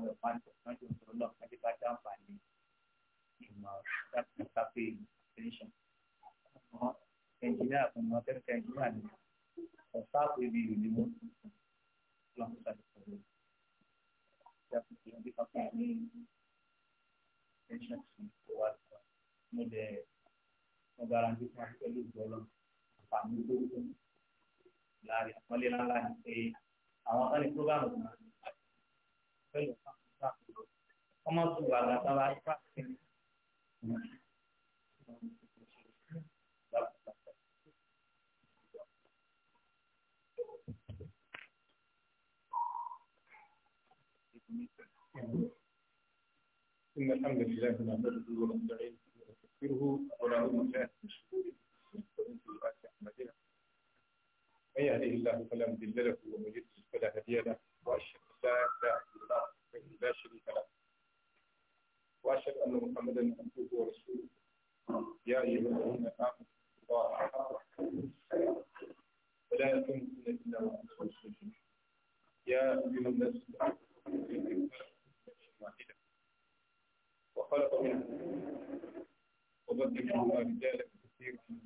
máa lọ máa jọ máa jọ sọ̀rọ̀ lọ kájí bá dá àǹfààní ìmọ̀ láti káfí tẹnṣọ̀n ọmọ ẹnjìnìá ọmọ kẹ́kẹ́ ẹnjìnìá ni ọ̀sá àpò ibi ìlú ni wọ́n lọ sí ìsàlẹ̀ sọ̀rọ̀ yàtọ̀ sí ọdún káfí ní tẹnṣọ̀n sí ìwà ìgbà mo lẹ mo garanti fún akẹ́kẹ́ ìgbọ́ lọ àǹfààní tó wù láàrin àpọ́nlé ńlá ni pé àwọn kan إن الحمد لله نحمده ونستعينه ونستغفره ونعوذ بالله من شرور أنفسنا وأعمالنا من يهده الله فلا مضل له ومن يضلل فلا هادي له وأشهد أن لا إله إلا الله وحده لا شريك له واشهد ان محمدا عبده ورسوله يا ايها الذين امنوا الله حق ولا تموتن الا وانتم مسلمون يا ايها الناس واحده وخلق منها وبدل منها رجالا كثيرا من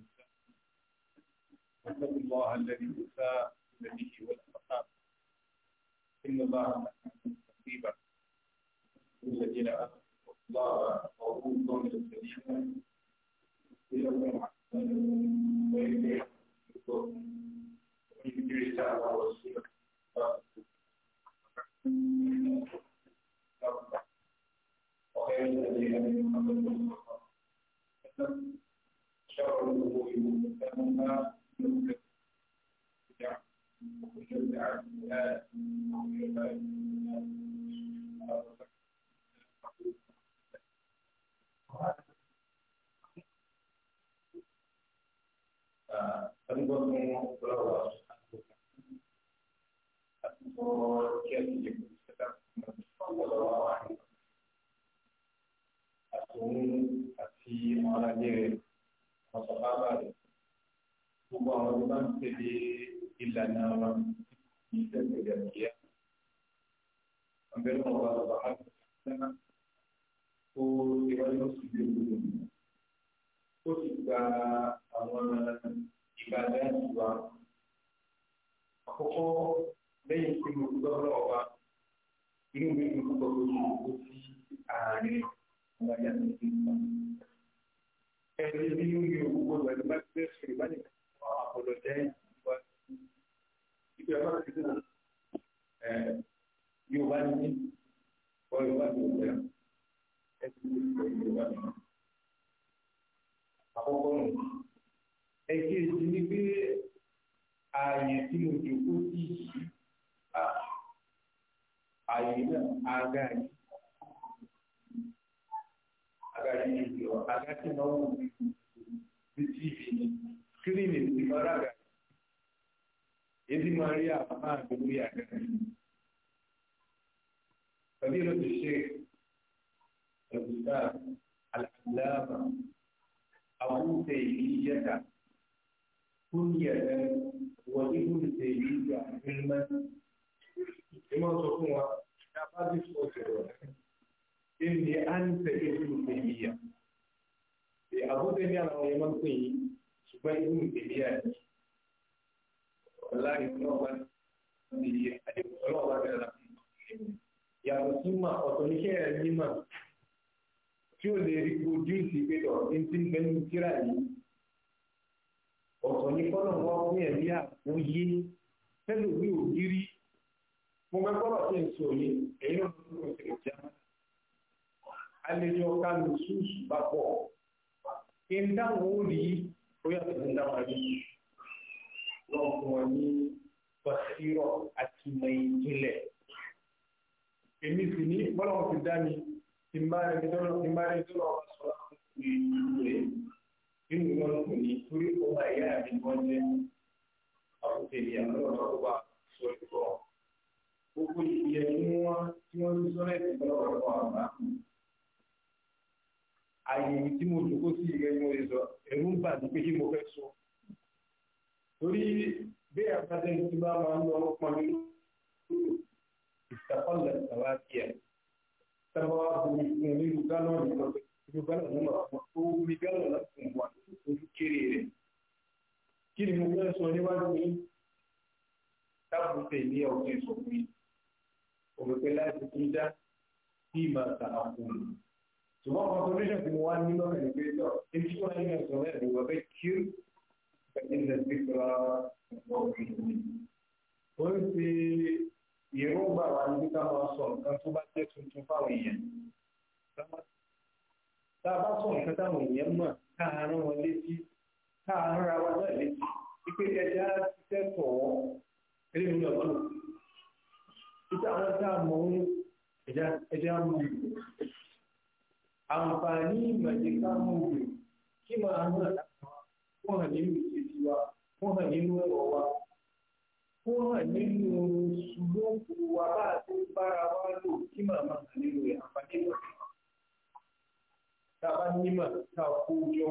واتقوا الله الذي تساءل به والارحام ان الله تقريبا الذين آمنوا الله وقوم بالسليم ويقوم ويقوم شر الأمور محدثاتها àti àwọn alájẹ rẹ̀, àwọn sọ̀rọ̀ bá rẹ̀ gbogbo àwọn tó bá ń tẹ̀lé ìlànà wa ní ìtẹ̀lẹ̀ kíá. Àbẹ̀rẹ̀ ọ̀gá ọ̀gá àgbà ó ti wáyé oṣù tó kù lónìí. Ó ti gba àwọn ìbàdàn ìwà. Àkọ́kọ́ lẹ́yìn tí mo gbọ́ lọ́wọ́ inú mi ń gbọ́ lóṣù tó ti àárín àwọn àyà tó ti ń pa. owó lọ́wọ́ ẹni bá ti bẹ́ẹ̀ sọ̀rọ̀ bá àwọn àpòlọjẹ ìwà ìgbẹ́ bá ti dùn ẹ̀ yorùbá ní bọ́ yorùbá ní ìwà ẹ̀ ti dùn ìwà ni pé ààyè tí mo jòkó sí yìí ààyè náà aga àgbò lórí àgbẹ̀rẹ̀. فضيلة الشيخ الأستاذ العلامة أبو تيمية كنية وابن تيمية علما إمام صفوة نفاذ صوته إني أنت ابن تيمية أبو تيمية أنا إمام تيمية شبه ابن تيمية والله إنه ìdílé àdéhùn ọlọ́ọ̀bá bẹ̀rẹ̀ láti yàtọ̀ sí mà ọ̀tọ̀ níṣẹ́ rẹ̀ ní mà tí ó lè rí ojú ìsìnkẹ́tọ̀ ní ti ń bẹ́ẹ̀ ní kíra yìí ọ̀tọ̀ ní kọ́nà wọn fún ẹ̀mí àpò yé fẹ́lò mi ò rí rí mo fẹ́ gbọ́dọ̀ sí èso yìí èyí ló ń lò sí ìjà àlejò ọ̀ka bá pọ̀ kí n dáhùn ó rí ó yàtọ̀ sí dáhùn ayé lọ́wọ́ fún bàṣírọ̀ àti ìmọ̀ ìjìnlẹ̀ èmi sì ní bọ́lọ̀mù ti dá mi ti máa rẹ̀ dọ́lọ̀ ti máa rẹ̀ dọ́lọ̀ ọba sọ àkókò ìlú rẹ̀ nínú wọn kò ní torí ọba ìyá mi wọ́n jẹ́ àkókò ènìyàn lọ́wọ́ ọba sọ ìgbọ́ gbogbo ìyẹn tí wọ́n tí wọ́n ti sọ́lẹ̀ ti bọ́lọ̀ ọba àbá àyè tí mo dùn kó sí ìrẹ́ni mo lè sọ ẹ̀rù ń bà mí pé kí mo fẹ́ sọ torí bí àpàdé tí bá máa ń lọ pọn ní ìṣàkọlẹ̀ sàwákìá sábà wà bomi fún ní ìlú gánà ní lọ́pẹ́ ìlú gánà ní lọ́pẹ́ ó wúmi gánà láti wà ojú kéré rẹ̀ kí ni mo fẹ́ sọ níwájú mi tábùtẹ̀ ní ọ̀gbìn sọ fún mi òwe pé láti tún dá bí màá ta àkùnrin ṣùgbọ́n consolation tí mo wá ní lọ́kàn ní pé lọ tí wọ́n ní ẹ̀sán rẹ̀ ló wọ́n fẹ́ kí فإن الذكرى ó ń fi ìrúgbà wa níbi ká máa sọ nǹkan tó bá jẹ́ tuntun fáwọn èèyàn tá a bá sọ nǹkan táwọn èèyàn mọ̀ ká a rán wọn létí ká a rán wa náà létí wípé wọ́n hàn nínú ìṣèṣì wa wọ́n hàn nínú ẹ̀rọ wa wọ́n hàn nínú ṣùlọ́kù wa bá a ti bára wa lò kí màmá hàn nínú rẹ̀ àǹfààní rẹ̀. tá a bá nímọ̀ tá a kó jọ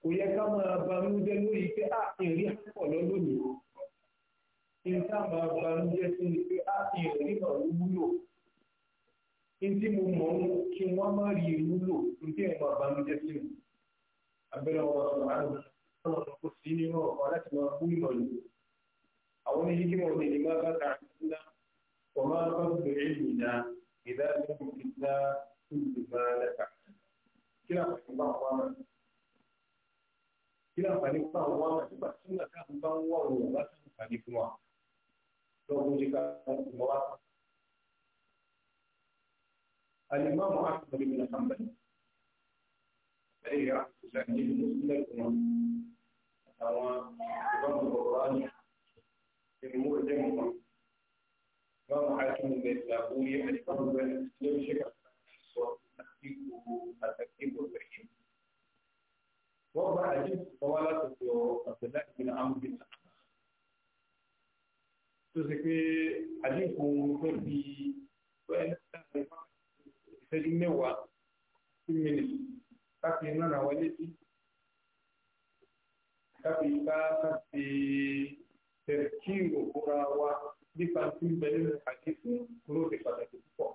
kò yẹ ká máa banújẹ́ lórí pé a ah, ìrí àpọ̀ lọ́lọ́nìí kí n ká máa banújẹ́ sí ni pé a ah, ìrí náà ló wúlò kí n tí mo mọ̀ ń kí wọ́n má rí i wúlò kí n tí ẹ̀ máa banújẹ́ sí ni. abẹ́rẹ́ wọn sọ̀rọ̀ àrùn náà kò sí nínú ọ̀pọ̀ láti máa kú ìmọ̀ yìí àwọn oníṣẹ́kímọ̀ ní ìlú máa bá ta àtúndá wọ́n máa bá bẹ̀rẹ̀ ìyìnà ìdánilẹ́kùn ìdá ìlú máa lẹ́ka kí láǹfààní bá wọn wá kí láǹfààní bá wọn wá nígbà tí wọn kà ń bá ń wọ̀ wọn wá sí àǹfààní fún wa lọ́wọ́ ní ká mọ̀ wá. الإمام أحمد بن حنبل lẹ́yìn àkùsà ní ìmúsílẹ̀ wọn àtàwọn ìbámu ọ̀rọ̀ ní ìmú ẹ̀jẹ̀ mọ́ báwọn akíní bẹ̀ ṣàkó yẹ ẹ̀ṣọ́n bẹ̀ lórí ṣe kàkà sọ àti ìkòkò àtàkì ìkòkò yìí. wọ́n bá àjẹ́ ìfọwọ́ látọ̀tọ̀ àtẹ̀lá ìgbìnà àmúgbìnà tó ṣe pé káfí iná ràn wọ́n létí káfí bá káfí tẹ̀kíìrò fúnra wa nípa tí ń bẹ nínú àdínkù kúrò ní pàtàkì púpọ̀.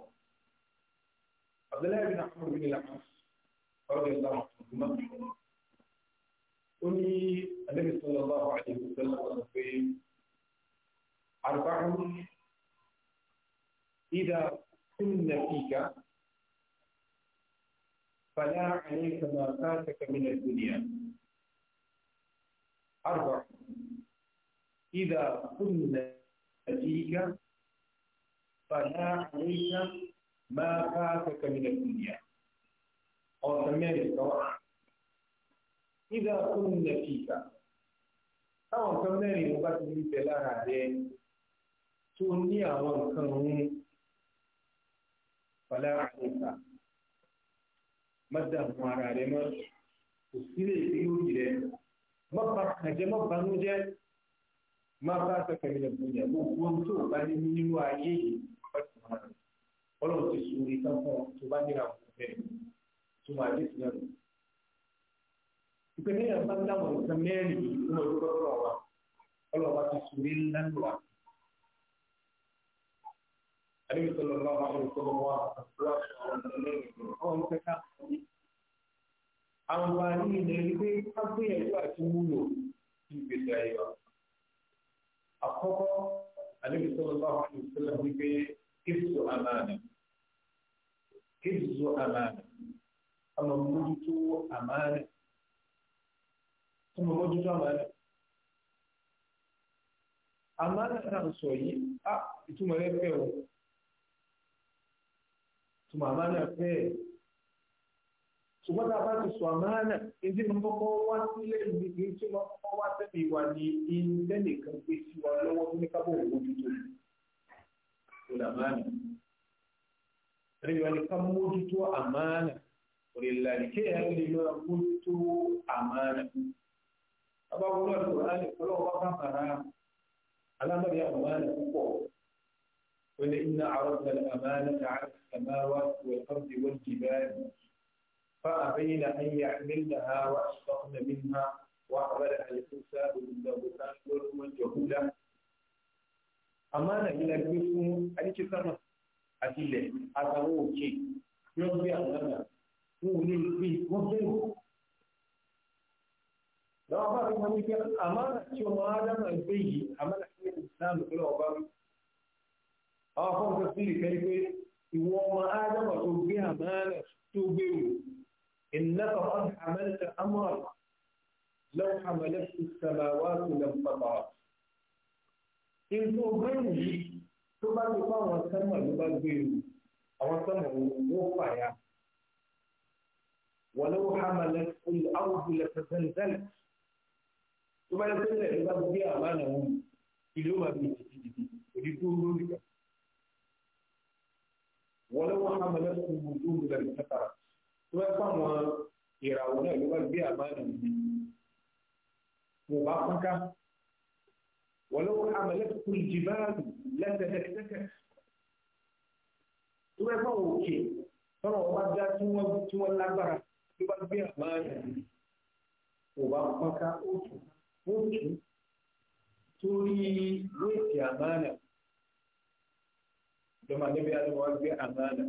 Abdullahi bin Ahmed bin Lamas ọ̀rọ̀ ìlà ọ̀tún ó ní Ànábì sallallahu alaihi wasallam ọ̀sán pé arba'un idha kunna fika فلا عليك ما فاتك من الدنيا أربع إذا كنا فيك فلا عليك ما فاتك من الدنيا أو سميها السواء إذا كنا فيك أو kan mẹ́rin mo bá ti rí bẹ lára rẹ má dààmú ara rẹ mọ́ kò sílẹ̀ ìdí lórí rẹ má ba kàjẹ́ má banú jẹ́ má bá sẹ̀kẹ̀lẹ̀ bùnyẹ̀ gbogbo ohun tó bá ní nínú ayé yìí wọ́n ti máa rẹ̀ ọlọ́run ti sùn orí kan fún ọ tó bá níra kò fẹ́ tó máa dé sílẹ̀ rẹ̀. ìpínlẹ̀ bá ń dáhùn nǹkan mẹ́rin yìí fún ọdún kọ́kọ́rọ́ wa ọlọ́run bá ti sùn ńlá ńlá àdébí sọlọ lọ àwọn olùkọ́ wa láti àwọn ọmọdé àwọn olùkẹta àǹfààní ilẹ̀ ilé kágbéyàwó àti wúlò ní ìgbésí ayé wa àkọ́kọ́ àdébí sọlọ lọ àwọn olùkọ́ wípé kéfù àmàlà kéfù àmàlà ọmọ mójútó àmàlà ọmọ mójútó àmàlà àmàlà náà sọ yìí á ah, ìtumọ̀ rẹ̀ fẹ́ o tó màmá náà fẹ́ ẹ̀. ṣùgbọ́n tá a bá ti sọ àmánà èdè ní kọ́kọ́ wá sílẹ̀ ní èyí tí wọ́n kọ́kọ́ wá sẹ́bi wa ní inú lẹ́nìkan gbé sí wa lọ́wọ́ ní kábọ̀ òwò tuntun kò làmánà. ẹni wọn ni ká mójútó àmánà òrìlà ní kéèyàn lè lọ́ra mójútó àmánà. abáwọlọ́ ìkọ̀rọ̀ àlè kọ́lọ́ wá bàbàrà alámọ̀rí àmánà púpọ̀. قال إن عرضنا الأمانة على السماوات والأرض والجبال فأبين أن يحملنها وأشفقن منها من الإنسان والبهتان والجهولة أمانة إلى الجسم أليك سما أتيلة أتوه شيء يوم أمانة قولي في قصير لو أعرف أمانة شو ما أدم أمانة أمانة الإنسان كله أبغى àwọn fún ọ̀sẹ̀ sí ìfẹ́ pé ìwọ ọmọ ádámà tó gbé àmàlà tó gbé wò ìnáka wọn àmàlà amúra lọ́wọ́ àmàlà tó sábà wá tó lọ pàpà. Ìfún ọgbẹ́ yìí tó bá ti kọ́ àwọn sẹ́mà ló bá gbé wò àwọn sẹ́mà wọ́n fàyà. ولو حملت الأرض لتزلزلت tó bá yẹ pé ilẹ̀ ló bá gbé àmàlà wọn ìlú máa bí títí títí òdìdó lórí kan. wọlé wọn á mọlẹ kó gbogbo olùdá ìfẹta tó ẹ fáwọn ìràwọ̀ náà ló bá gbé àbáyọ nìyí mo bá fún ká wọlé wọn á mọlẹ kó ìjìbáàlù lẹsẹkẹsẹkẹ tó ẹ fáwọn òkè tọrọ wọn bá dá tí wọn tí wọn lágbára ló bá gbé àbáyọ nìyí mo bá fún ká ó tù ó tù torí wéèkì àbáyọ. lọ́mọ níbi àti wọ́n gbé àmàlà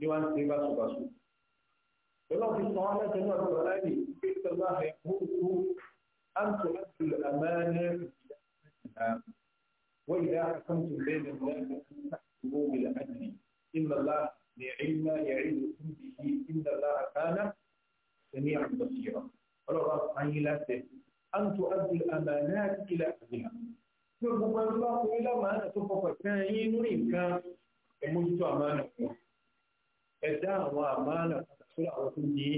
ní wọ́n ti báṣubàṣu. Ọlọ́run sọ wọn lẹ́sẹ̀ náà lọ́wọ́ láyé pé sọ́lá ẹ̀ kúrúkú àǹtò àti àmàlà وإذا حكمتم بين الناس فاحكموا بالعدل إن الله نعم يعظكم به إن الله كان سميعا بصيرا. الله عز وجل أن تؤدوا الأمانات إلى أهلها tí o gbogbo ẹni bá forí lámàánà tó fọkàn tán yín lórí nǹkan ẹmójútó àmàánà fún ẹ dá àwọn àmàánà fún àwọn tó ní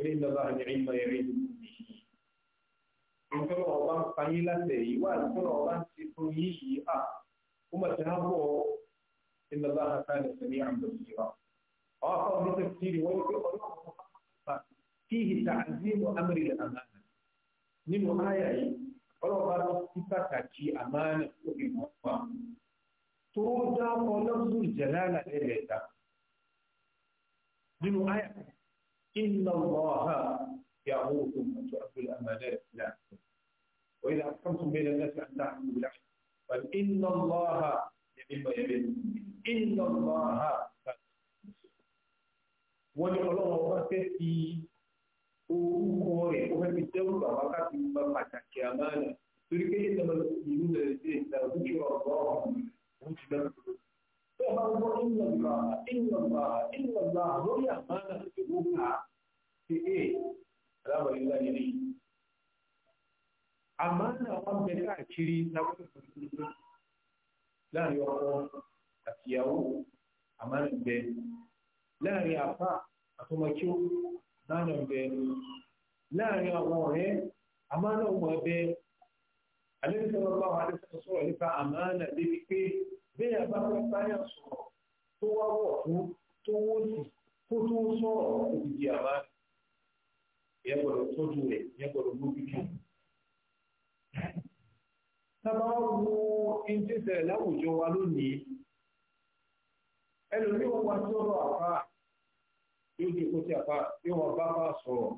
ẹni lọ́ba àti ẹ̀yìn máa yẹrí nǹkan ọba ń pa yín láti ẹ̀yìn wà nǹkan ọba ń ti fún yín yìí à ó mà ti há bọ̀ ẹni lọ́ba àti ẹ̀yìn ní àmì ìwà àwọn afọ mi tẹ̀sí ni wọ́n yóò ọlọ́run fíhi tààzí mu amírí lẹ́ nínú áyà yìí ọlọ́run bá lọ sí pàtàkì àmánà tó fi mọ̀ wá tó dá ọlọ́run ìjẹ̀lánà ẹ̀ẹ́dẹ̀ẹ̀ta nínú àyà inna allaha ya'murukum an tu'addu al-amanati ila ahliha wa idha hakamtum bayna an-nasi an tahkumu bil adl fa inna allaha ya'lamu ma yabghun inna allaha wọ́n fẹ́ fi orúkọ rẹ̀ ó fẹ́ fi dẹ́rù bàbá káfí gba pàtàkì àmàlà torí kéde tó lọ ìlú rẹ̀ sí ìta òjò ọ̀gbọ́ ọ̀hún ti dá dúró. tó o bá ń gbọ́ ìlọ̀gbà ìlọ̀gbà ìlọ̀gbà lórí àmàlà tó ló ń kà ṣe é aláwọ̀ ìlà ilé àmàlà wọn bẹ káàkiri láwọn ìgbà láàrin ọkọ àtìyàwó àmàlà bẹ láàrin àfà àtọmọkíó láàrin ọ̀bẹ láàrin àwọn ọ̀rẹ́ àmánà ọmọ ọ̀bẹ àlẹ́sọ̀rọ̀ bá wà lẹ́sọ̀rọ̀ sọ̀rọ̀ nípa àmánà débi pé bẹ́ẹ̀ bá wọ́n sáyà sọ̀rọ̀ tó wá wọ̀ fún tó wọ́n sì kó tó sọ̀rọ̀ òbí di àmánà ìyẹn gbọ́dọ̀ tọ́jú rẹ̀ ìyẹn gbọ́dọ̀ mójútó. sábà wo ìjẹsẹ̀ láwùjọ wa lónìí ẹlòmíràn wá sọ̀rọ̀ àfáà yóò di kó sí àfa yóò wọn bá bá sọ̀rọ̀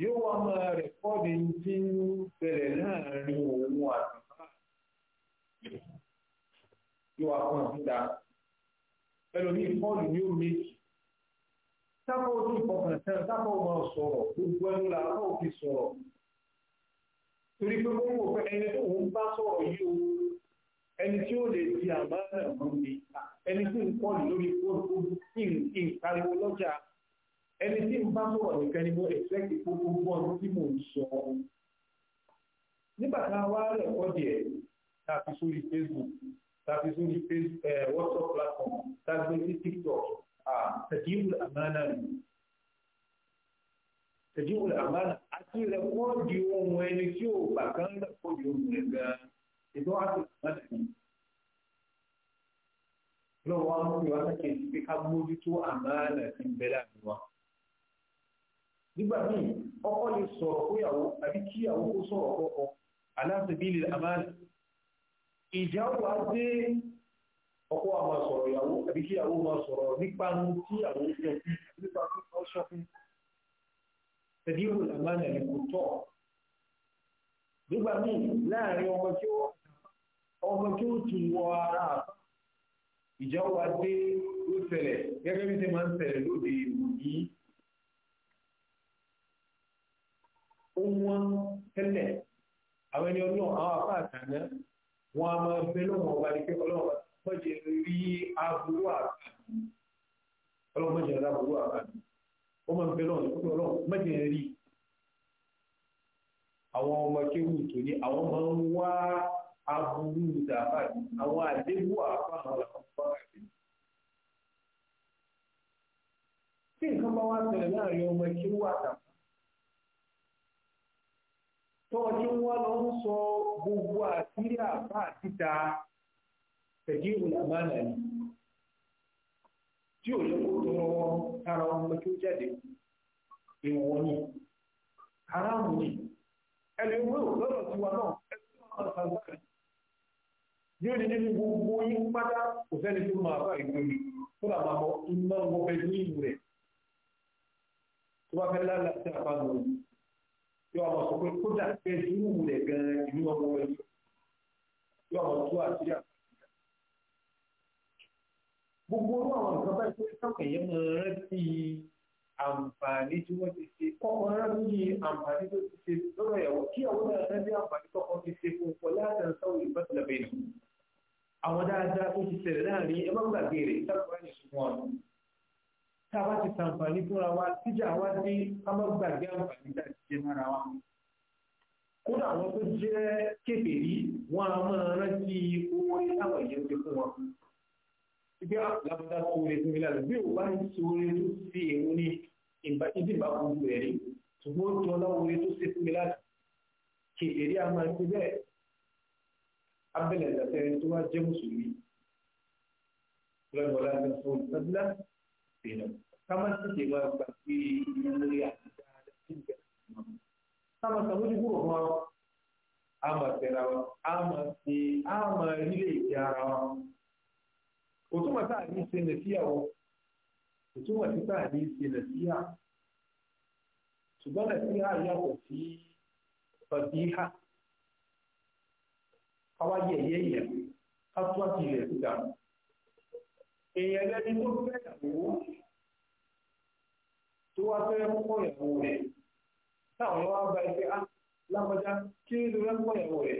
yóò wọn máa rẹ̀ kọ́ni tí ń bẹ̀rẹ̀ láàrin òun àti bàbá yóò wá fún ìdá ẹlòmíì fọ́ọ̀lù ni ó méjì sábà ojú ìfọkàntán sábà ó máa sọ̀rọ̀ gbogbo ẹnu la sábà ó sọ̀rọ̀ torí pé wọ́n wò pé ẹni tó ń bá sọ̀rọ̀ yìí o ẹni tí ó lè di àmọ́ náà ni ta ẹni tí ń kọ́lù lórí kókó kí n kí lọ́jà ẹni tí ń bá sọ̀rọ̀ nìkan ni mo expect kókó bọ́ tí mò ń sọ. nígbà tá a wá rẹ̀kọ́ díẹ̀ tá sórí Facebook tá sórí eh, WhatsApp platform tá sí TikTok tẹ̀díwù àmàna rẹ̀ tẹ̀díwù àmàna àti rẹ̀kọ́ di ohun ẹni tí ò bàkán rẹ̀kọ́ di ohun rẹ̀ gan-an ìdánwò àti àmàna rẹ̀ lọ́wọ́ wa mú ìwà sákèjì pé ká mójútó àmàlà ti ń bẹ láàrin wa. nígbà míì ọkọ lè sọ̀rọ̀ kóyàwó àbí kíyàwó kó sọ̀rọ̀ kọ́kọ́ aláṣẹbílì àmàlà. ìjà wà dé ọkọ wa máa sọ̀rọ̀ ìyàwó àbí kíyàwó máa sọ̀rọ̀ nípa nu kíyàwó fẹ́ fún nípa fún ọṣọ fún. tẹ̀díwò àmàlà ni kò tọ̀. nígbà míì láàrin ọmọ tí ó ọmọ tí ó ti wọ ara àpá ìjọba dé ló ṣẹlẹ̀ gẹ́gẹ́ bí ṣe máa ń ṣẹlẹ̀ lóde ìwòyí ó wọ́n tẹ́lẹ̀ àwọn ẹni ọlọ́run àwọn apá àtàná wọn a máa bẹ lọ́wọ́ ọba ní pé ọlọ́run mọ̀jẹ̀ rí aburú àbá ọlọ́run mọ̀jẹ̀ rí aburú àbá wọ́n máa bẹ lọ́wọ́ pé ọlọ́run mọ̀jẹ̀ rí àwọn ọmọ kéwù tó ní àwọn máa ń wá aburú dàbà àwọn àdébù àfáàmọ́ ọ̀pọ̀ àti. tí nǹkan bá wá tẹ̀lé láàrin ọmọ wà dàbà tọ́jú wọn lọ ń sọ gbogbo àtìrí àbá àtìta tẹ̀jú ìlànà yìí tí ò yẹ kó tọrọ ara ọmọ kí ó jáde ìwọ̀n ni aráàmù ni ẹni lọ́rọ̀ tiwa náà yóò ní nínú gbogbo yín pátá kò sẹ́ni tó máa bá ìgbèrè tó bá máa mọ iná mọ fẹ́ ní ìlú rẹ̀ tó bá fẹ́ lálẹ́ àti àbámu rẹ̀ yóò àwọn sọ pé kódà fẹ́ sí ìlú rẹ̀ gan-an ìlú ọmọ rẹ̀ yóò àwọn tó àti àbámu gbogbo orú àwọn nǹkan bá ṣe sọ̀kàn yẹn máa rántí àǹfààní tí wọ́n ti ṣe kọ́kọ́ rántí àǹfààní tó ti ṣe lọ́rọ̀ ìyàwó kí àwọn náà rántí àǹfààní tọkọ ti ṣe fún un pọ̀ láti àwọn dáadáa tó ti ṣẹlẹ̀ láàrin ẹ má gbàgbé rẹ̀ sábà ní ìṣúná ọ̀nà tá a bá ti sàǹfààní fúnra wa tíjà wa dé ká má gbàgbé àǹfààní tá a ti jẹ mára wa kódà àwọn tó jẹ́ kébèrè wọn a máa rántí owó táwọn èèyàn ti fún wọn ibi àbúdá ah, sóore fún mi lára bí o bá ń sóore tó sí èwo ní ìdìbà gbogbo ẹ̀rí ṣùgbọ́n ó jọ láwọn oore tó ṣe fún mi lára kébèrè a máa abẹ́lẹ̀ ìdàtẹ́ ẹni tó wá jẹ́ mùsùlùmí lọ́dọ̀ láti fún ìtọ́júlá ìrìnà kámá sì ti máa gbà pé ìmúlẹ̀ àti dáadáa sí ìgbà kámá sàmójú kúrò fún wa a máa tẹ̀ra wa a máa ṣe a máa rílé ìṣe ara wa òtúmọ̀ tá à ní ṣe nà síyàwó òtúmọ̀ tí tá à ní ṣe nà síyà ṣùgbọ́n nà síyà yàtọ̀ sí fàbíhà káwá yẹ ẹ̀yẹ yẹn ká tó àti ilẹ̀ tó dànù èèyàn lẹ́ni tó fẹ́ ìyàwó tó wá fẹ́ kọ́ ìyàwó rẹ̀ táwọn wá bá ẹgbẹ́ á ah, lágbájá kí ló rẹ́ kọ́ ìyàwó rẹ̀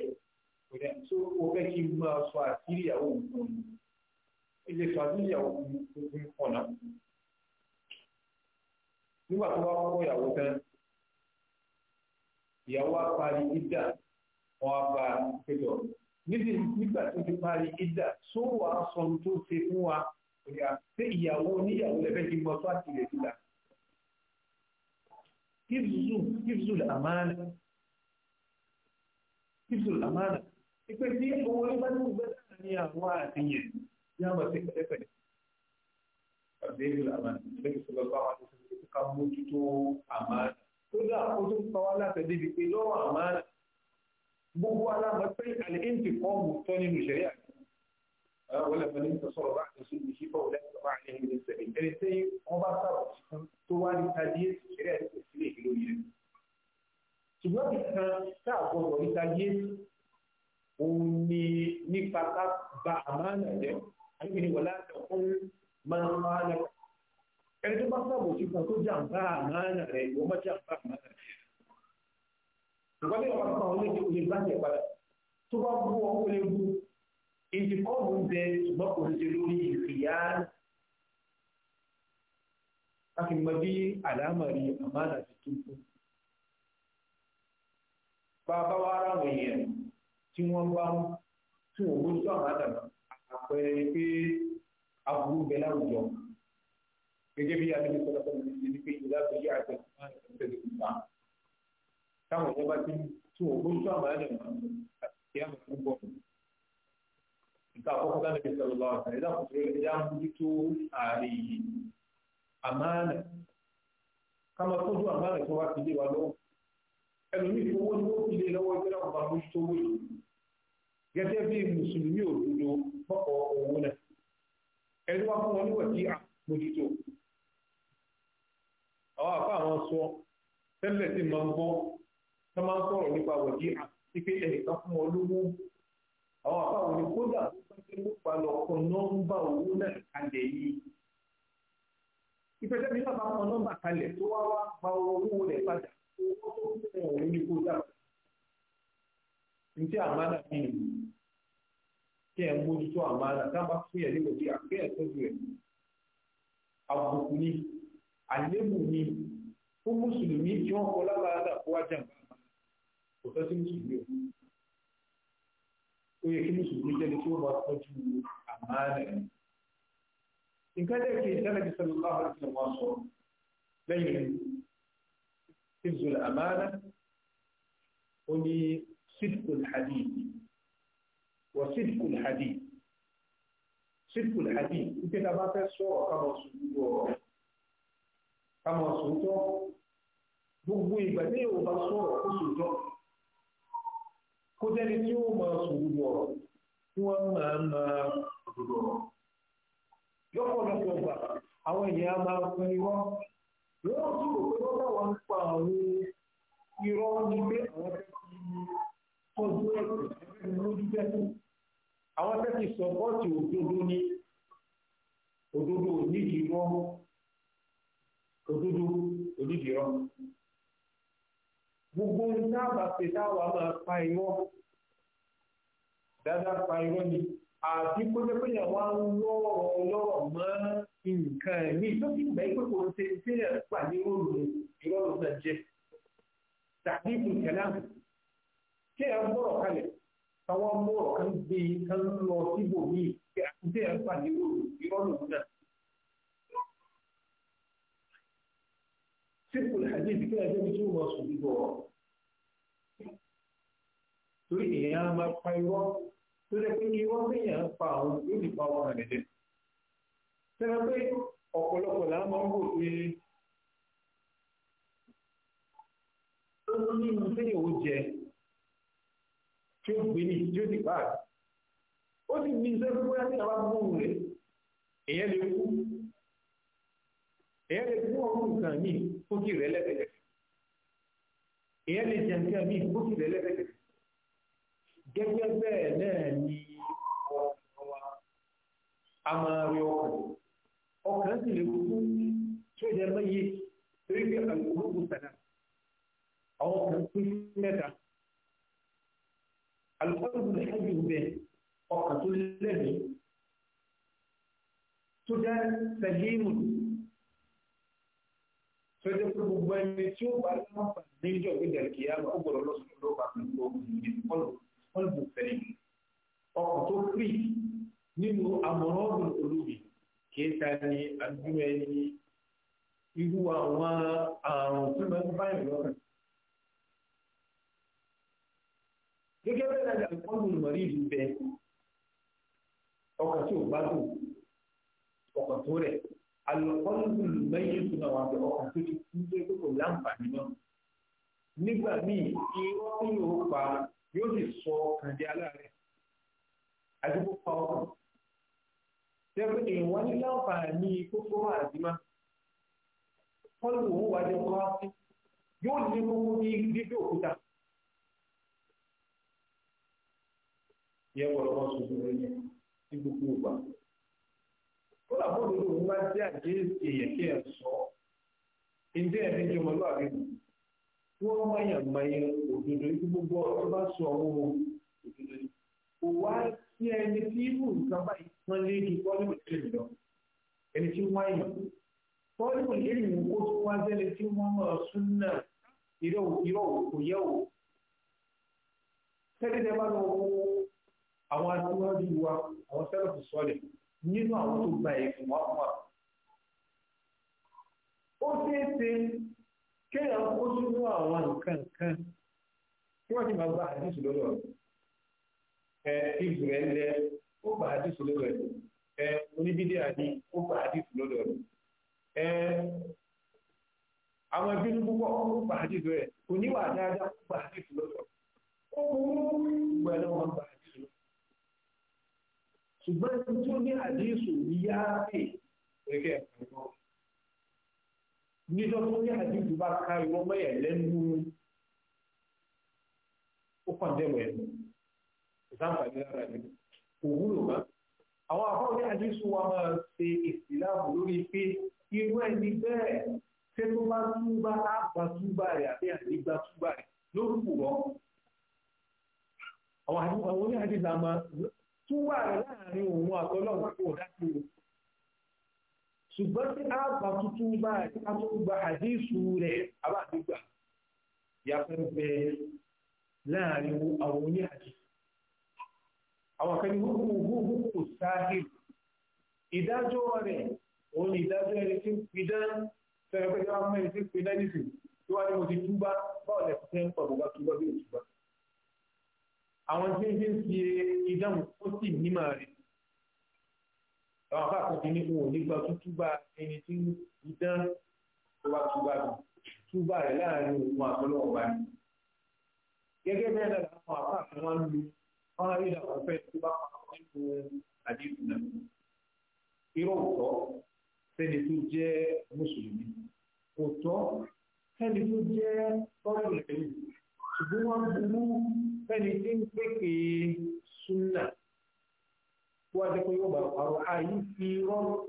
kò dẹ̀ tó o fẹ́ kí n máa sọ àkírí ìyàwó òun ilé sọ àkírí ìyàwó òun ọ̀nà nígbà tó wá kọ́ ìyàwó tán ìyàwó á parí dídà wọn á bá a pẹ́jọ nígbà tó ti parí ìdá tó wà sọ tó ṣe fún wa ìyá pé ìyàwó oníyàwó lẹ́fẹ́ ti mọ tó àti rẹ̀ sílá kífzul àmánà kífzul àmánà ìpè tí owó ló bá ní ìgbẹ́ ní àwọn àtìyàn ní àwọn àti pẹ̀lẹ́pẹ̀lẹ́ kífzul àmánà lẹ́yìn sọ̀rọ̀ bá wà ní sọ̀rọ̀ ká mójútó àmánà tó dá àwọn tó wá látẹ̀ débi pé lọ́wọ́ àmánà gbogbo aláàmọ́ pé àlẹ́ǹtì fọ́ọ̀mù tọ́ nínú ìṣẹ̀rí àti àwọn ọlọ́pàá ní sọ̀rọ̀ bá àti sí ìṣí bọ̀ lẹ́yìn bá àlẹ́ ìlú ìṣẹ̀lẹ̀ ẹni tí wọ́n bá sábà fún tó wá ní tàdíyèsí ìṣẹ̀rí àti ìṣẹ̀lẹ̀ ìlú yẹn. ṣùgbọ́n nìkan tá a gbọ́dọ̀ ní tàdíyèsí òun ni nípa ká gba àmánà jẹ́ àbí ẹni tó bá fún tó ṣùgbọ́n bí ọba kan olè olè bá jẹ padà tó bá bú ọ olè bú èyí kọ́ ló ń bẹ ṣùgbọ́n kò ṣe lórí ìfìyà a fi mọ bí àlámọ̀rí àmàlà ti tún fún. bàbá wa ara àwọn èèyàn tí wọ́n bá ń tún òun tó àmàlà àpẹẹrẹ pé aburú bẹ láwùjọ gẹ́gẹ́ bí adébísọ́lá tó ń ní pé ìlànà yìí àgbẹ̀ fún àwọn ẹgbẹ́ táwọn ọ̀dọ́ bá ti tí wọ́n gbójú àwọn ẹ̀rọ ìmọ̀ àti àmì púpọ̀. Ìka àkọ́kọ́ bá lẹ́yìn sọ̀rọ̀ lọ́wọ́ àtàrí lákòókò rẹ̀ ẹ̀dá mójútó ààrẹ yìí. Àmánà ká máa tọ́jú àmánà tó wá sílé wa lọ́wọ́. Ẹlòmíì fowó ni ó fi lé lọ́wọ́ ẹgbẹ́ náà máa mójútó owó yìí. Gẹ́gẹ́ bí Mùsùlùmí òdodo pọ̀pọ̀ owó náà. Ẹni wá fún wọn níwọ̀ tí a mójútó. Àwọn àfa àwọn sọ tẹ́lẹ̀ tí máa ń gbọ́ tó máa ń sọ̀rọ̀ nípa wọ̀dí à sí pé ẹnìkan fún wọn lówó àwọn àbáwọn ni kódà tó bá ti mú palọ̀ ọkọ̀ nọ́mbà owó náà kalẹ̀ yìí ìfẹsẹ̀ mi náà bá kọ nọ́mbà kalẹ̀ tó wá wá gba owó rẹ̀ padà owó tó ń bẹ̀rẹ̀ òun ní kó dábàá ntí àmàlà mi nì kí ẹ mójútó àmàlà dábàá fún yẹn nígbà tí àgbẹ̀ ẹ̀tọ́jú rẹ̀ àbùkù ni àlébù ni fún mùsùlùmí tí wọ́n kọ lábàá dà kó wá kò tọ́ sí mùsùlùmí o ó yẹ kí mùsùlùmí jẹ́ni tí ó máa tọ́jú àmàlà yìí. nǹkan lẹ́yìn kí ìdánábi sallallahu alaihi wasallam wá sọ lẹ́yìn hibzul àmàlà ó ní sidqul hadith wa sidqul hadith sidqul hadith wípé tá a bá fẹ́ sọ ọ̀ká mọ̀ sùúrù ká mọ̀ sùúrù gbogbo ìgbà tí yóò bá sọ̀rọ̀ kó sùúrù kó jẹ́ni tí ó máa sòdodo ọ̀rọ̀ tí wọ́n máa ń máa sòdodo ọ̀rọ̀. lọ́pọ̀lọpọ̀ ọgbà àwọn èèyàn máa ń fún irọ́ wọ́n sì rò pé wọ́n báwọn ń pa àwọn irọ́ ní pé àwọn fẹ́ fi tọ́jú ẹ̀sìn lójú jẹ́sí àwọn fẹ́ fi sọ́pọ́ọ̀tì òdodo ní òdodo onídìí irọ́ òdodo onídìí irọ́ gbogbo dábàá pé táwa máa pa irọ́ dáadáa pa irọ́ ni àti pẹ́pẹ́pẹ́yà wá ń lọ́rọ̀ lọ́rọ̀ mọ́ nǹkan ẹ̀mí tó ti gbà pé kò ṣe ṣéyà pà ní òòrùn ìrọ̀rùn náà jẹ tàbí ìkẹlẹ́ àmì kí ẹ gbọ́rọ̀ kalẹ̀ táwọn mọ̀rọ̀ kan gbé kan lọ síbò míì kí ẹ pà ní òòrùn ìrọ̀rùn náà. sípò hadith kí ẹjọ́ bí tí wọ́n sùn bíbọ̀ ọ́ torí èèyàn máa pa irọ́ tó lẹ́ pé irọ́ téèyàn ń pa àwọn yóò lè pa wọn àdédé sẹ́nà pé ọ̀pọ̀lọpọ̀ là máa ń wò pé ó ní ohun téèyàn ó jẹ tí ó gbé ní tí ó sì bá a ó sì ní iṣẹ́ pé bóyá téèyàn bá gbóhùn rẹ̀ èèyàn lè kú èèyàn lè kú ọ̀run nǹkan yìí kókì rẹ̀ lẹ́tẹ̀lẹ̀ èèyàn lè jẹ nǹkan míì kókì rẹ̀ lẹ́tẹ̀lẹ̀ gẹ́gẹ́ bẹ́ẹ̀ náà ni a máa rí ọkàn ọkàn sì lè kú tó jẹ mẹ́yẹ torí pé àlùkò sàdá àwọn kan pín mẹ́ta àlùkò ìbùdó ẹ̀jẹ̀ bẹ́ẹ̀ ọkàn tó lẹ́mìí tó jẹ́ sẹ́gíìmù sọjọ́ pé gbogbo ẹni tí ó bá lọ́wọ́ pa níjọ́ gbẹ̀dẹ̀ àlùkìyà ó gbọ́dọ̀ lọ sọ́dọ̀ lọ́wọ́ pa pẹ̀lú ọ̀nà ọ̀nà fẹ̀lẹ̀ ọkọ̀ tó pì nínú àmọ̀ràn ọ̀gbìn olómi kìí ta ni àdúgbò ẹni irú àwọn àrùn tí wọ́n bá yàn lọ́kàn. gẹ́gẹ́ bẹ́ẹ̀ náà ni àkọ́kọ́ olùmọ̀rí ìlú bẹ ọkọ̀ tí gbádùn ọkọ̀ tó rẹ̀ alùpùpù lẹ́yìn tó wa wà bẹ ọkàn tó ti kú tó kókò láǹfààní náà nígbà míì irọ́ tó pa yóò sì sọ ọkàn di aláàrẹ̀ pa ó là bó dodo òun bá jẹ́ àjẹ́ èèyàn kí ẹ sọ ǹjẹ́ ẹ̀mí jẹ́ ọmọlúwàbí mi tí wọ́n mọ̀yàn mọ̀yàn òdodo ikú gbogbo ọ̀rọ̀ bá sọ owó òdodo ni kò wá sí ẹni tí ibù nǹkan báyìí kan lé ní bọ́ọ̀lù tẹ̀lé lọ ẹni tí wọ́n yàn bọ́ọ̀lù lẹ́yìn kó tó wá sẹ́ni tí wọ́n mọ̀ sún náà irọ́ kò yẹ o tẹ́lẹ̀ tẹ́ bá lọ wo àwọn aṣíwájú wa àwọn sẹ́lẹ̀ nínú àwọn tó gba ìgbìmọ̀ ọmọ ó ṣeé ṣe kéèyàn kó sínú àwọn nǹkan kan tí wọ́n ti máa gba àdìsù lọ́dọ̀ ẹ ìbùrẹ̀ lẹ ó gba àdìsù lọ́dọ̀ ẹ oníbídé àdí ó gba àdìsù lọ́dọ̀ ẹ àwọn ẹbí ní púpọ̀ ó gba àdìsù rẹ̀ oníwà dáadáa ó gba àdìsù lọ́dọ̀ ó burú pẹ̀lú wọn gba ṣùgbọ́n ẹni tó ní àdéhùn ní yáàbì ẹ̀kẹ́ ẹ̀kọ́ níjọ́ tó ní àdéhùn bá ká ìwọ́ mẹ́yẹ̀ lẹ́nu ó kàn dẹ̀wọ̀ ẹ̀ ìsáǹfààní lára ni kò wúlò mọ́ àwọn àbáwọn ní àdéhùn wa máa ṣe ìsìláàmù lórí pé irú ẹni bẹ́ẹ̀ ṣé tó bá túbá á gba túbá rẹ̀ àbí àdégbà túbá rẹ̀ lórúkọ àwọn oníhàdéhùn túwà rẹ̀ láàrin òun àtọ́lọ́run kò dákú o ṣùgbọ́n tí a bá tuntun bá rẹ̀ ká tó gba àdéṣù rẹ̀ abáàdégbà yàtọ̀ bẹ láàrin àwọn oníhàjì àwọn kan ní húhùhù kò sáàhì ìdájọ́ rẹ̀ òun ni ìdájọ́ ẹni tí ń pidán fẹ́rẹ́ pẹ́jọ́ àwọn ẹni tí ń pidán nìsín tí wàá ní mo ti túbá báwo lẹ́sìn tẹ́ ń pọ̀ bó bá túbá bí òtúbá àwọn tí ń fi ń fi ìdáhùn ó sì nímọ̀ rẹ̀ àwọn afá àkókò ní òun nígbà tútúbà ẹni tí ìdán tó bá túbà rẹ̀ túbà rẹ̀ láàrin òun àtọ́lọ́wọ́ bá rẹ̀ gẹ́gẹ́ bẹ́ẹ̀ náà àwọn afá àkókò wọn lu wọn rí ìdàpọ̀ fẹ́ tó bá pàápàá nínú àdéhùn náà irọ́ òótọ́ sẹ́ni tó jẹ́ o àyè fi rọ́ọ̀rù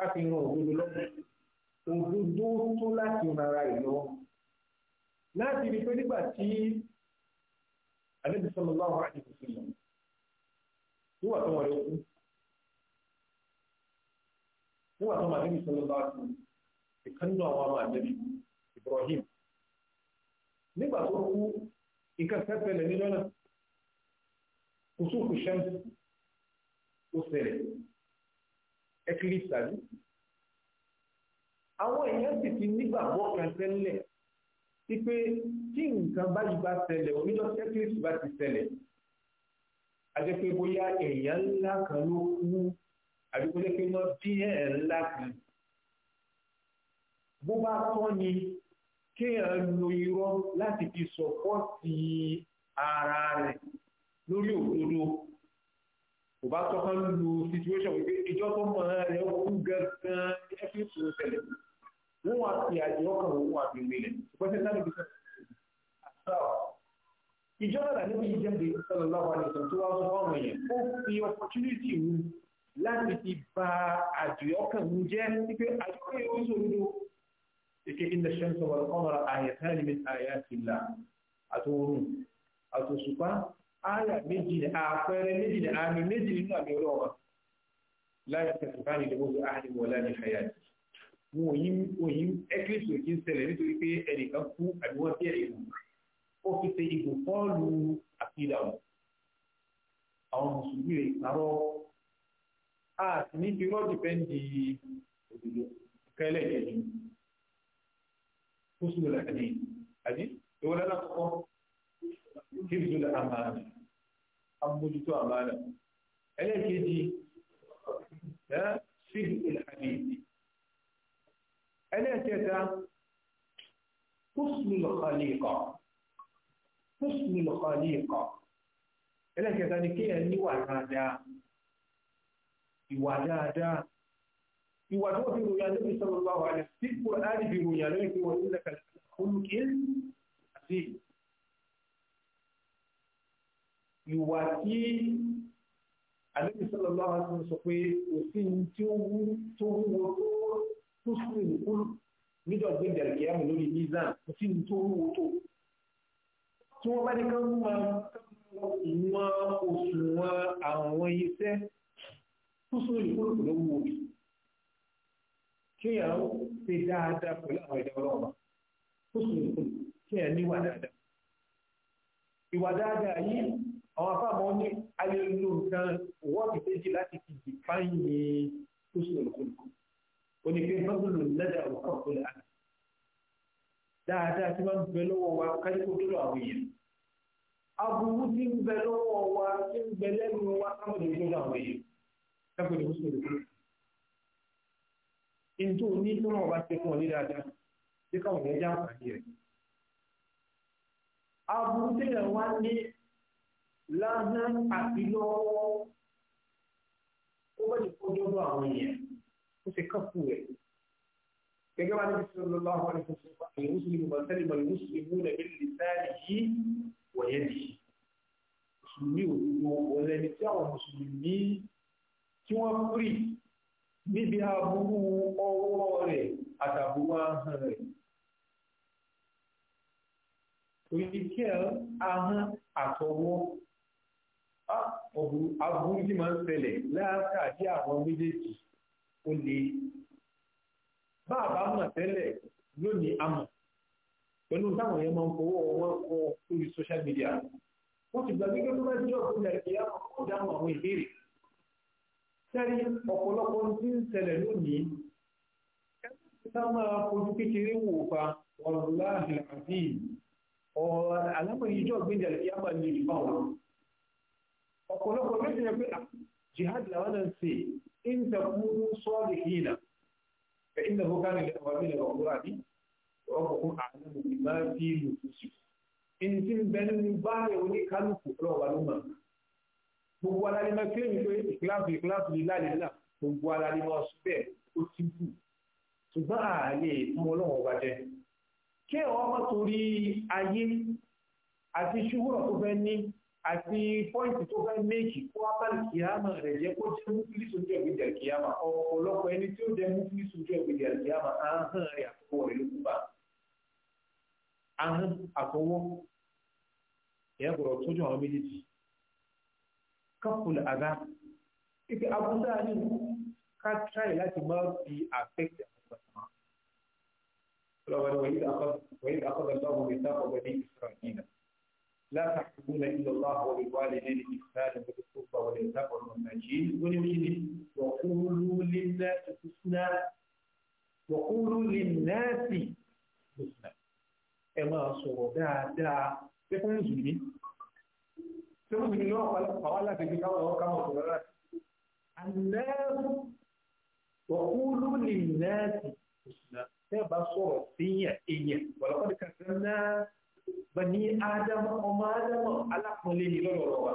láti ran òdodo lọ́wọ́ òdodo tó láti rara rẹ̀ na láti rí pé nígbà tí na bá wà ní ìsìn nígbà tó wọlé kú nígbà tó màdébí sọ́nù bá kú ìkànnì àwọn ọmọ àdébí Ibrahim nígbà tó kú ìkànnì sẹ́pẹ̀lẹ̀ kùsùkù ó ṣẹlẹ̀ eclipse àbí àwọn èèyàn sì ti nígbàgbọ́ kan tẹ́lẹ̀ wípé tí nǹkan báyìí bá ṣẹlẹ̀ oníjọ́ eclipse bá ti ṣẹlẹ̀ a jẹ́ pé bóyá èèyàn ńlá kan ló kú àbí kó jẹ́ pé wọ́n bí ẹ̀ ńlá kan bó bá tọ́ ni kéèyàn lo irọ́ láti fi sọ̀pọ́ọ̀tì ara rẹ̀ lórí òdodo kò bá tọ́kọ́ lu situation wípé ìjọ tó mọ̀ rẹ̀ ń gẹ̀gán ẹ̀fí tó tẹ̀lẹ̀ wọ́n wá sí àjẹ́ ọkàn òun wà bí ilẹ̀ ìpẹ́sẹ̀ sáré bí sọ́ọ̀ ìjọ náà níbi ìjẹ́bi sallallahu alaihi wasallam tó wá sọ fọ́ọ̀mù yẹn ó fi opportunity mu láti fi ba àjẹ́ ọkàn mu jẹ́ wípé àjọ yẹn ó sọ òdodo ike inna shamsa wal áyà méjì àpẹẹrẹ méjì ní àmì méjì nínú àmì ọlọ́wà láì tẹ̀sán bá nílẹ̀ gbogbo àárín wọlé ní hayati wọn òyìn eclipse òjì ń ṣẹlẹ̀ nítorí pé ẹnìkan kú àbí wọ́n bí ẹ̀rẹ̀ ìgbò ó fi ṣe ìgbò fọ́ọ̀lù àkìlà wọn àwọn mùsùlùmí rẹ̀ parọ́ a ní bí wọ́n dìpẹ́ndì òdòdó kẹlẹ̀ kẹjù kó sùn lọ́la kẹ́lẹ̀ àbí ìwọ́lá lákọ̀ọ́kọ́ hibzul amana amójútó amana ẹlẹ́ẹ̀kejì sídìl hadithi ẹlẹ́ẹ̀kẹta husnul khaliqa husnul khaliqa ẹlẹ́ẹ̀kẹta ni kéèyàn níwà dáadáa ìwà dáadáa ìwà tó fi ròyìn àdébí sọ́rọ̀ lọ́wọ́ àdébí kò láàrín fi ròyìn àdébí wọ́n nílẹ̀ kàlùkì ìwà tí àdébí sọlọ́lá wa ti sọ pé òsì tí ó wú tó wúwo tó sùn nìkúlù nídọ̀gbé ìdàrẹ́kẹ́ àmì lórí nizam òsì tó wúwo tó tí wọ́n bá ní ká máa wọn òṣùwọ̀n àwọn iṣẹ́ tó sùn nìkúlù kò ló wúwo bí kéèyàn ṣe dáadáa pẹ̀lú àwọn ẹ̀dá ọlọ́ọ̀bà tó sùn nìkúlù kéèyàn níwà dáadáa ìwà dáadáa yìí àwọn afáàmọ́ ní ayélu nǹkan wọ́ọ̀dì méjì láti fi dìfáìnì lóṣù lọ́kọ̀ọ́kọ́ oníke fọ́gbọ́lù lẹ́dà ọ̀kọ́ ọ̀kọ́lẹ̀ àná dáadáa tí wọ́n ń bẹ lọ́wọ́ wa kájíkó tó lọ àwọn èèyàn aburú tí ń bẹ lọ́wọ́ wa tí ń bẹ lẹ́nu wa kámọ̀dé tó lọ àwọn èèyàn kápẹ́lú lóṣù lọ́kọ̀ọ́kọ́ ìtò ní tó wọ́n bá ṣe fún ọ ní dáadáa tí káwọn èèyàn já àǹfààní rẹ̀ aburú tí láhán àti lọ́wọ́ ó bá ti kọjọ́ bá àwọn èèyàn ó sì kọ́kù rẹ̀ gẹ́gẹ́ bá níbi sọ́dọ̀ lọ́wọ́ àwọn ẹ̀fọ́ sọ́dọ̀ àwọn èèyàn mùsùlùmí wọn sẹ́ni mọ̀ mùsùlùmí rẹ̀ bí lè sáré yìí wọ̀nyẹ́ dì í mùsùlùmí òdodo ọ̀lẹ́ni tí àwọn mùsùlùmí tí wọ́n pírì níbi aburú ọwọ́ rẹ̀ àtàbúrú ahọ́n rẹ̀ torí kí ahọ́n àtọwọ́ Ah, aburú tí máa ń ṣẹlẹ̀ láàkàdí àwọn méjèèjì ó lè bá àbá mọ̀ tẹ́lẹ̀ lónìí àmọ̀ pẹ̀lú táwọn èèyàn máa ń fowó wọn kọ lórí social media wọ́n ti gbàgbé pé tó bá jẹ́ ọ̀gbìn ẹ̀kẹ́ yá kó dáhùn àwọn ìbéèrè sẹ́rí ọ̀pọ̀lọpọ̀ tí ń ṣẹlẹ̀ lónìí ká máa fojú kékeré wò pa ọ̀rọ̀ láàrin àti ọ̀rọ̀ alámọ̀ ìjọ́ ọ̀gbìn ẹ̀kẹ́ yá máa lè ọ̀pọ̀lọpọ̀ méjì yẹn pé ah, jihad làwọn náà ṣe ń tẹ̀kú sọ́ọ̀dì hìnà ẹ̀ ń tẹ̀kú káàdì àwọn ilẹ̀ ọ̀gbọ́n àbí ọkùnkùn àánú ìbá fi lùtùsù ẹni tí ń bẹ nínú báyìí oníkálùkù lọ́wọ́ ló mọ̀ gbogbo alálẹ́ máa kéwì pé ìkíláàsì ìkíláàsì lílá lílá gbogbo alálẹ́ máa sọ bẹ́ẹ̀ ó ti kù ṣùgbọ́n àlè fún àti pọ́ìntì tó fẹ́ méjì kó ápàlì kìáàmà rẹ̀ jẹ́ kó jẹ́ múkìlì sójú ẹ̀gbẹ̀dẹ̀ kìáàmà ọ̀pọ̀lọpọ̀ ẹni tí ó jẹ́ múkìlì sójú ẹ̀gbẹ̀dẹ̀ kìáàmà ahọ́n rẹ̀ àtọwọ́ rẹ̀ ló kúbà ahọ́n àtọwọ́ ìyá gbọ́dọ̀ tójú àwọn méjèèjì kápùlù àgá ibi abúlé ní ká tíráì láti máa fi àfẹ́kẹ̀ àwọn ọ̀sán. لا تعبدون الا الله وبالوالدين احسانا وبالقربى واليتامى والمساكين والمسلمين وقولوا للناس حسنا وقولوا للناس حسنا ẹ máa sọ̀rọ̀ dáadáa pé fún mùsùlùmí tí mùsùlùmí náà pàwọ́ láti fi káwọn ọ̀rọ̀ káwọn ọ̀rọ̀ rẹ̀ àlẹ́rù wọ̀kúrú lè náà ti kùsùnà tẹ́ bá sọ̀rọ̀ sí èèyàn wọ̀lọ́kọ́ bani ádámọ̀ ọmọ ádámọ̀ alápọ̀nlé ni lọ́rọ̀ wa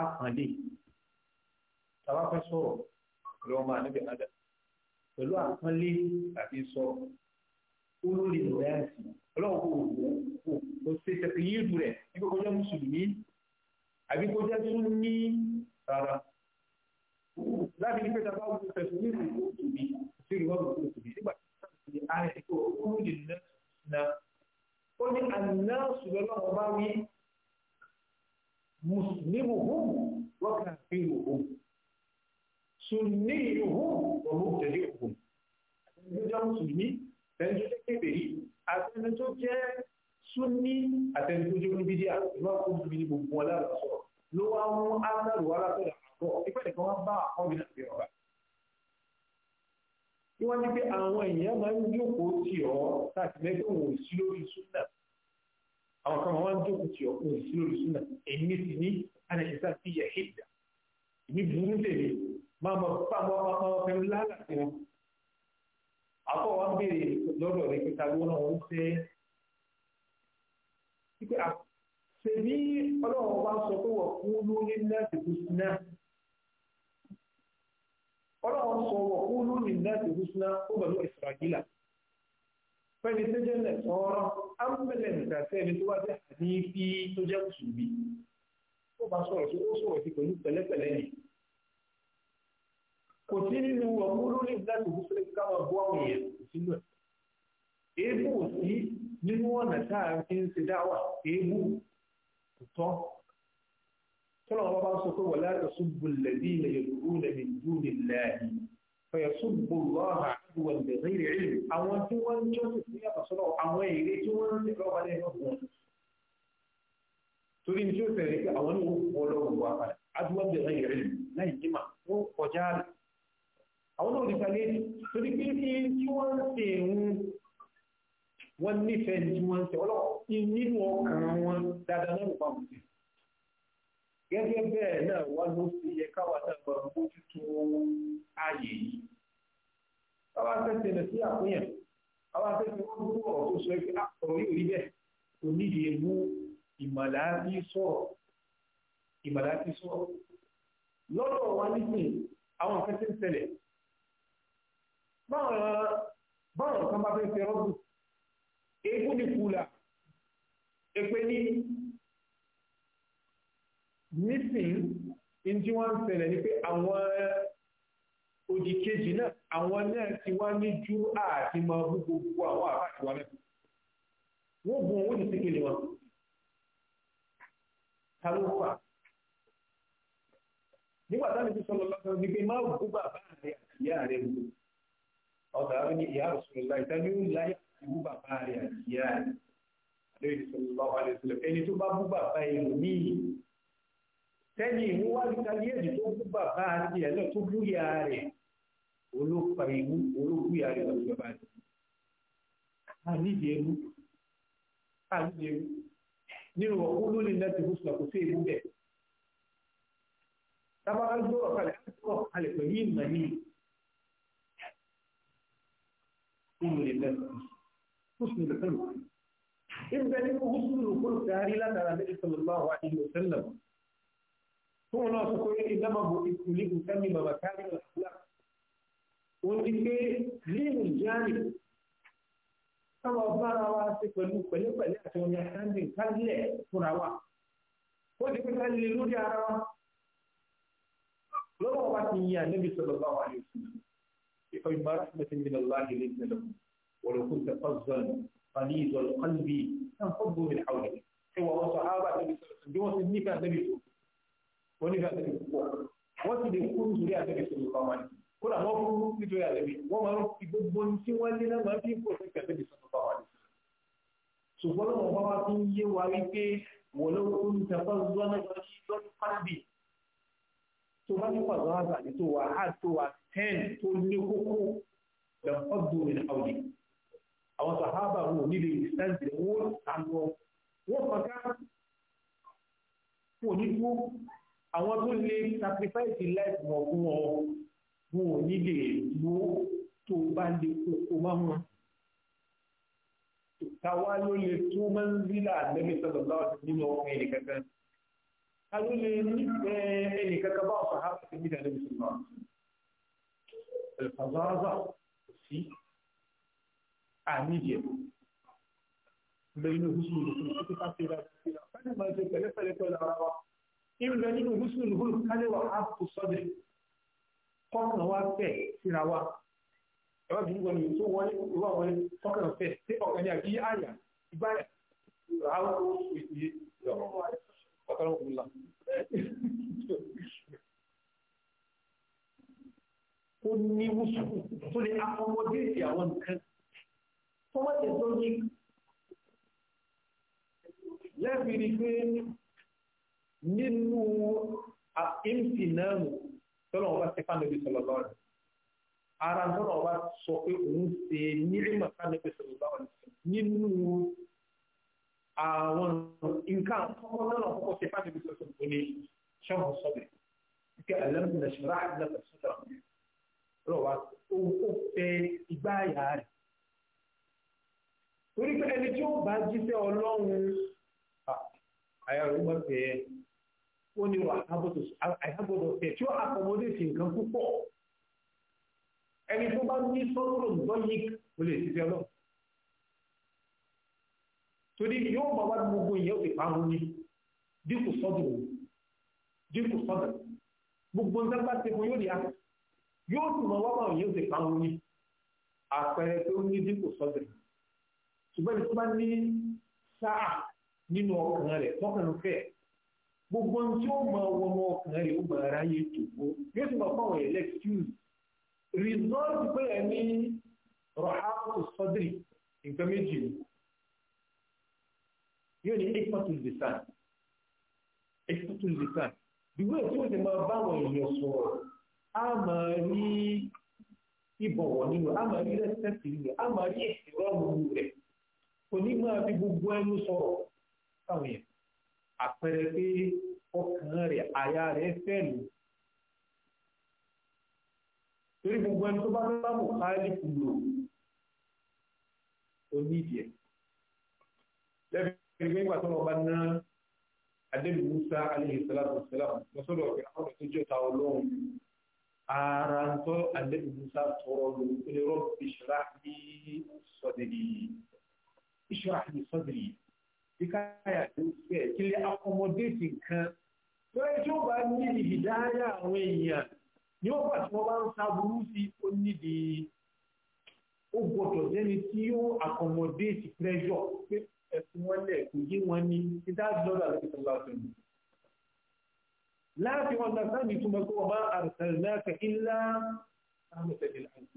àpọ̀nlé tàbá fẹ́ sọ̀rọ̀ pẹ̀lú ọmọ àníbi ádá pẹ̀lú àpọ̀nlé àti sọ̀rọ̀ olórí ìrẹsì ọlọ́run kò wò kò ṣe tẹ̀sí yíìdù rẹ̀ nígbà kó jẹ́ mùsùlùmí àbí kó jẹ́ tún ní rárá láti ní pẹ́ta bá wù tẹ̀sí ní ìlú òtùbí sí ìrọ̀rùn òtùbí nígbà tí wọ́n ti di ààrẹ olórí ìrẹsì náà ó ní àná ṣùgbọ́n wọn bá wí mùsùlùmí hùm wọ́kà fi hùm sùnní hùm wọ́n tẹ̀lé hùm àtẹnudọ́jọ́ mùsùlùmí tẹ̀lẹ́jọ́ kékeré àtẹnudọ́ jẹ́ súnní àtẹnudọ́jọ́ oníbídíà ìmọ̀ kó tóbi ní gbogbo ọlá rẹ̀ sọ̀rọ̀ ló wá mú áńdàrú wá látọ̀dọ̀ àkọ́ mi náà fi ọ̀rọ̀ tí wọ́n ní pé àwọn èèyàn máa ń jókòó tì ọ́ láti mẹ́fẹ́ wò sí lórí súnà àwọn kan wọ́n ń jókòó tì ọ́ wò sí lórí súnà èmi sì ní anàkìsá sí yẹ hídà èmi burú tèmi máa mọ pàmò ọmọ ọmọ lálà wọn. àpò wa ń béèrè lọ́dọ̀ rẹ̀ kíkà ló náà ń fẹ́ ṣe bí ọlọ́run bá sọ pé wọ́n kú lórí náà ti kú sí náà ọlọ́run sọ wọ̀ kú lónìí láti húsná ó bẹ̀rù ìsìràgílà fẹ́ni tó jẹ́ lẹ́sọ̀ọ́rọ́ ámbẹ̀lẹ̀ nìta sẹ́ni tó wá jẹ́ àdífi tó jẹ́ kùsùnbí ó bá sọ̀rọ̀ sí ó sọ̀rọ̀ sí pẹ̀lú pẹ̀lẹ́pẹ̀lẹ́ ni kò sí nínú ọkú lónìí láti húsná káwọn bọ́ àwọn èèyàn kò sínú ẹ̀ èébù sí nínú ọ̀nà tá a fi ń ṣe dáwà èébù kò tọ́ tọ́lọ̀ wọn bá sọ pé wọ́n láti ṣubú lẹ́bí ilẹ̀ yorùbá lẹ́bí jù ní lẹ́yìn fẹ̀yẹ̀ ṣubú lọ́hà àdúgbò lẹ́yìn rẹ̀ àwọn tí wọ́n ń jọ́ sí yàtọ̀ sọ́lọ̀ àwọn èrè tí wọ́n ń ṣe lọ́wọ́ alẹ́ lọ́gbọ̀n torí ní tí ó tẹ̀lé pé àwọn ní òkú ọlọ́run wà padà àdúgbò lẹ́yìn rẹ̀ láì jìmà wọ́n kọjá àwọn náà nípa torí wọ́n nífẹ̀ẹ́ ní wọ́n ń ṣe ọlọ́run nínú ọkàn wọn dáadáa náà gẹ́gẹ́ bẹ́ẹ̀ náà wọ́n ló fi yẹ káwa náà lọ mójútó ààyè yìí báwa fẹ́sẹ̀ lọ sí àkúnyẹ̀ báwa fẹ́sẹ̀ wọ́n tó ọ̀rọ̀ tó sọ pé ah, ọ̀rọ̀ yóò rí bẹ́ẹ̀ kò nídìí ewu ìmọ̀lá bí sọ̀rọ̀ ìmọ̀lá bí sọ̀rọ̀ lọ́dọ̀ wa nísìn àwọn nǹkan tí ń ṣẹlẹ̀ báwọn báwọn kan bá fẹ́ fẹ́ rọ́bù eégún ní kùlà èpè ní nísìn in tí wọ́n ń ṣẹlẹ̀ ni pé àwọn òdì kejì náà àwọn náà ti wá ní jú àti mọ gbogbo àwọn àbáṣe wa náà wọ́n gun owó ti sékèlè wọn ta ló fà nígbà táwọn ibi sọlọ lọ́sọ̀rọ̀ ni pé má gbogbo bàbá rẹ àti ìyá rẹ wò ọ̀dà àwọn ní ìyá òṣèlú láì tá ní ó láì bú bàbá rẹ àti ìyá rẹ àdéhùn ìṣòro lọ́wọ́ àdéhùn ìṣòro ẹni tó bá bú bàbá ẹlòmíì tẹ́ni ìwú wá rítàlíyèdì tó kú bàbá àti ẹ̀lọ́ tó búyà rẹ̀ olópa ìwú olóbúyà rẹ̀ lọ́dún bàbá rẹ̀ àníjì ewu àníjì ewu nínú ọkọ lónìí náà ti húsùn àkóso ewu bẹ̀ tábàkà gbọ́rọ̀ kalẹ̀ kọ́ kalẹ̀ pẹ̀lú ìmọ̀ ní ìlú lè lẹ́nu húsùn lè fẹ́ràn ìbẹ̀ nínú húsùn lè kó kárí látara Nabi sallallahu alaihi wasallam fún náà sọ pé ìdámà bò ìkùlé nǹkan ní bàbá kárí làkúlà wọn ti pé léèrè jáde káwọn bára wa ṣe pẹ̀lú pẹ̀lẹ́pẹ̀lẹ́ àti omi àtàndì kálíẹ fúnra wa ó ti pé kálíẹ lórí ara wa lọ́wọ́ wa ti yin ànábì sọ̀rọ̀ bá wà lóṣù ìfọ̀ ìmọ̀ rahmatin min Allah ilé ìṣẹ̀lẹ̀ wọn lọ́kùn tẹ ọ̀zọ́n fani ìzọ̀lù kọ́lbì náà fọ́gbọ́n mi ní àwọn ẹ̀wọ̀n wọn sọ̀ onídàá tẹ̀lé púpọ̀ wọ́n sì lè kú nítorí àtẹ̀lé sọ̀rọ̀ kan wá ní kódà wọ́n kú nítorí àtẹ̀lé wọ́n máa ń fi gbogbo tí wọ́n lé náà máa fi ń pọ̀ sí àtẹ̀lé sọ̀rọ̀ kan wá ní. ṣùgbọ́n lọ́wọ́ wọn wá tún yé wa wípé wọ́n ló kú ní tẹ̀fọ́ lọ́nà lọ́nà pàdé tó bá ní pàdé wọn àgbà tó wà á tó wà tẹ́ẹ̀n tó lé kókó lọ́dún àwọn sàhábà wọn ò nílé ìsẹ́ǹtì wọn ò sàmọ wọn fọgá wọn ò ní dúró àwọn tó lè sacrifice life wọn fún ọ wọn ò ní lè lò tó bá lè kókó mọ́ wọn. táwa ló lè tún máa ń rí láàbẹ̀mí sọ̀rọ̀ lọ́wọ́ nínú ọkùnrin nìkankan. a ló lè ní ẹnìkankan bá ọ̀sán áfíríkà níbi ìdánilẹ́bí sọ̀rọ̀ lọ́wọ́. ẹ̀fọ́nsáwọ́sà kò sí àmì ìdíyẹ bẹ́ẹ̀ ni oṣù tó kí ká ṣe ra ṣe ra fẹ́ẹ́ máa ṣe pẹ̀lẹ́pẹ̀lẹ́ ara wa ìrìnlẹ̀ nínú húsùn ìhùrù kálẹ̀wà áàpù sọ́dẹ̀ kọ́kànlá wa fẹ̀ síra wa ẹ̀wá bí wọn yìí tó wọlé ìwà wọlé kọ́kànlá fẹ̀ sí ọ̀kan ní àbí àyà ìgbáyà ráwọ́ ìdíyé ọ̀kọ́rọ̀ òkúńlá. ó ní húsùn tó lè akọmọdé àwọn nǹkan tọ́wọ́ tẹ̀ tó ní lẹ́bìrì pé nínú ìmtìnàmù tọ́lọ̀ ọba stefan nabi sọlọ́lọ́ rẹ̀ ara tọ́lọ̀ ọba sọ pé òun ṣe nílìmọ̀ sáà nabi sọlọ́lọ́ rẹ̀ nínú àwọn nǹkan àkọ́kọ́ náà kọ́kọ́ stefan nabi sọlọ́lọ́ rẹ̀ ní sọ́ọ̀bù sọ́bẹ̀ kí alẹ́mú na ṣẹlá àdínàfẹ́ sọ́tọ̀ tọ́lọ̀ ọba ó fẹ́ igbá àyà rẹ̀ torí pé ẹni tí ó ó ní wà àìhábọ̀dọ̀ tẹ̀ tí ó accommodate nǹkan púpọ̀ ẹni tó bá ní sọ́rọ̀ lọ́yìn kò lè ṣiṣẹ́ lọ. torí yóò máa wá gbogbo ìyẹn òfin parun ni dínkù sọ́dọ̀ dínkù sọ́dọ̀ gbogbo ń dábàá ti fún yóò ní a yóò tún máa wá máa ìyẹn parun ni àpẹẹrẹ tó ní dínkù sọ́dọ̀ ṣùgbọ́n ẹni tó bá ní sáà nínú ọkàn rẹ̀ tọkàn gbogbo ohun tí ó mọ ọwọ́ ọmọ ọkùnrin rẹ̀ ó mọ ara yẹ tòkó yóò sì mọ fáwọn ẹ̀ lẹ́kítúùs rìsọ́ọ̀tì pé ẹ̀ ní rọ̀háàpù sọ́dírì nǹkan méjì yóò ní ẹ̀kpọ̀tù lìsàn ẹ̀kpọ̀tù lìsàn ìwé tí ó ti máa bá àwọn èèyàn sọ̀rọ̀ á máa ní ìbọ̀wọ̀ nínú á máa rí rẹ́sẹ̀tì nínú á máa rí ìsìrọ̀rùn rẹ̀ onímọ̀ àbí gbogbo ẹnu sọ̀rọ̀ táwọn èèyàn àpẹẹrẹ pé ọkàn rẹ̀ àyà rẹ̀ fẹ́ lù torí gbogbo ẹni tó bá bá bùkárí kù lò ó ní ìdíẹ̀ lẹ́bi nígbà tó lọ́ba ná adébí musa alayhi salatu wasalam lọ́sọ̀rọ̀ ọ̀gbìn àwọn tó jẹ́ ta ọlọ́run ara ń tọ́ adébí musa tọrọ lò ó lè rọ́ọ̀bì ní sọ́dẹ̀lì ìṣúra ní sọ́dẹ̀lì yìí tí káyà tó fẹ́ kí lè accommodate nǹkan tó yẹ tí ó bá ní ìdáyà àwọn èèyàn ní ó bá tí wọ́n bá ń sáburú sí ó nídìí ó gbọ́dọ̀ jẹ́ni tí ó accommodate pressure pé ẹ̀sùn wọn lẹ̀ kò yé wọn ní ìdájọ́dà lórí ìtọ́lá tó ní. láti wọn náà sáàmì túmọ̀ pé wọ́n bá àrùsàrì náà kẹ́ ńlá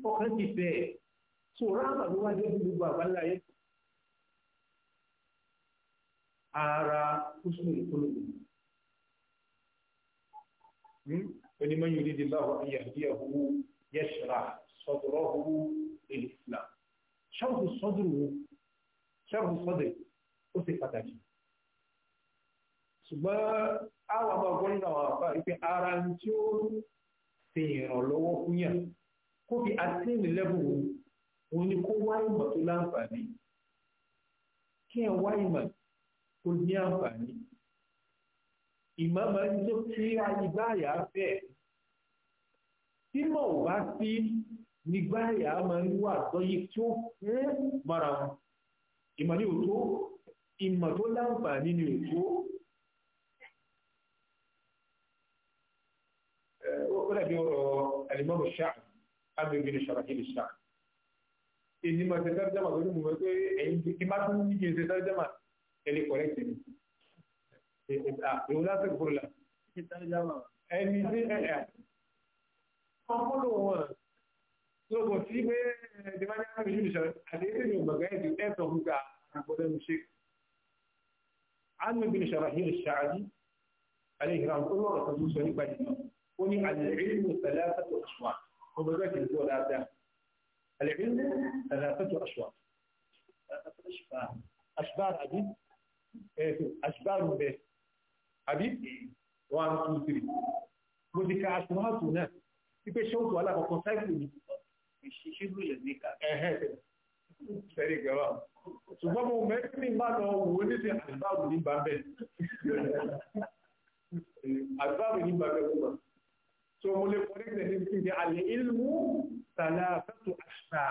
ọkàn ti fẹ́ so ráàmà ló wá gbogbo àbálá yẹn ara kúsùn ìpolówó onímọ̀ yìí di láwọ̀ ayélujára yẹ́sìrà sọ̀dọ̀rọ̀ owó ìlúfìlà ṣọ́ọ̀bù sọ́dúrù ṣọ́ọ̀bù sọ́dẹ̀ ó ṣe pàtàkì ṣùgbọ́n àwọn ọmọ ọgbọ́n nínú àwọn àbá wípé ara ń tí ó ṣe ìrànlọ́wọ́ fún yàn kó fi àtẹ́ẹ̀nì lẹ́bù wọn ni kó wá ìmọ̀ tó láǹfààní kí ẹ wá ìmọ̀ ó ní àǹfààní ìmọ̀ máa ń jẹ́ kí ayígbáyà fẹ̀ tí mọ̀ ò bá sí nígbáyà máa ń wà sọ́yí tí ó fún mara wọn ìmọ̀ ní òtó ìmọ̀ tó láǹfààní ní òtó ó dàbí ọ̀rọ̀ àlìmọ́mù ṣáà ábẹ́gbẹ́ ní ṣàràkìlì ṣáà èyí ṣe dájọ́ mà lórí mo mọ̀ ẹ̀yìn kí má tún ní kí n ṣe ẹni kọ̀rẹ́tì ni ìwúlá sí ìfúrúlá ẹni sí ẹ̀ẹ́ ọpọlọ wọn lọ́gbọ̀n sí pé ẹ̀ẹ́dẹ́gbẹ́já náà yìí nìṣọ́ àdéhùn ìgbàgbẹ́ ẹ̀dì ẹ̀sọ̀ gbígbà àgbọ̀dẹ̀ ń ṣe عمرو بن شراحيل الشعبي عليه رحمة الله وتعالى سوري بدي وني العلم ثلاثة أشواط هو ذاك الدول هذا العلم ثلاثة أشواط أشباه أشباه عديد ẹ̀ẹ́dọ̀ àṣìbáàrù bẹ̀ àbí one two three mo ti ka aṣùwàtò náà wípé ṣóòtù alákọ̀ọ́kọ́ sáìkù ni. ìṣèṣirò ilẹ̀ ní ká. sẹ́rí gẹ̀rọ ṣùgbọ́n mo mẹ́rin ní bá lọ wò ó ní ti àṣìbáàrù ní bàbẹ́ àṣìbáàrù ní bàbẹ́ kúmọ̀ so mo lè kọ́rí ní ẹni tí ń di àlè ilmu tàlà fẹ́tù àṣà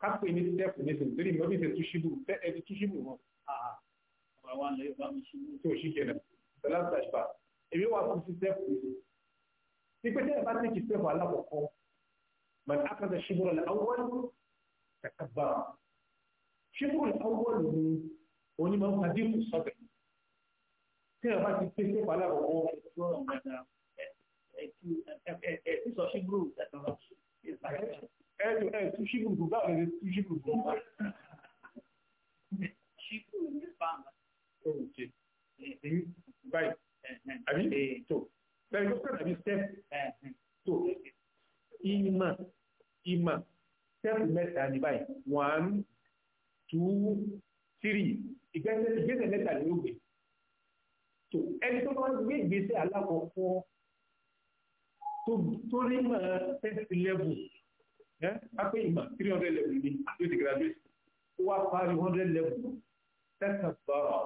kápẹ́ ní stẹ́pù ní sèǹtẹ́rì mọ́bí ṣe túṣìbù tẹ́ ẹni túṣìbù wọn tó ṣí kẹ̀nà pẹ̀lú àtàṣpà èmi wà fún sísẹ́pù yìí ní pé tẹ́lẹ̀ bá ní kí sẹ́pù alákọ̀ọ́kọ́ màá akadà ṣíbúrò làwọn kàkàbà ṣíbúrò làwọn ni onímọ̀ adínkù sọ́bẹ̀ tẹ́lẹ̀ bá ti pé sẹ́pù alákọ̀ọ́kọ́ ẹ̀ẹ́dùn ẹ̀ẹ́dùn ṣíbúrò gbàgbé ṣíbúrò gbàgbé ṣíkù ní bàmà. ok a báyìí àbí tó eh. bẹ́ẹ̀ ló kàn àbí step tó eh, ìmọ̀ eh. ìmọ̀ step mẹ́ta ní báyìí one two three ìgbésẹ̀ ìgbésẹ̀ mẹ́ta ló gbé tó ẹni tó máa ń gbé ìgbésẹ̀ alákọ̀ọ́kọ́ tó rí mọ̀ first level ẹ́ á pé ìmọ̀ three hundred level ni yóò ti graduate ó wá parí hundred level tẹ́tẹ̀ sọ̀rọ̀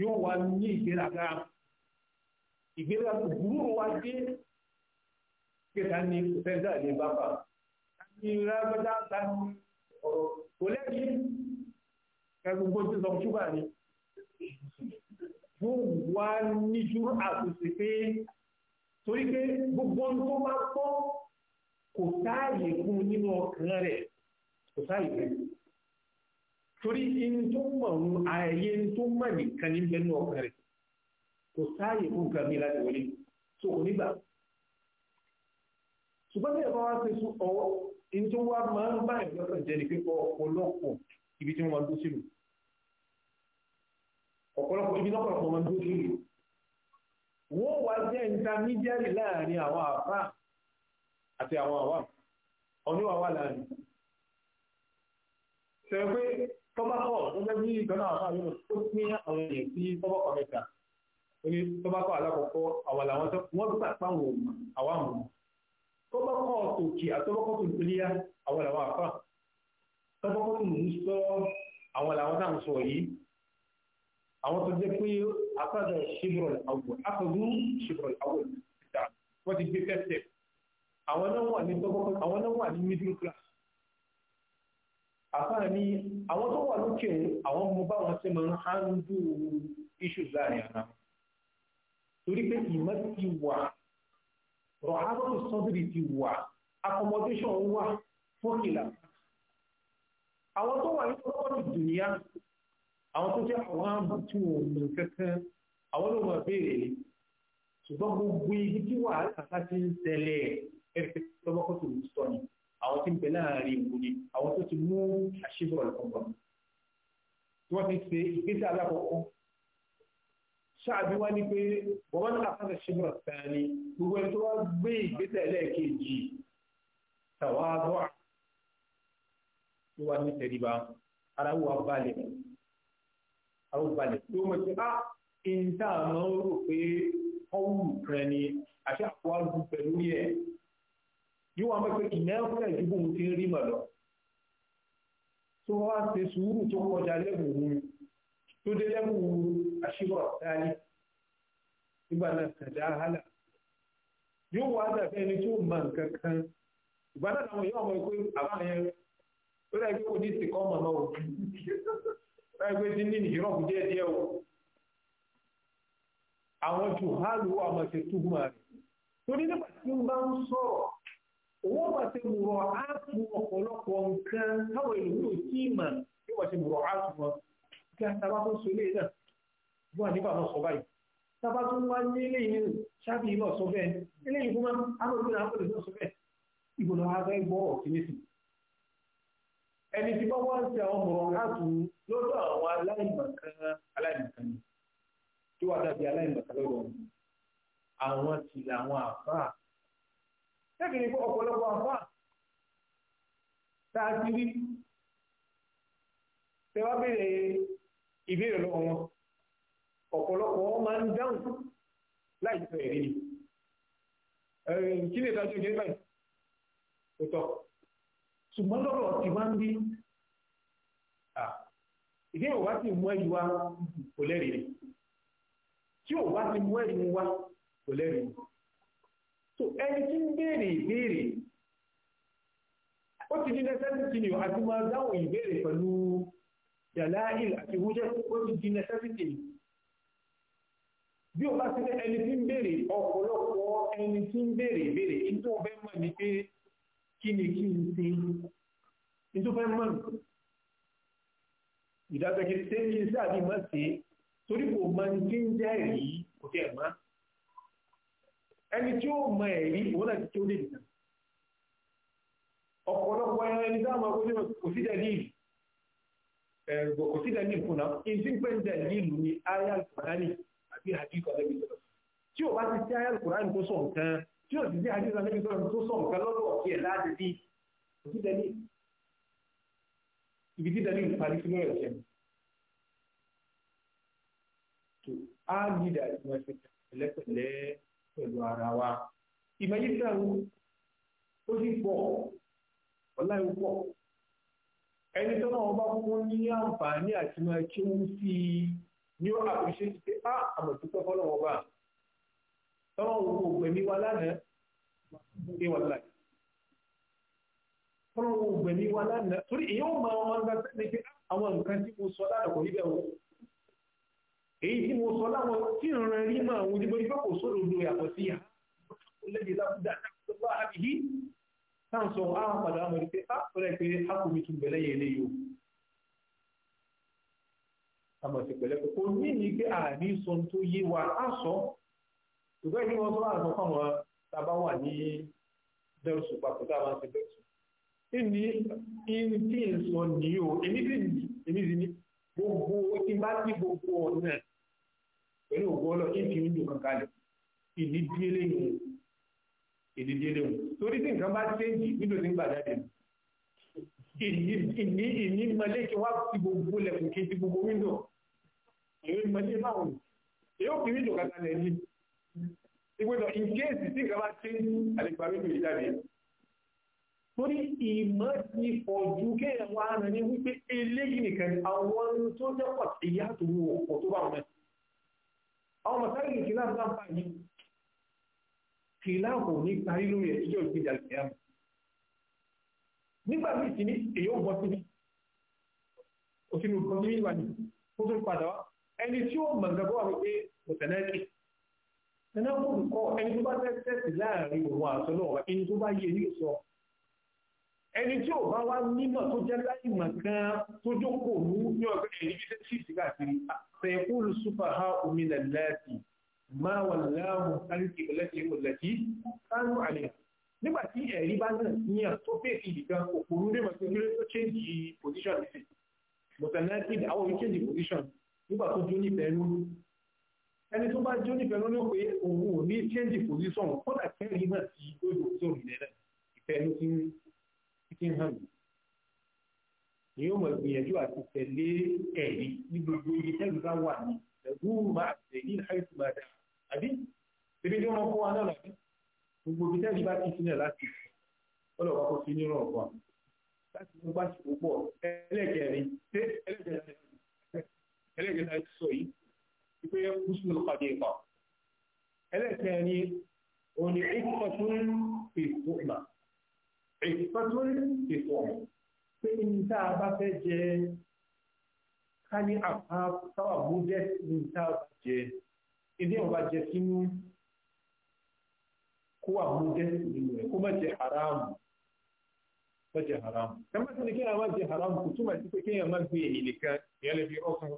yóò wá ní ìgbéraga ìgbéraga gbúrú wa dé kíkà ní fẹ́ńdà ní bàbá ní rábẹ́dá ta ọ̀rọ̀ kò lẹ́yìn kẹgbogbo tí sọ ṣúgbà ni yóò wá níjú àtúnṣe pé torí pé gbogbo tó bá gbọ́ kò sáàyè fún nínú ọkàn rẹ̀ kò sáàyè fún un torí in tó mọ̀ ń ayẹyẹ in tó mọ̀ nìkan ní bẹ́ẹ̀ ní ọkàn rẹ̀ kò sáàyè fún nǹkan mi láti wọlé tó kò nígbà ṣùgbọ́n bí ẹ̀fọ́ wá ṣe sún ọwọ́ in tó wá máa ń bá ìlọ́kàn jẹ́ ni pé ọ̀pọ̀lọpọ̀ ibi tí wọ́n dún sínú ọ̀pọ̀lọpọ̀ ibi lọ́pọ̀lọpọ̀ wọn dún sínú wọ́n wá jẹ́ intermediary láàrin àwọn àfà àti àwọn àwa ọ̀níwà wà láàrin sẹ́wọ́n tọ́bákọ̀ gẹ́gẹ́ bí ìgbọ́nà àwọn tó pín àwọn èèyàn sí tọ́bákọ̀ mẹ́ta oní tọ́bákọ̀ alákọ̀ọ́kọ́ àwọn làwọn tó wọ́n gbà páwọn òmà àwọn àmọ́ tọ́bákọ̀ tòkì àtọ́bákọ̀ tó léyà àwọn làwọn àfà tọ́bákọ̀ tó lùú sọ àwọn làwọn náà sọ yìí àwọn tó jẹ́ pé afáàdà ṣíbrọ̀lì àwọ̀ afọ̀dú ṣíbrọ̀lì àwọ̀ ìta wọ́n ti gbé fẹ́fẹ́ àwọn náà wà ní middle class àfáà ní àwọn tó wà lókè àwọn ọmọ báwọn ṣe máa ń hándù issues láàrin ara torí pé ìmọ̀ ti wà rọ̀hábọ̀tò sọ́dúrì ti wà accommodation wà fókìlà àwọn tó wà nínú ọkọ̀ dùnìyà àwọn tó jẹ́ àwọn àbùtù òun kankan àwọn tí ń bẹ láàrin ìkúni àwọn tó ti mú àṣíbọ̀ ọ̀pọ̀pọ̀ tí wọ́n ti ṣe ìgbésẹ̀ alákọ̀ọ́kọ́ ṣáàbí wá ní pé wọ́n máa ń àfáàṣẹ ṣíbọ̀ ni gbogbo ẹni tó wá gbé ìgbésẹ̀ lẹ́ẹ̀kejì tàwáàbọ̀ tó wá ní tẹríba ara wà balẹ̀ ara wà balẹ̀ tó mọ̀ sí ah ìta àmọ́ rò pé ọ̀wù kan ni àti àwọn àgùnfẹ̀ lórí ẹ̀ yóò wá mọ̀ pé ìnáfẹ́ ìdúgbò òun ti ń rí mọ̀ lọ tó wá ṣe sùúrù tó kọjá lẹ́bùn tó dé lẹ́bùn àṣírọ̀ dáálí nígbà náà kàdá hálà yóò wá dàbí ẹni tó mọ nǹkan kan ìgbà náà àwọn yóò mọ̀ pé àbáwọn yẹn ó dàbí pé kò ní ìsìnkọ́ mọ̀ náà o báyìí pé ti ní ìrọ̀kù díẹ̀ díẹ̀ o àwọn jù hálù àmọ̀ ṣe túbú rẹ̀ torí nígbà tí wọ́n bá ń sọ̀rọ̀ wọ́n bá ṣe mùrọ̀ áàtù ọ̀pọ̀lọpọ̀ nǹkan táwọn ìlú ò tí mà bí wọ́n ṣe mùrọ̀ áàtù wọn kí a sábà tó so ilé náà wọ́n à náà sọ báyìí sábà tó wá ní ilé yìí ṣáàbì sọ bẹ́ẹ̀ fún wa náà sọ bẹ́ẹ̀ gbọ́ ọ̀tínísì ẹni tí lẹ́bi ní ọ̀pọ̀lọpọ̀ àfà tá a ti rí tẹ wá béèrè ìbéèrè lọ́wọ́ wọn ọ̀pọ̀lọpọ̀ wọn máa ń dáhùn láì sọ èrè ni kí ni ìdájọ́ ìjẹ́ báyìí kò tọ́ ṣùgbọ́n lọ́rọ̀ ti máa ń bí ìdí ò wá sí mú ẹ̀yìn wa kò lẹ́rìí tí ò wá sí mú ẹ̀yìn wa kò lẹ́rìí so ẹni tí ń béèrè ìbéèrè ó ti di necessity ni àti máa dáhùn ìbéèrè pẹ̀lú dàláìl àti hujjah ó ti di necessity ni bí o bá ti ní ẹni tí ń béèrè ọ̀pọ̀lọpọ̀ ẹni tí ń béèrè ìbéèrè kí tó fẹ́ mọ̀ ní pé kí ni kí n ṣe kí tó fẹ́ mọ̀ ìdájọ́ kí ṣe kí n ṣe àbí mọ̀ ṣe torí kò mọ̀ ní kí ń jẹ́rìí kò tẹ̀ mọ́ ẹni tí ó mọ ẹ̀rí òun náà ti tí ó lè dìtà ọ̀pọ̀lọpọ̀ ẹni dáàmà onímọ̀ kò sí dẹ̀lí ẹ̀rọ kò sí dẹ̀lí fún náà in tí ń pè ń dẹ̀lí ìlú ni ayal kùránì àbí hadith ọ̀lẹ́bí sọ̀rọ̀ tí ò bá ti sí ayal kùránì tó sọ nǹkan tí ò sì sí hadith ọ̀lẹ́bí sọ̀rọ̀ tó sọ nǹkan lọ́dọ̀ ọ̀kí ẹ̀ láti bí kò sí dẹ̀lí ibi tí dẹ̀lí parí sínú ẹ̀ ṣẹ́ to á ní ìdá ìmọ̀ ẹ̀sẹ̀ pẹ̀lẹ́pẹ̀lẹ́ pẹ̀lú ara wa ìmọ̀ yìí fẹ́ o ó sì pọ̀ ọ̀la yìí pọ̀ ẹni tó náà bá fún ní àǹfààní àti máa kí wọ́n sí i ní ó àfiṣe ti pé á àmọ̀túpẹ́ fọlọ́wọ́ bá tọ́wọ́ òkú ògbẹ̀mí wa lánàá ní wọn láì tọ́wọ́ ògbẹ̀mí wa lánàá torí èyí ó máa wọn gbà pé àwọn nǹkan tí mo lánàá kò èyí tí mo sọ láwọn tí ń ran rí máa wù nígbà ìfẹ́ kò sódòdó yàtọ̀ sí yà lẹ́yìn lábúdá tó bá àbíyí táà ń sọ àwọn ah, padà wọn pé á ah, pẹ̀lẹ́ pé a kò mi tún bẹ̀lẹ́ yẹn lé yìí o àmọ̀ sí pẹ̀lẹ́ pé kò ní ní pé àní sọ tó yé wa á sọ ṣùgbọ́n ìdí wọn sọ àṣọ fáwọn tábà wà ní dẹ́rùsù papọ̀ tá a máa ń ṣe dẹ́rùsù ní ní tí ń sọ nìyí èmi sì ní gbogbo ìbá gbogbo ọ̀nà pẹ̀lú òkú ọlọ́ ìfi oúnjẹ kan kalẹ̀ ìdídíélé yìí ìdídíélé yìí torí tí nǹkan bá tẹ́jì nínú tí ń gbà jáde ìní ìní mọlé kí wọ́n ti gbogbo lẹ̀kùn kí ti gbogbo wíńdò èyí mọlé báwọn èyí ò fi wíńdò kankan lẹ̀ ní ìgbésọ̀ in case tí nǹkan bá tẹ́jì àlèkùn àwíńdò yìí jáde torí ìmọ̀ ti fọ̀jú kéèyàn wá rẹ̀ ní wípé eléyìí nìkan àwọn tó jẹ́ pọ̀ ìyá tó wù ọ̀pọ̀ tó bá wọn mẹ́ta àwọn mọ̀sáyì ní kìláàfù náà bá yìí kìláàfù ní parí lórí ẹ̀ ìjọ ìgbéjà ìgbéyàwó nígbà míì sí ní èyí ò bọ́ síbi òsínú kan ní ìwà ní ó tún padà wá ẹni tí ó mọ̀ nǹkan bó wà wípé kò tẹ̀lé kí tẹ̀lé kò kọ́ ẹni tó bá tẹ́sí láàrin òun àtọ́lọ́wọ́ ẹni tó bá yẹ ní ìsọ ẹni tí ò bá wá nímọ̀ tó jẹ́ láìmọ̀ gan tó jókòó mú ní ọ̀gbẹ́ ẹ̀rí bí tẹ́tí ìsìnká kiri fẹ̀kúlù súpà ha omi lẹ́lẹ́tì máa wà láàmú sáríkì lẹ́tì ìmọ̀lẹ́tì sánú àlẹ́ nígbà tí ẹ̀rí bá náà ní à tó pèsè ìdìkan òkúrú nímọ̀ tó kéré tó change position nísìn mọ̀tẹ́lẹ́tì àwọn orí change position nígbà tó jó nífẹ̀ẹ́ nú ẹni tó bá jó nífẹ̀ẹ́ nú pé òun ò ní change position kódà kẹ́rin náà ti gbódò sórí lẹ́lẹ́ ìfẹ́ ló ti ń tí ń hàn mí ni yóò mọ̀ ìgbìyànjú àti tẹ̀lé ẹ̀rí ní gbogbo ibi tẹ́lú bá wà ní ẹ̀gbọ́n máa tẹ̀ ní àìsàn máa dà àbí ebi tí wọ́n fún wa náà làbí gbogbo ibi tẹ́lú bá ti sílẹ̀ láti ọlọ́wọ́ kó sí nírọ̀ ọ̀gbọ́n láti mú bá ṣe púpọ̀ ẹlẹ́gẹ̀rin ṣé ẹlẹ́gẹ̀rin láti sọ yìí wípé kùsùn lọ́pàdé ìkọ̀ ẹlẹ́gẹ̀rin òní ìkọ̀ tún èyí tó tó rí ìfọ̀ pé ní tá a bá fẹ́ jẹ ká ní àpá táwà bó jẹ́ ní tá a bá jẹ ilé ìwọ̀n bá jẹ sínú kó wà bó jẹ́ nínú ẹ̀ kó má jẹ haramu má jẹ haramu tẹ́lẹ̀ tí ni kí ẹ̀yàn má jẹ haramu kò túmọ̀ sí pé kí má gbé èyí nìkan ìyẹn lè fi ọkàn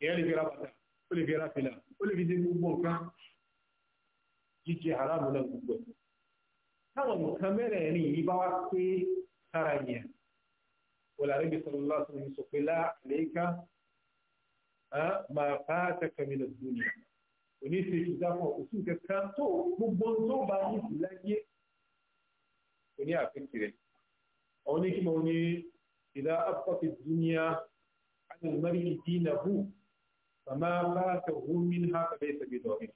ìyẹn lè fi ra ó lè fi ra ó lè fi ṣe gbogbo nǹkan jíjẹ haramu náà gbogbo ẹ̀ táwọn nǹkan mẹ́rẹ̀ẹ̀rin yìí bá wá pé sára yẹn wọlàrí bí sọlọ lọ́sọ̀ ní sọ pé láàlẹ́ká máa bá tẹ̀kẹ́ mi lọ sí ní oníṣe ìdáfọ̀ òsùn kẹta tó gbogbo tó bá ní ìláyé oní àfihàn rẹ̀ àwọn oníkìmọ̀ ní ìdá afọ́fẹ́ dúníà àti ìmọ̀rí ìdínà hù màmá bá tẹ̀wọ́ mí ní hàkàbẹ́ ìsẹ̀gbẹ̀dọ̀ rẹ̀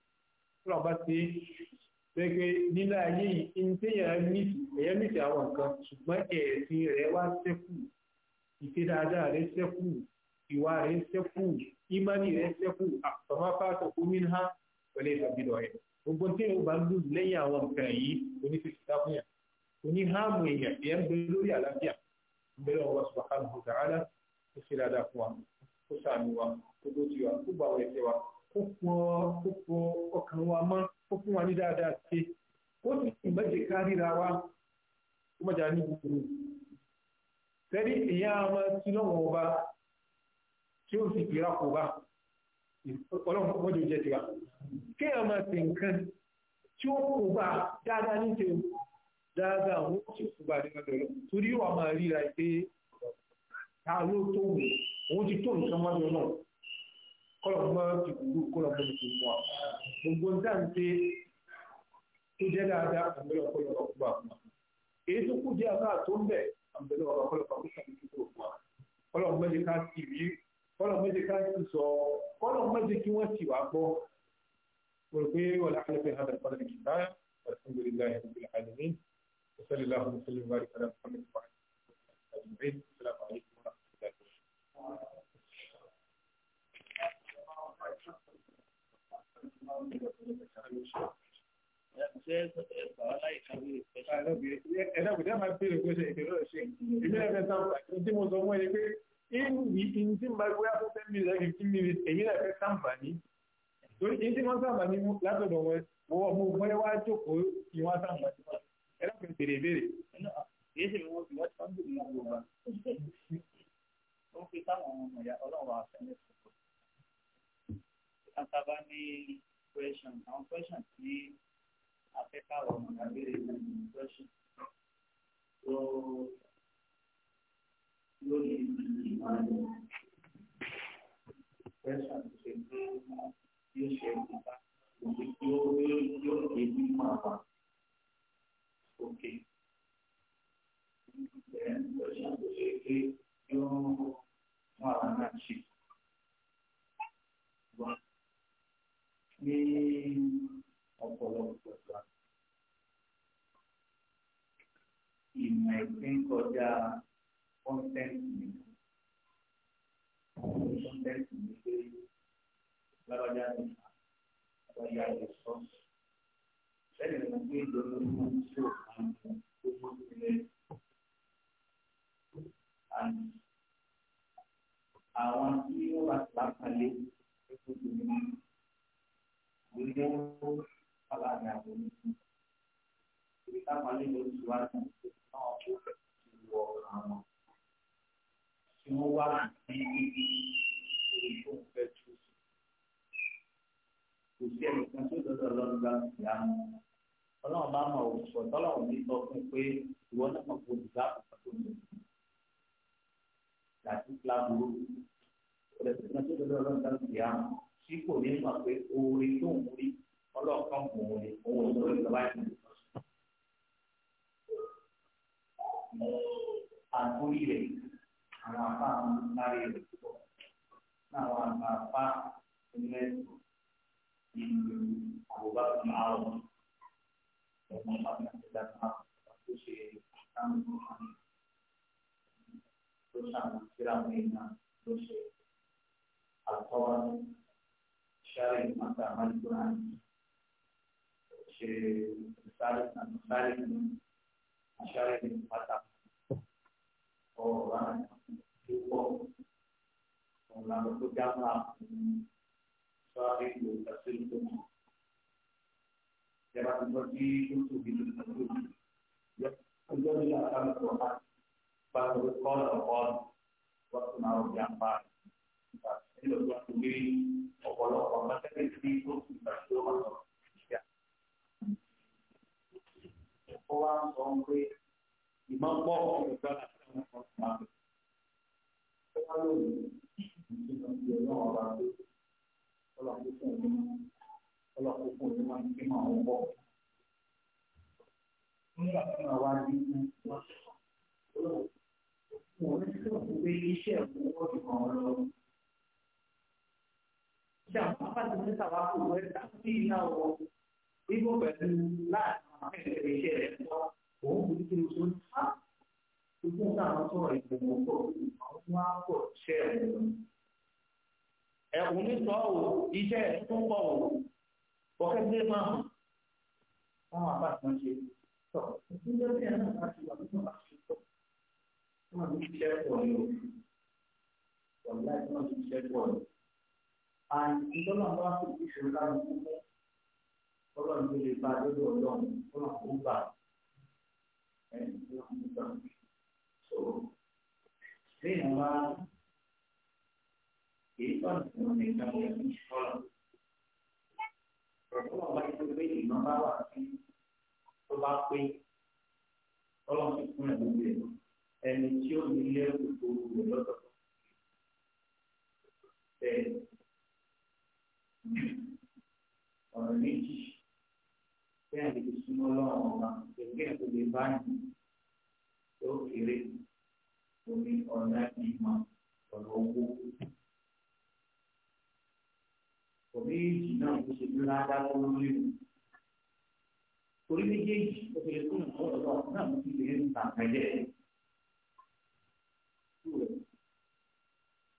pẹ́pẹ́ nílá ayé yìí ní téèyàn mìtì èèyàn mìtì àwọn nǹkan ṣùgbọ́n ẹ̀sìn rẹ̀ wá ṣẹ́kù ìṣe dáadáa rẹ̀ ṣẹ́kù ìwà rẹ̀ ṣẹ́kù ìmánì rẹ̀ ṣẹ́kù àtọ̀mọ́fàtọ̀ omínà pẹ̀lú ìfàbílọ̀ ẹ̀ gbogbo téèyàn ó bá lù lẹ́yìn àwọn nǹkan yìí oníṣẹ́ṣẹ́ sáfúnyà oníhàmù èèyàn èèyàn ń bẹ lórí àlàáfíà ń bẹ lọ́wọ́ subhanahu wa ta'ala ó ṣe dáadáa fún wa ó ṣàánú wa ó dójú wa ó bá wa ẹ̀ṣẹ̀ wa ó pọ̀ ọkàn wa mọ́ ó fún wa ní dáadáa ṣe ó sì ìmọ̀jẹ̀ káríra wa ó mọ̀jà ní gbogbo tẹ́lí èèyàn ọmọ tí lọ́wọ́ ọba tí ó sì kíra kò bá ọlọ́run mọ́jọ jẹ́ tiwa kéèyàn máa ṣe nǹkan tí ó kò bá dáadáa ní ṣe dáadáa àwọn tí ó kò bá nígbà lọ torí wà máa ríra pé ta ló tó wù òun ti tó nǹkan wájú náà kọlọ̀ ti gbogbo kọlọ̀ ti gbogbo wa gbogbo nǹkan ṣe tó jẹ́ dáadáa àbẹ̀lẹ̀ ọ̀pọ̀lọpọ̀ ọ̀pọ̀ àpọ̀ èyí tó kù díẹ̀ náà tó ń bẹ̀ àbẹ̀lẹ̀ ọ̀pọ̀lọpọ̀ àpọ̀ àpọ̀ kọ́lọ̀ méje ká sì rí kọ́lọ̀ méje ká sì sọ kọ́lọ̀ méje kí wọ́n sì wá gbọ́ rò pé wọ́n lè fẹ́ hàn lẹ́kọ́ lẹ́kì náà alhamdulilayi ẹ̀dá kò dá máa bèèrè pé ṣe ìdèrò ṣe ìbílẹ̀ mẹ́ta tí mo sọ mọ́ ẹni pé ìwì ìyìn tí máa gbé after ten minutes like fifteen minutes èyí náà fẹ́ sàǹfààní torí ìyìn tí wọ́n sàǹfààní látọ̀dọ̀ wọn mo mo bọ́yá wá jókòó kí wọ́n sàǹfààní ẹ̀dá kò tèrè béèrè. kì í ṣe ìwọ ìwọ tí wọ́n ń gbé ìwọ ìwọ bá ó fi táwọn ọmọ ìyá ọlọ́run àfẹnẹ́sọ kan tá a bá ní question àwọn question tí afẹ́ká wà mọ̀nà béèrè ní question tó lórí ìmọ̀ràn question tó ṣe pé yóò ṣe ìgbà òbí yóò yóò lè ní màmá òkè ẹ̀ question tó ṣe pé yóò mú náà ṣe ní ọ̀pọ̀lọpọ̀ ìgbà. Ìmọ̀ ẹ̀sìn kọjá kọ́ńtẹ́ǹtì mi. Kọ́ńtẹ́ǹtì mi pé lábàjá mi àbáyá rẹ̀ sọ. Lẹ́yìn ìgbà pé ìjọba ìlú tí ò kàn fún tó mọ́ sílẹ̀. Àwọn tí wọ́n bá ti bá kalẹ̀ ẹ̀kọ́ tó ní beliau salah nyambung kita paling berjuang untuk jiwa semua itu kecil usia nìkan tó dọdọ lọrọ gba ìyanu Ọlọ́run bá mọ òṣùpọ tọlọ́run ní sọ fún pé ìwọ náà mọ kó dùgbà pàtó tó lè dàtí kíláàbù ó lẹsẹ nìkan tó tí kò ní mọ̀ pé oore tó ń rí ọlọ́ọ̀kan kò ń rí òun ò lórí ìjọba ìlú àtúrí rẹ̀ àwọn apá àwọn sáré rẹ̀ pọ̀ láwọn àgbà apá ilé ìlú àbúgbà tó máa wọ̀ ọmọ bàbá àti dàgbà tó ṣe àtàwọn ọmọ tó ṣàwọn síra wọn náà ló ṣe àtọwọ́. شارع مكة مال القرآن شيء رسالة رسالة شارع مكة أو أنا يبغى ولما تجمع شارع تسلم جرى المرجي كنت بالمسلم يقول لي أكمل القرآن فهو قال قال وقت ما رجع بعد nínú ìgbà tó gbé ọ̀pọ̀lọpọ̀ mọ́tẹ́lẹ̀ sí tó fi tó wà lọ. ó wá ń sọ pé ìmọ̀ pọ̀ ìgbà láti wọn kọ́ sí àwọn. ó wá lóyún ìṣúná ti ọ̀nà ọ̀la pé ọlọ́kùnkùn ní ọlọ́kùnkùn ní wọ́n ti máa ń bọ̀. nígbà tí wọ́n wá ní wọ́n sọ pé iṣẹ́ ìwọ́n ti kàn án lọ́wọ́ ṣe àwọn àpáta ní sàwákò rẹ̀ tàbí iná wọ ibo pẹ̀lú láàrin àwọn akẹ́kẹ̀ẹ́ iṣẹ́ rẹ̀ pọ̀ òun kò ní kí n so ní fa ah, gbogbo nǹkan sọ̀rọ̀ ìgbìmọ̀ pọ̀ àwọn wá pọ̀ ṣẹ́ ẹ̀kún ní sọ ò iṣẹ́ ẹ̀ tó ń pọ̀ ò ọ̀kẹ́gbẹ́ máa hàn táwọn àpáta bá ti wọ́n ti ṣiṣẹ́ pọ̀ ní o wọ́n láì wọ́n ti ṣiṣẹ́ and ìtọ́nà bá sì ti ṣòro láti kúkú ọlọ́run tó lè bá lọ́dọ̀ ọlọ́run ọlọ́run kó so lẹ́yìn wá èyí tó ń tún ní ìgbà wọn ní ìṣọ́ra ọlọ́run bá yẹ pé ìmọ̀ bá wà sí tó bá ọ̀rọ̀ méjì bẹ́ẹ̀ ni kò súnmọ́ lọ́wọ́ ọba gẹ́gẹ́ kò lè bá ní tó kéré omi ọ̀nà ìmọ̀ ọ̀nà owó. Òbí méjì náà kò ṣe ní ládá owó léwu. Orí méjèèjì ó fi lè kó nǹkan ọ̀dọ́ náà mo ti lè ń ta àpẹẹrẹ rẹ̀.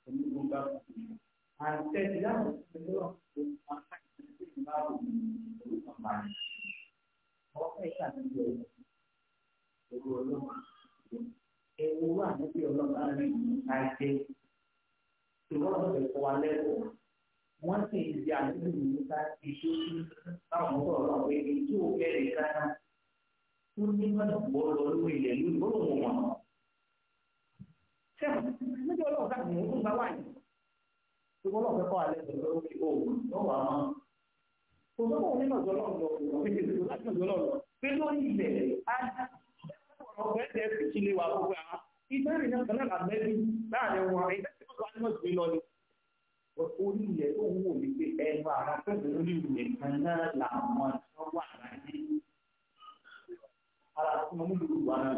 Omi gbọ́dọ̀ kò ní. Anteriormente, Sẹ́wọ̀n, níjọ́ ọlọ́ọ̀ta kò mú un bá wáyé ṣùgbọ́n náà fẹ́ kọ́ alẹ́ pẹ̀lú òkè òògùn yóò wà mọ́. kò sọ́kọ̀ òun nínú ọ̀dọ́ lọ́wọ́ lọ́wọ́ pé lórí ilẹ̀ ọ̀rọ̀ fẹ́ tẹ̀ fi lè wà gbogbo àwọn ìbéèrè náà kan náà làbẹ́bí láàrin wọn ìdẹ́sẹ̀kọ̀ ànímọ̀sí lọ ni. orí ilẹ̀ tó wù mí pé ẹnu àwọn akẹ́kọ̀ọ́ orí ilẹ̀ kan náà làwọn tó wà láyé. ara tí mo mú lùlù wà náà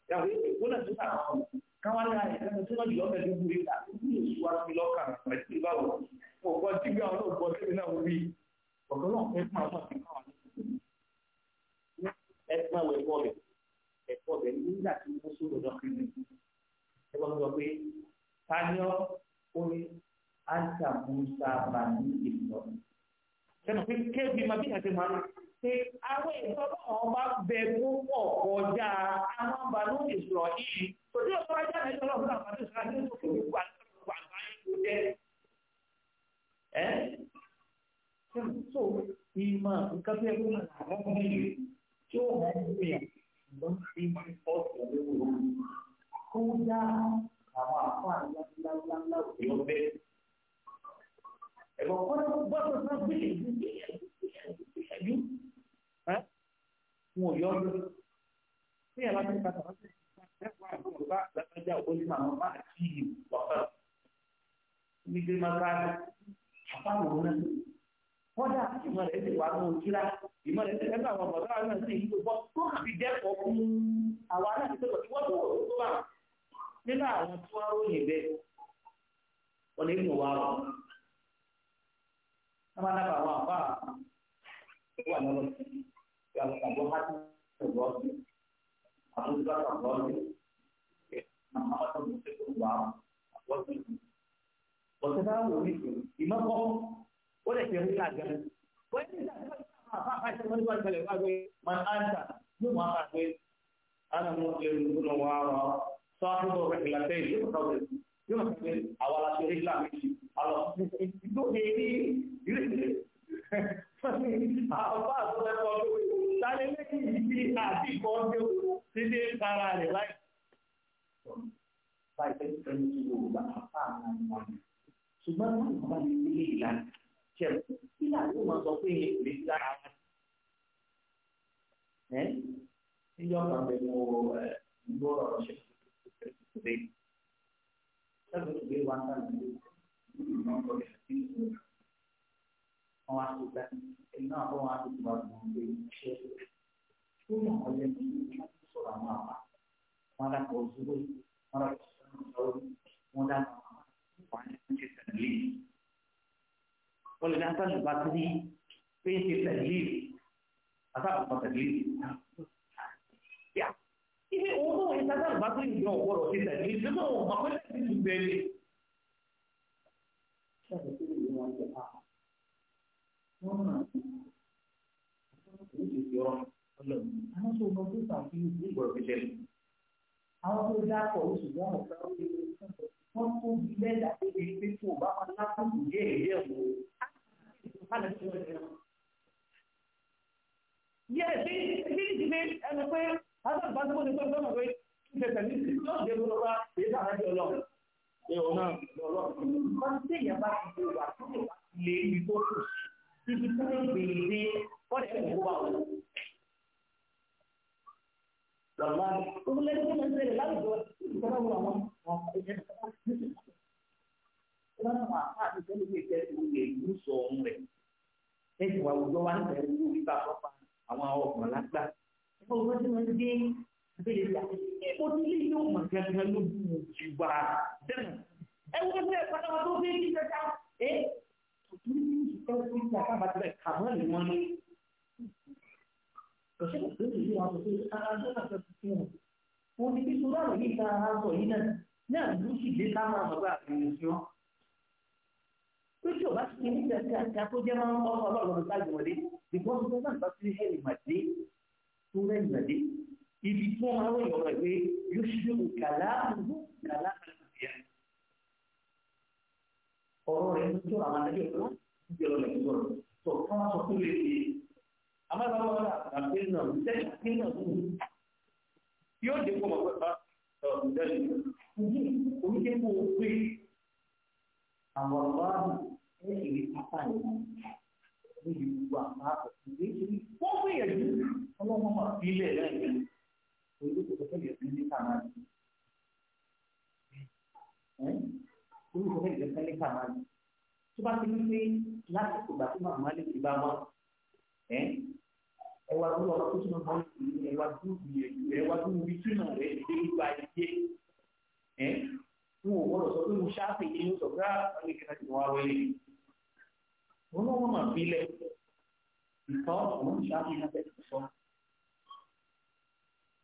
yàrá èkó náà tún náà wọn káwọn ní àyè ẹni tó náà jùlọ bẹ́ẹ̀ ló burú ìlà tó ní oṣù wa sí lọkàn rẹ sí báwo ọgbọ jígbé àwọn náà gbọ́ kébé náà wọlé ọgbọ náà fẹẹ máa máa fi káwọn ẹ ti máa wọ bẹ ẹ̀kọ́ bẹ nígbà tí mo sọ lọ́dọ̀ kan ní ẹ̀kọ́ mi sọ pé taniọ ó ní àǹtà musa bani ìlọrin sẹ́nu pé kébi máa bí ìyàn ṣe máa ń ṣe àwọn ìtọ́jú àwọn bá bẹ púpọ̀ kọjá àwọn àbánú ìṣòro yìí tòjú ọ̀pọ̀ ajá náà ìṣòro ọ̀pọ̀ àwọn àti ìṣòro àti ìṣòro gbogbo àgbà àgbáyé ló jẹ́ ẹ́ so ìmọ̀ nǹkan tó yẹ kó máa làwọn ọmọ yìí tí ó wọ́n ń gbìyà ló ń fi máa ń fọ́ ìṣòro kó dá àwọn àfọ àyà ńláńlá òkè ọbẹ̀ ẹ̀rọ gbọ́dọ̀ gbọ́dọ̀ náà gbìyànjú gbìyànjú gbìyànjú gbìyànjú wọn ò yọ ọdún tí yàrá ti ń kàtà wọn ti ẹ̀kọ́ àgbọ̀n bá àgbàjá owó nínú àwọn máa kí i wọ̀fẹ́ ní gbé máa káàdì àbáwọ̀ náà kọ́dà ìmọ̀ rẹ̀ ti wà ní òkúra ìmọ̀ rẹ̀ ti ẹ̀ka àwọn ọ̀dọ́ àwọn náà sì ń gbọ́ tó kà fi dẹ́kọ̀ọ́ fún àwọn aláàbí tó kọ̀ tí wọ́n tó wọ̀ tó wà nínú àwọn tí wọ́n ròyìn bẹ́ẹ̀ wọ́n lè mọ̀ wá rọ̀ sama na bawa apa itu adalah yang kamu hati sebuah aku juga sebuah nama atau musik sebuah aku Você dá um livro, irmão, como? Olha que ele está grande. Olha que ele está grande. Mas anta, não mata a coisa. Ana, não, eu não, não, não, não, só que eu vou reclamar, eu vou fazer isso yóò máa pè àwọn aláṣẹ eré ìlànà méjì àlọ́ ìgbóni eré ìrèlè àwọn bá àtúntò ẹ̀kọ́ lórí sáré méjì ti àti ìkọ́ ọdún ti dé ara rẹ̀ láì. báyìí fẹ́ẹ́ fẹ́ẹ́ ti wò bá apá àwọn ọmọ rẹ̀ ṣùgbọ́n láì bá mi nílé ìlànà ṣẹlẹ̀ ìlà yóò máa sọ pé èyí kò lè ti lára wọn. ẹ níjọ́ kan bẹ̀ mo gbọ́ ọ̀rọ̀ ṣe kò That's what we want to do. Wọ́n wá sí ìgbà iná àwọn àdúgbò àwọn ọmọ ìlú ṣe fún àwọn ọmọ ìlú sọ̀rọ̀ àwọn àpá. Wọ́n dà pọ̀ ṣubú, wọ́n dà pọ̀ sọ̀rọ̀, wọ́n dà pọ̀ wọ́n ní ṣe tẹ̀lé. Wọ́n lè dá sáàlù bá tún pé ṣe tẹ̀lé. Àtàkùn ilé òun náà ní sábà bá tó ìjọ ọ̀pọ̀lọ̀ ti tẹ̀lé ìjọba òun bá pẹ́lẹ́ ti tù bẹ́ẹ̀lẹ̀. Àwọn tó dá pọ̀ oṣù wọn ò fẹ́ orí wọn tó bí lẹ́dà tó di pé kò bá wọn lákòókò yé èyí ẹ̀wò. Yẹ́ẹ̀ bí bí ti fi ẹnu pé Hásán ìbáṣepọ̀ ní pẹ́ẹ́sọ́nà pé ìfẹsẹ̀ ní sí lọ́ọ̀ dé gbogbo wa èyí tà á di ọlọ́run. Èrò náà lọ́rọ̀. Wọ́n ti yẹ bá ti ṣe wà tó lè wá lé ibi tó kù sí ibi tó lè gbèrè dé wọ́n lè kó wà wọ́n. Lọ́lá ó lé ní ọmọ ìṣẹ̀lẹ̀ láwùjọ ìjọba wo àwọn ọmọ ìṣẹ̀lẹ̀ tó bá wà á ti sẹ́ni pé ìṣẹ́ ìwé ìlú sọ ohun rẹ̀. Ẹ̀sìn àwùjọ wa ń bẹ̀rẹ̀ wíwí bá tó o rántí máa ń dé béèrè rà ó ti lé yóò mọ̀ gẹ́gẹ́ ló bù jù wá dẹ́nu. ẹ wo ṣe é padà wọn tó fi kí ṣe ká ẹ tuntun ní ìṣúká tó ń bọ̀ káàbà tẹ̀lé kàmọ́ ni wọ́n ní. kòṣe kò tó ìlú wọn tó ara tó náà fẹ́ fún wọn. wọn ní kí sọ́dọ̀ àwọn yìí kan aṣọ yìí náà náà ló sì dé sáwọn àmọ́gbà àfihàn pété o bá ti ní ìjà sí àti àkójẹ́ máa ń kọ́ ọlọ́run ṣáàjù wọlé ìgbọ́n tó bá ń bá sí ẹ̀rì màdé tó rẹ̀ ìgbàdé ibi tí wọ́n máa ń ròyìn ọ̀rọ̀ ìwé yóò ṣe kò kàlá àbúrò kàlá àbúrò ọ̀rọ̀ rẹ̀ ń tó àwọn adájọ́ ìlú ìjọ lọ lẹ́yìn lọ́rọ̀ tó kọ́ wọn sọ fún mi pé amábáwá àgbàgbé náà lẹ́yìn àgbé náà wù yóò dé kó mọ̀ pé bá ọ̀dọ́lẹ̀ ní oníkẹ́kọ̀ọ́ pé àwọn ọ̀rọ̀ bá ẹ̀ níbi gbogbo àpapọ̀ ìdí ìṣèlú wọ́n gbìyànjú ọlọ́mọ máa fi ilẹ̀ lẹ́yìn ojú kò tẹ́lẹ̀ yẹn ní kàmá jù ojú kò tẹ́lẹ̀ yẹn ní kàmá jù tó bá ti ní pé lásìkò gbà tó máa máa lè fi bá wọn ẹwà tó lọ tó tún máa ń ẹwà tó gbìyànjú ẹwà tó wù tí náà rẹ ti dé gba ìdíyé fún òwúrọ̀ sọ pé mo ṣáà fi yé yóò wọn náà wọn máa fi lẹ̀ ìtọ́ òun ṣáàbì náà fẹ́ẹ́ sọ.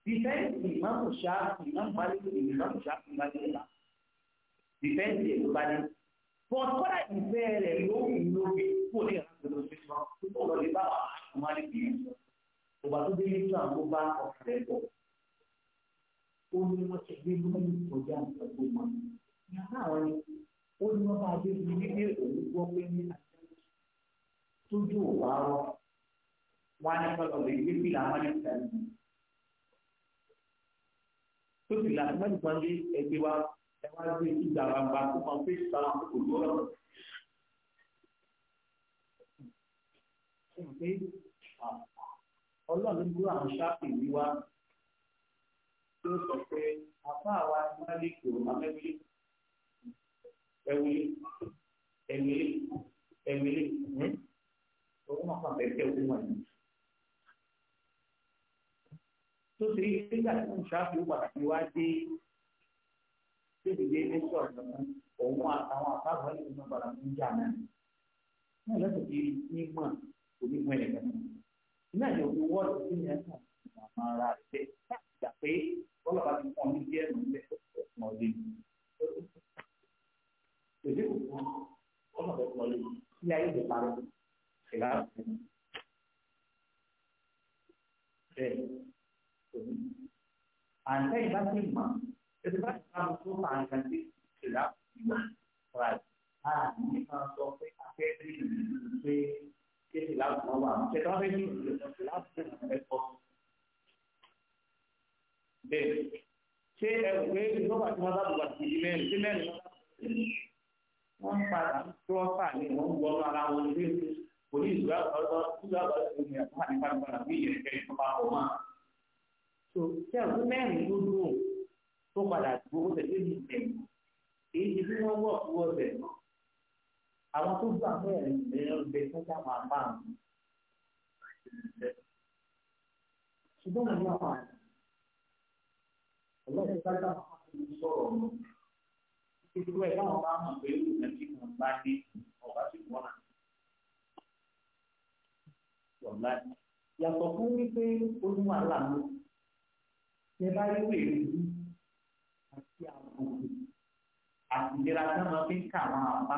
Dìfẹ́ǹsì ìmáàmù ṣáàbì ìmáàmù balẹ̀ ìmáàmù ṣáàbì balẹ̀ là. Dìfẹ́ǹsì ìlú balẹ̀. Bọ̀d kọ́dà ìfẹ́ rẹ̀ ló ń lo kó lè ràn lọ́dọ̀ sí wọn tó lọ lè bá àwọn máa lè fi ẹ̀ sọ. Ọba tó délé tó àwọn bá ọ̀rẹ́ bọ̀. Ó ní wọ́n ti gbé lórí ìtọ́jú àgbàgbọ́ wọn. Ìyá náà wọn ni ó ní wọ́n bá dé ibi wípé òun gbọ́ pé ní àti tójú ò bá rọ wọn á ní kọlọ lè gbé fìlà wọn ní fìlà yìí tó fìlà mẹ́tìgbọ́n lé ẹgbẹ́ wa ẹ wá gbé ìgbà gbangba kó máa fẹ́ sara kò lọ́rọ̀. ọlọ́run gbọ́ àwọn ṣáàpì yìí wá tó sọ pé àbá àwa ni wọ́n lè kó amẹ́wìlì ẹ̀wìlì ẹ̀wìlì ẹ̀wìlì uma família humana. Tó ṣe nígbà tí mo ṣáájú pàtàkì wá dé ṣébìlẹ̀ ní sọ̀rọ̀ òun àtàwọn àtàwọn ìlú náà padà ń jà náà. Náà lọ́sọ̀ tí ní mọ̀ onígun ẹ̀ kan. Náà ni òun wọ́ọ̀dù sí ní ẹ̀sán àmọ́ ara rẹ̀ láti gbà pé bọ́lá bá ti pọn ní díẹ̀ nílẹ̀ ọ̀sán ọ̀lẹ́. Òṣèlú kan ọlọ́dọ̀ ọ̀lẹ́ sí ayé ìdè parẹ́. خلاف Anda iba terima, sebab langsung tangan di silap Right. Ah, ini langsung ke akhir ini ke silap bawah. Kita ini silap ekor. D. C. F. W. Itu kan cuma satu buat email, email. Empat, dua, empat. Ini mau buat orang orang itu òní ìlú àgbàlọ́ ìlú àgbàlọ́ ìlú ẹ̀fọ́ àdìpàdìpàdà bí ìyẹ̀kẹ́ ìjọba ọmọ. tó tẹ ọdún mẹ́rin ló dúró tó padà dúró tẹ̀lé ní ìtẹ̀ èyí ti fi wọ́n wọ̀ fún ọ̀sẹ̀ náà. àwọn tó gbà mẹ́rin mẹ́rin bẹ fún táwọn apá àwọn. ṣùgbọ́n mo ní àwọn àná ọlọ́run sábà máa ń sọ̀rọ̀ mọ́. ìṣòro ẹ̀ káwọn bá mọ̀ pé ìrìnàjò kan bá dé ọ̀bá sì wọ́n náà ọ̀la yàtọ̀ fún wípé olúwa làánú ṣe bá rí wèrè yìí àti àbùkù àtìlera tí wọn fi ń kà wọn àbá.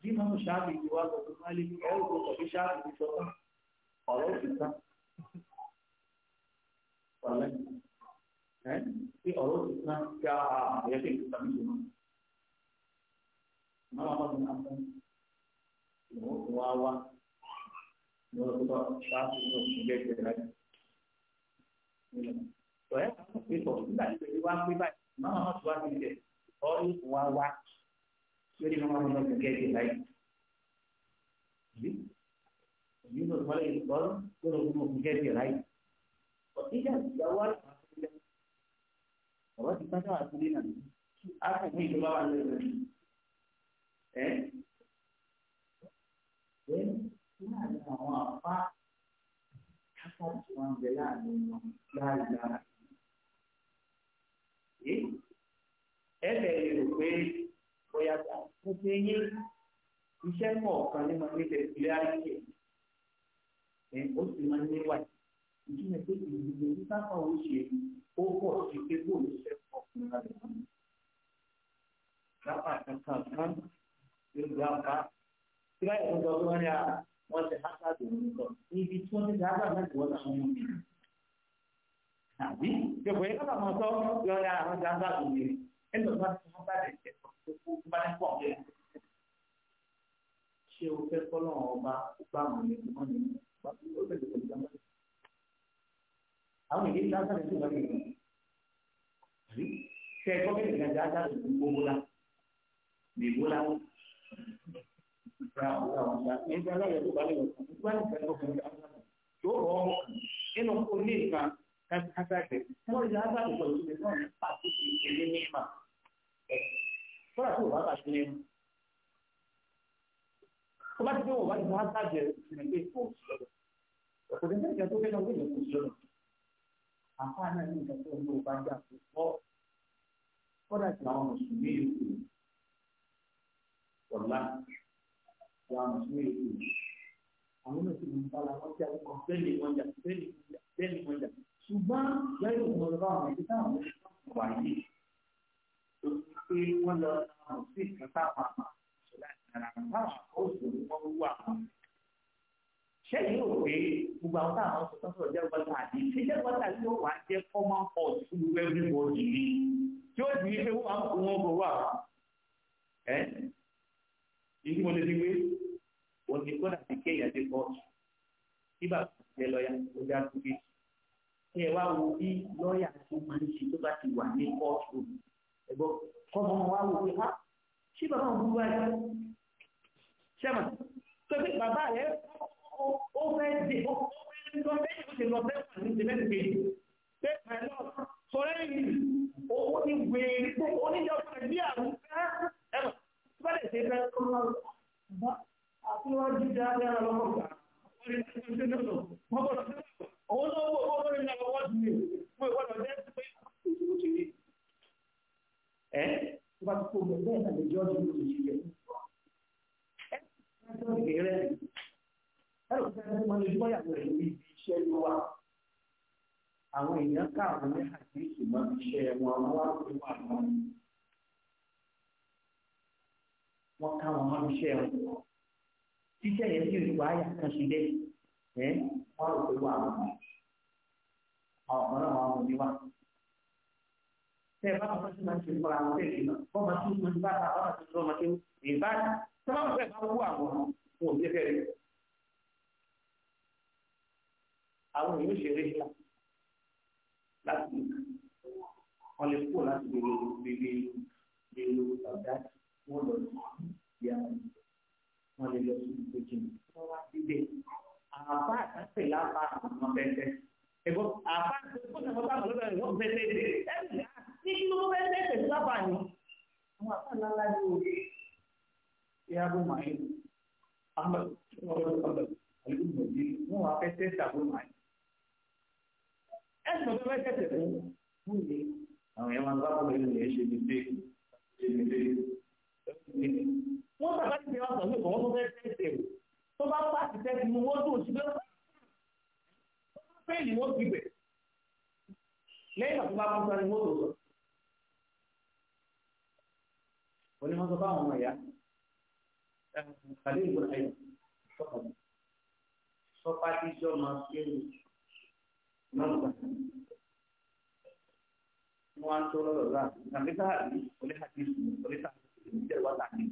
bí mọ́mú ṣáàbì ti wá lọ́dún máa lè ẹ ò gbọ́dọ̀ bí ṣáàbì ti sọ fún ọ̀rọ̀ òsì tán. ọ̀lẹ́ ẹ́ ọ̀rọ̀ òsì tán kí a àyẹ̀kẹ́ ìgbésàmì ìwọ kò wá wá ìwọ kò wá ṣáàtì ní òkú gẹ́gẹ́ rẹ̀. Sọ̀rọ̀ kan pè pọ̀ nígbà tí pèlú wá pé báyìí máma má tó wá sí ilẹ̀ ọ̀rọ̀ kò wá wá lórí máma má tó gẹ́gẹ́ rẹ̀. Ìbí ló wọlé ìtọ́lọ́ lórí òkú òkú gẹ́gẹ́ rẹ̀. Ìjà ìyàwó àlọ́ ọ̀rọ̀ ti pẹ́ sáwà sílé náà. Á kò fún ìjọba wa lẹ́yìn rẹ̀ then láàrin àwọn àpá kápákí wọn bẹ láàrin wọn láàyà ẹ bẹ̀rẹ̀ rò pé bóyá kò ṣe yé iṣẹ́ kọ̀ọ̀kan ní máa ń lè tẹ̀lé àìsè ẹ̀ ó sì máa ń níwà ìtumọ̀ pé ìdílé nípa kan ó ṣe ó pọ̀ sí pé kò ní ṣe kọ̀ọ̀kan lábẹ́ kan. lápá kankan kan ló gbà bá tí báyìí fún ọdún wọn ni a wọn ti hákàtì òun lọ níbi tí wọn ti dáhà náà ti wọn náà wọn yìí àbí ìjọba yẹn kábà máa sọ yọ ní àwọn ti hákàtì òun yìí ẹni tó bá ti wọn bá lè jẹ tó bá ní pọ̀ lẹ́yìn ṣé o fẹ́ kọ́lọ́ ọba gbà wọn ní ìgbà ní ìgbà ti wọn yìí àbí ṣe ẹ̀kọ́ bẹ́ẹ̀ ní ìgbà dáhà nígbà láyé tó bá lè wọ̀n tó bá lè fẹ́ lọ́wọ́ fún mi yóò rọ ọmọ nínú oní ìka kátàkátà rẹ̀ wọ́n yà á bá lè sọ̀rọ̀ síbi wàhùn fún èyí àwọn náà sì ń bala wọn tí a kọ bẹ́ẹ̀ni wọn jà bẹ́ẹ̀ni wọn jà bẹ́ẹ̀ni wọn jà ṣùgbọ́n lẹ́yìn òun ọ̀rọ̀ bá wọn ìdíkà àwọn ọmọ wa yìí ló ti pé wọ́n lọ àwọn sí ìkàtà àwọn àmà ìṣẹ̀lẹ̀ àtàrà àwọn oṣù wọn wú àwọn. gbogbo àwọn táwọn sọ sọ́sọ́ jẹ́ gbọ́dọ̀ àdé ṣé jẹ́ gbọ́dọ̀ àdé yóò wá jẹ́ everybody tí ó di ilé wọn kò wọ́n bọ̀ ìdí mo lè fi wé wọ́n ti kọ́dà sí kéèyàn dé kóòtù tí bàbá jẹ lọ́ọ̀yà ó dá sí kéèyàn kí ẹ wá wo bí lọ́ọ̀yà tó máa ń ṣe tó bá ti wà ní kóòtù ẹ̀gbọ́n kọ́mọ wa wò pé á ṣé bàbá òun bú wáyé ṣẹ́mà tó fi bàbá rẹ̀ ó fẹ́ dé ó fẹ́ lọ bẹ́ẹ̀ ó ti lọ bẹ́ẹ̀ wà ní ìdílé kejì bẹ́ẹ̀ pẹ̀lú sọ̀rọ̀ yìí ó ní wèrè ó ní ìjọba ìdí àrùn fẹ́ẹ́ bọ́lẹ̀ ṣe fẹ́ kọ́ àtiwájú dáadáa lọ́wọ́ gbà wọ́n bọ̀dọ̀ sí òun tó wọ́n wọ́n lórí ìlànà wọ́n ti mú ìwọ́dọ̀ jẹ́ pé kúkú ti rí. ẹ tó bá ti kó bẹ bẹ́ẹ̀ náà lè jọ ọdún tó ti yẹ. ẹ ẹ tó ń kéré ẹ lọ sí ẹni wọn lè gbọ́ yàgò rẹ̀ níbi iṣẹ́ ló wà. àwọn èèyàn káàkiri àti ìṣùmọ̀ iṣẹ́ wọn wá pé wà lọ́wọ́ wọ́n ká wọn mọ́nú iṣẹ́ wọn ṣíṣẹ́ yẹn tí òṣùwà àyà kan ṣe lẹ́yìn ẹ̀ wọ́n rò pé wà wọ́n mọ̀ àwọn ọ̀pọ̀ náà wọ́n mọ̀ níwà. tẹ́ ẹ bá wọn fẹ́ máa ń ṣe fọ́ra àwọn bẹ́ẹ̀ náà wọ́n máa tún wọn bá ta wọ́n tún wọn tún ìbá tẹ́ wọ́n fẹ́ bá wú àwọn wọn ò ní fẹ́ rẹ̀. àwọn èèyàn ṣe eré ṣílá láti wọ́n lè kó láti lè lè lè lè lè lè lè wọ́n lọ sí ìyá wọn lè lọ sí ìgbèjì wọn wá síbẹ̀ àbá àtàkùn lápá àwọn bẹ́ẹ̀ ẹ̀gbọ́n àbá àtàkùn náà bá wọn lọ́wọ́ wọn bẹ́ẹ̀ bẹ́ẹ̀ ẹ̀gbọ́n kí ló bẹ́ẹ̀ bẹ́ẹ̀ tẹ̀sí lápá ni àwọn àbá ńláńlá ni o ìyá bó máa yẹ ahmed ọlọ́dọ̀ ọlọ́dọ̀ àlùkò mọ̀jì wọn wá fẹ́ tẹ̀sí àbó máa yẹ tó fẹ́ tẹ̀sí fún mi àwọn yẹn máa ń bá wọn lè ṣe ní wọ́n bàbá ti fi ọ̀sán lóko wọ́n tó fẹ́ tẹ̀sẹ̀ o tó bá pàṣẹ tẹ̀sẹ̀ mu wọ́n dùn sí lọ́wọ́ fẹ́ẹ̀lì wọ́n ti bẹ̀ lẹ́yìn àti bá kún sani wọ́n tó sọ. wọ́n ní wọ́n sọ fáwọn ọmọ ìyá kàlẹ́ ìbọn ayọ̀ sọ́kàn sọ́pá tí jọ́ máa ṣe é máa wọ́n á tó lọ́dọ̀ láàbù àbíká àbí oníhàtí oníhàtí ìbílẹ̀ wà láti.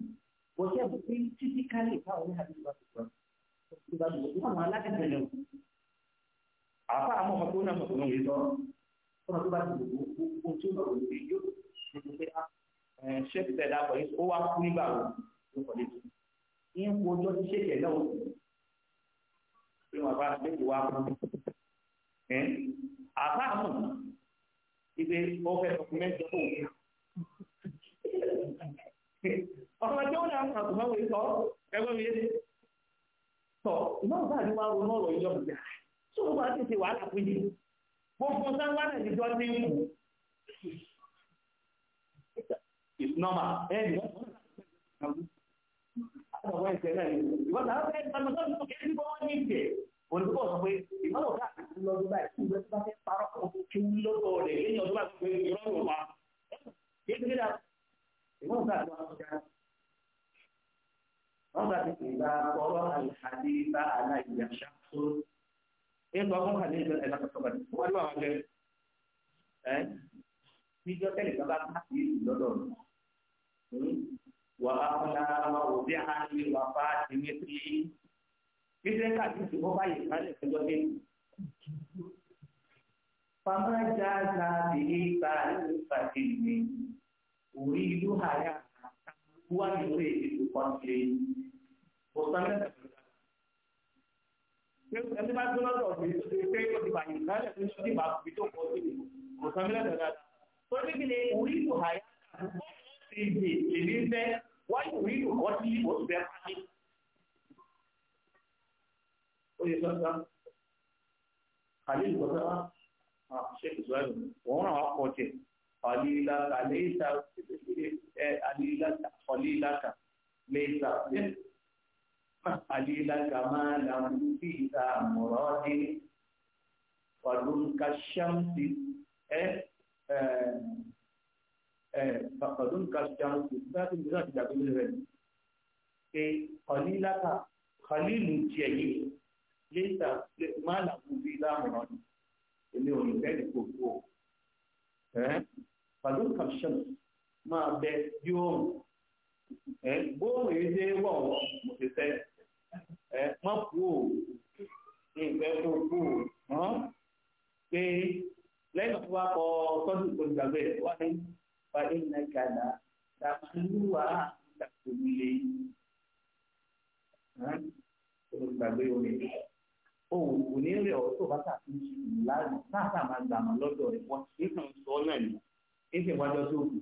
wọ́n ṣe àbò pé títíkálì báwo ní àdúgbò bá ti sọ ìgbà tó wọ́n àwọn alágbẹ̀dẹ̀ lọ. àfa àwọn ọmọ tó ń nàmọ̀ tó ń wí sọ ọmọ tó bá ti wò ó tó lọ wò ó yóò ṣètò pé ṣéèkì tẹ̀ dà pọ̀ yìí ó wá kú nígbà wo ló ọ̀kan tí ní àwọn àkùnmọ́ wòye sọ ẹgbẹ́ mi yé sọ ìmọ̀ nígbà tí wọ́n ronú ọ̀rọ̀ ìjọba ìjà tó o máa tètè wàhálà fún yìí gbogbo sáwá náà ní jọ ní ìlú nọ́mà ẹ̀ ní àwọn ẹ̀sẹ̀ náà ní ìwọ́n náà ẹ̀ ń bá mi sọ́ọ́ nípa kẹ́kẹ́ nípa ní ìjẹ́ olùkọ́ sọ pé ìmọ̀lẹ̀ ọ̀gá àti lọ́dún báyìí tí ìwé bá fẹ́ parọ́ kó kí ń lọ́dọ̀ rẹ̀ lẹ́yìn ọdún báyìí pé ìrọ́rùn wa ìwọ́n gbà tó wọn já wọ́n gbà tó kì í bá ọ̀rọ̀ àlùfáàdé bá aláìyá ṣáṣó ẹ lọ wọ́n kà ní ìjọ ẹ̀ lọ́kọ̀tọ̀ bá tó wọ́n lọ àwọn ọ̀rẹ́ ẹ̀ níjọ́ tẹ́lẹ̀ bá bá bá sí ìlú lọ́dọ̀ wà á kọ́lá wa òbí àárín wà bá ti ní sí kíkẹ́ káàdì tí wọ́n bá yẹ kálẹ̀ ẹjọ́ dé. Fama jaza bihi ba ni fadili uridu haya kuwa yule kufuatilia usana ẹni bá gbọ́dọ̀ lọ sí ìṣòro pé kò ti bàyìí lálẹ́ tó ń ṣe ìbá fi tó pọ̀ sí kò sọ mílẹ̀ dáadáa tó ní kí ni orílù àyà ti dè Oh ń fẹ́ wáyé orílù kọ́ Ah, saya fẹ́ pàdé. ó yẹ sọ́sọ́ قليلك ليس قليلك قليلك ليس قليلك ما لم فيك مراد فضل كالشمس فضل كالشمس لكن بذات جابل الرد قليلك قليل جيد ليس ما لم فيك مراد اللي هو يسأل كفوه pàdún kàpṣẹ́n máa bẹ yóòrùn ẹ gbóòrùn yìí dé wọ̀ mo ti tẹ́ ẹ má kú o ìfẹ́ tó kú o hàn pé lẹ́yìn tó wá kọ tọ́jú olùgbàgbé wá ní pàdé nàìjíríà dàmàlúwà dàkúlé olùgbàgbé omi òun kò ní rẹ̀ ọ́ tó bá tà sí ìlànà náà tá a máa gbàmọ́ lọ́dọ̀ rẹ̀ wọ́n ti ń sọ náà nìyẹn èsì ìwájọ tó kù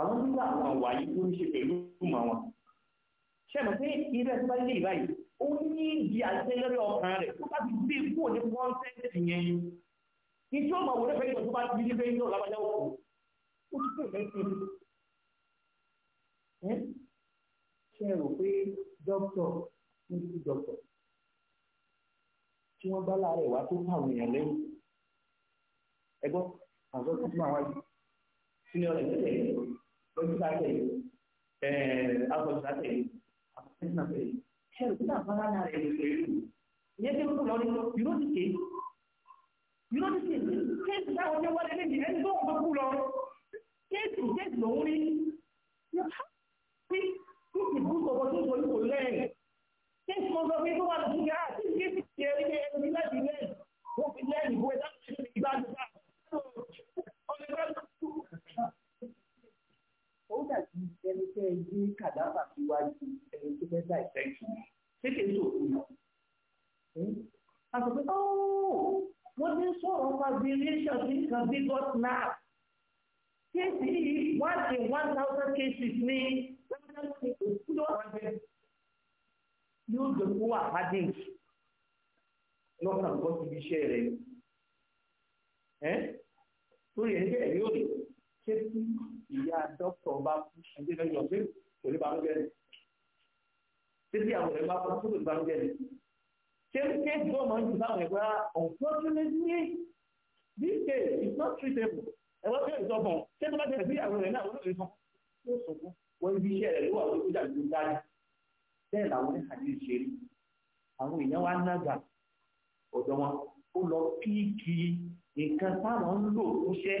àwọn nígbà àwọn àwà yìí tó ń ṣe pẹ̀lú ìmọ̀ wọn ṣẹ́nu pé ilé ẹ̀sìn bá lè ó ní ìdí àti ọkàn rẹ̀ tó bá ti gbé kú òní kọ́ńtẹ́ǹtì yẹn ní tí ó mọ̀ wọlé fẹ́ẹ́ tó bá ti rí bẹ́ẹ̀ ní ọ̀làbájá òkú ó ti pè mẹ́sìn ṣe rò pé dókítà ń kú dókítà tí wọ́n bá láàárẹ̀ wá tó pàwọn èèyàn lẹ́yìn ẹgbọ́n àgọ́ tó máa wáyé sínú ọ̀rẹ́ tẹ̀lé dókítà tẹ̀lé ẹ̀ẹ́ àgọ́tà tẹ̀lé àgọ́tà tẹ̀lé ẹ̀rù tí àwọn ará náà rẹ̀ lè lè lù ìyẹn tí wọ́n lọ rí yóò ti ké yóò ti ké kéèsì táwọn ọjọ́ wọlé méjì ẹni tó wọ́n kú lọ kéèsì kéèsì lòún rí kí kì bú sọ̀rọ̀ tó sọ yóò lẹ́yìn kéèsì kan sọ pé tó wà lóṣù yá àti kéèsì ti ẹ̀rí ẹni láti lẹ́yìn wọ́n fi lẹ́yìn bó ẹ̀ ó dàbí ẹni tẹ́ ẹ gbé kàdáfà síwájú ẹni tó fẹ́ dáì sẹ́ǹtì ṣé kìí sọ òkú náà. a sọ pé oh, wọ́n ti ń sọ̀rọ̀ nípa variation ní nǹkan bigot now. kéèsì yìí one in one thousand cases ní yóò dẹ̀ kó àpájẹ́ lọ́kàn bọ́ síbi iṣẹ́ rẹ̀. torí ẹ̀ ń bẹ̀rẹ̀ yóò dé ṣé tí ìyá dókítà bá kú ẹgbẹ́ náà yọ̀ pé kò ní balùwẹ̀ rẹ̀ ṣé tí àwọn ẹ̀gbọ́n bá kú kò ní balùwẹ̀ rẹ̀ ṣé ṣé gbọ́ mọ́ nípa àwọn ẹ̀gbọ́n unfortunately this case is not treatable ẹ̀wọ́n tó yẹ sọ fún un ṣé tó bá tẹ̀lé sí àwọn ẹ̀rẹ̀ náà wọ́n lè sọ fún un sọ fún wọn ibi iṣẹ́ rẹ̀ ló wà lójú dàbí dájú bẹ́ẹ̀ làwọn ní àdé ṣe rí àwọn èèyàn wa nága ọ̀dọ̀ wọn ó lọ píìkì nǹkan táwọn ń lò ó ṣẹ́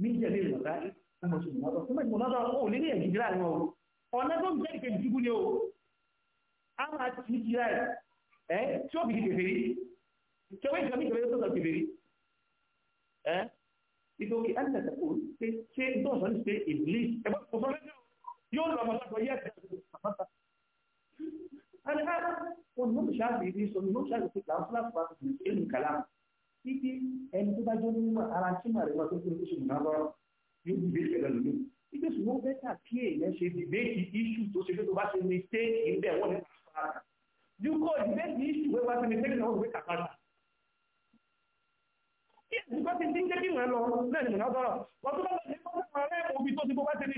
ní ìjẹ̀lẹ̀ ìmọ̀ta wọ́n mọ̀ sí ìmọ̀ta fún mẹ́jì mọ̀ta ó lè ní ẹ̀jì jíra àwọn ọ̀rọ̀ ọ̀nà tó ń jẹ́ ìkejì jígún ni o a máa ti ní jíra ẹ̀ tí ó bìí kèfèrí tí ó wé ìjọba ìjọba tó sọ kèfèrí ẹ̀ nítorí ẹ̀ńtẹ̀tẹ̀ kò ṣe ṣe dọ́ọ̀sán ṣe ìbílí ẹ̀gbọ́n kò sọ lẹ́jọ́ yóò lọ ọmọlágbọ̀ yẹ́ ẹ̀ẹ́dẹ̀ẹ́dẹ̀ títí ẹni tó bá jọ ní mímọ ara tí màrí wọn tó kúrò oṣù náà lọ́rọ̀ yóò gbé ìṣẹ̀lẹ̀ lómi títí ṣùgbọ́n bẹ́tà kí èèyàn ṣe dìbéètì iṣu tó ṣe pé tó bá ṣe ní téèkì ń bẹ̀ wọ́n ní kàkàrà yúkọ́ dìbéètì iṣu wọ́n bá ṣe ní téèkì náà wọ́n ní kàkàrà. Ìgbà tí ti ń jẹ́ kí wọ́n lọ náà ni mọ̀nà bọ̀rọ̀. Wọ́n tó bá ṣe ní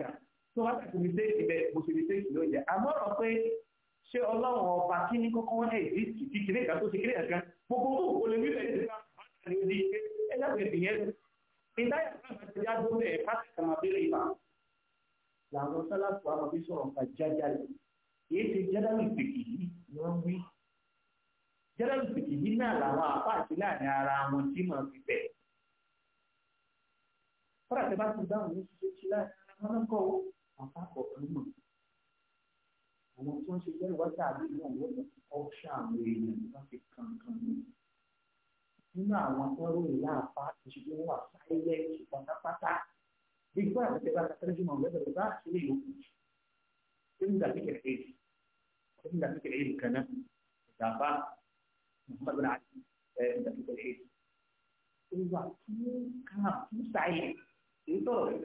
téèkì tó bá tẹ̀sí mi sí ibẹ̀ mo ṣe mi sí ìlú ìjẹ́ àmọ́ ọ̀rọ̀ pé ṣé ọlọ́run ọba kí ní kọ́kọ́ wọ́n ẹ̀ dí kìkì kìlé ìgbà tó ṣe kílé ẹ̀ka gbogbo tó kò lè wílẹ̀ ìdílé àti odi ìgbé ẹ̀dá pé ìyẹn lọ. ìdáyà náà ti já dóbẹ̀ ẹ̀ pàṣẹ àmàbílẹ̀ ìbá. làwọn sálàfù àmàbí sọ̀rọ̀ nípa jájálẹ̀ èyí ti jádàlù ìpèkì yìí ni wọ́n wí. jádàlù ìpèkì yìí náà làwọn àpá àti láàrin ara wọn tí màá fi bẹ̀. fọ́nà tẹ bá ti dáhùn ní ṣíṣe apá kọ̀ọ̀kan Àwọn tí wọ́n ṣe jẹ́ ìwádìí àbíyí náà wọ́n mú ọ̀ṣà àwọn èèyàn láti kankan ní. Nínú àwọn akọ́rò ìlà apá ìṣèjọ́ wà sáyẹ́ pátápátá. Bí gbọ́ àwọn ìṣẹ̀lẹ̀ bá jùmọ̀ lọ́dọ̀ rẹ̀ bá sílẹ̀ yòókù. Ṣé ń dàbí kẹ̀kẹ́ Ṣé ń dàbí kẹ̀kẹ́ kan náà? Ìjàmbá Muhammadu Ali ẹ̀ ń dàbí kẹ̀kẹ́ Ìwà tún kà tún sáyẹ̀ èyí tọ̀rọ̀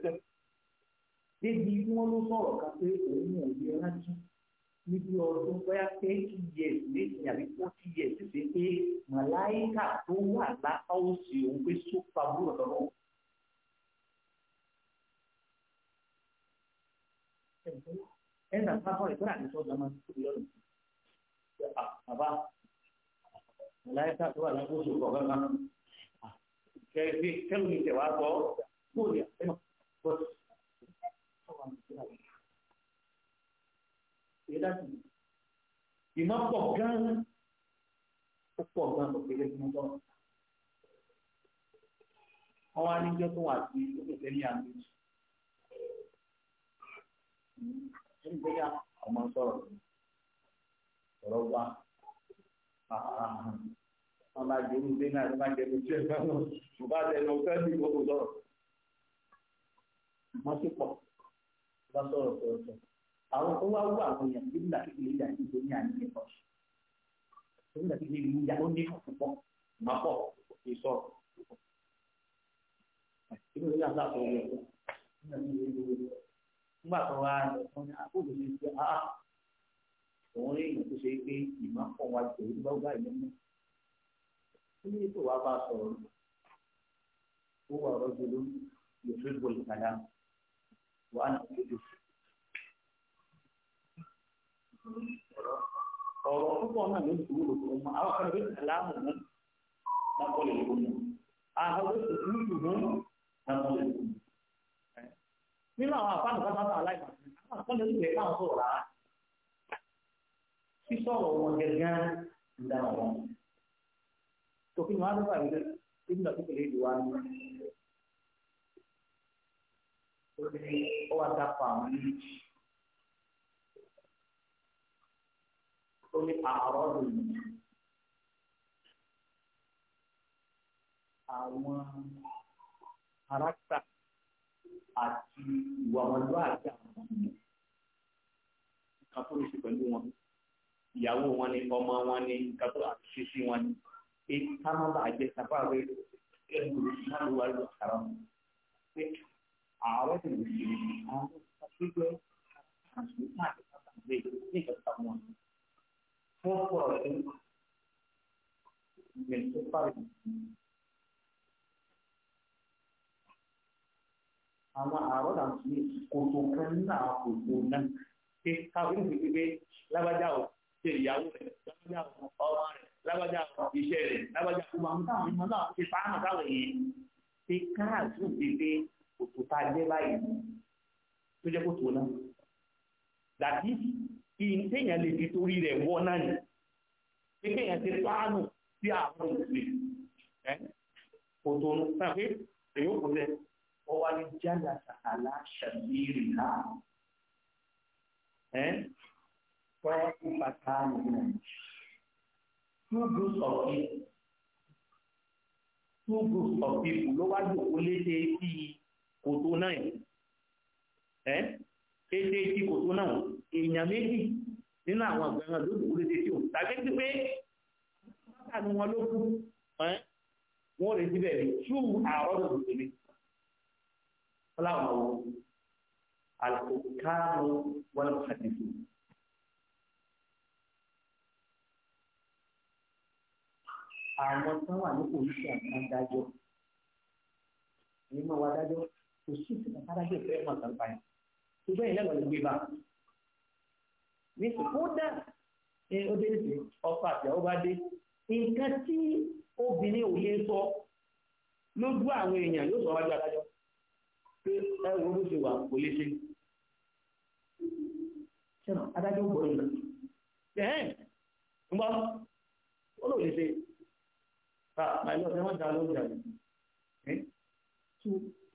débi bí wọ́n ló sọ̀rọ̀ kan pé òun ò lè rántí níbi ọdún bóyá twenty years méjì àbí forty years ti ṣe pé màláìkà tó wà lápá òsì òun pé sópa búrò lọ́wọ́. ẹnna pápá ìtura àti sọ́jà máa ń tóbi lọ́nà bàbá màláìkà tó wà lápá òsì òkọ̀ kankan kẹrin kẹrin tẹ̀wá gbọ́ kóòlì àtẹ́mọ̀ bọ́sì ìmọ̀ pọ̀ gan-an ó pọ̀ gan-an kò kéré fún ọgbọ́n wọn wá níjọ́ tó wà sí òkèké ní àgbè nígbẹ́yà ọmọ sọ̀rọ̀ sọ̀rọ̀ wá wọn bá jẹ orí ilé náà wọn bá jẹ orí ilé náà bá jẹ orí ilé náà wọn bá jẹ orí ilé náà wọn pọ̀ bá sọ̀rọ̀ sọ̀rọ̀ àwọn tó wá wú àwọn èèyàn níbi ìgbà kékeré ìyá yìí tó ní àníyàn nípa ọ̀sùn nígbà kékeré ìyá ló ní fún púpọ̀ má pọ̀ kì í sọ̀rọ̀ ìlú ìyá àti àtọ̀wọ̀ rẹ̀ nígbà tó wá ẹ̀fọn ní àkókò ah, ṣe ṣe áá ah, òun rí èèyàn tó ṣe pé ìmọ̀ pọ̀ wá jù ní báwùbá ìlú mú ó ní ètò wa bá sọ̀rọ̀ ó wà ọ̀rọ̀ jùlọ yóò fẹ́ bọ̀ ìkàdá وأنا أريد ọ̀rọ̀ púpọ̀ náà ló ń fi wúlò fún ọmọ àwọn kan bí aláàmù mú lápọ̀lẹ̀ lóhùn àwọn olùdù mú lápọ̀lẹ̀ lóhùn. nínú àwọn àfáàní pátápátá aláìmọ̀sí àwọn àpọ̀lẹ̀ lóhùn ẹ̀ káwọn sọ̀rọ̀ rárá sísọ̀rọ̀ wọn gẹ́gẹ́ ń dára wọn. tòkí ni wọn á lọ́wọ́ àìlẹ́ nígbà ìdíwá ní ó ní ó wá dápọ̀ àwọn méjì ó ní àárọ̀ lòun àwọn arákùnrin àti ìwà wọn ló àjà àwọn nǹkan tó lè ṣe pẹ̀lú wọn ìyàwó wọn ni ọmọ wọn ni nǹkan tó àti ṣe sí wọn ni pé ká má bàa jẹ sábà rẹ ẹgbẹ̀rún ìṣúná ló wà lóṣàrọ̀ pé ààrẹ tó lè ṣe àwọn akéwé àtúntà àti ní ìjọba wọn. wọ́n pọ̀ sí ilẹ̀ tó pàdé. àwọn ààrẹ náà ti ní kòtò kan náà kòtò náà ṣe káwé ní pípé lágbájá o ṣe ìyàwó rẹ̀ lágbájá o ọmọ rẹ̀ lágbájá o iṣẹ́ rẹ̀ lágbájá o gbogbo àwọn ìmọ̀ náà ti pa á èèyàn ṣe káàdùn pípé kòtò tá a gbé báyìí tó jẹ́ kòtò náà dàbí ìǹtẹ̀yàn lè fi torí rẹ̀ wọ́ náà ni pé kéèyàn ti pàánù sí àwọn òṣèlú kòtò náà pé èyí ò kò lẹ ọ wá ní jálá sàkàlà ṣàbíìrì náà tọ́ ìpàtà nìyẹn two groups of people two groups of people ló wá jòkó léde bíi kò tó náà ẹ́ tètè tí kò tó náà èèyàn méjì nínú àwọn àgbẹ̀rán ló dùn lédè tí ò tàbí ti pé mọ́tà ni wọ́n ló kú wọ́n lè síbẹ̀ rí tú àrọ́dọ̀ tó tẹ̀lé fúláwọ̀ àlùkòkárò wọn kàdé fún un. àwọn ní kòlíṣà kan dájọ́ ní mọ̀ dájọ́ kò sí ìsìnkà sábàjì ìfẹ́ mọ̀ sàn fàyà ṣùgbọ́n ìlẹ́wọ̀ ló gbé bá ní kódà ó dé sí ọkọ àti ọba dé nǹkan tí obìnrin ò lè sọ lójú àwọn èèyàn yóò sọ wájú adájọ́ pé ẹ wo ló ṣe wà kò lè ṣe ṣẹlẹ̀ adájọ́ gbọ́dọ̀ nà ẹhẹn ń bọ ó lò lè ṣe báyìí ah, lọ sí wọn dá lóúnjẹ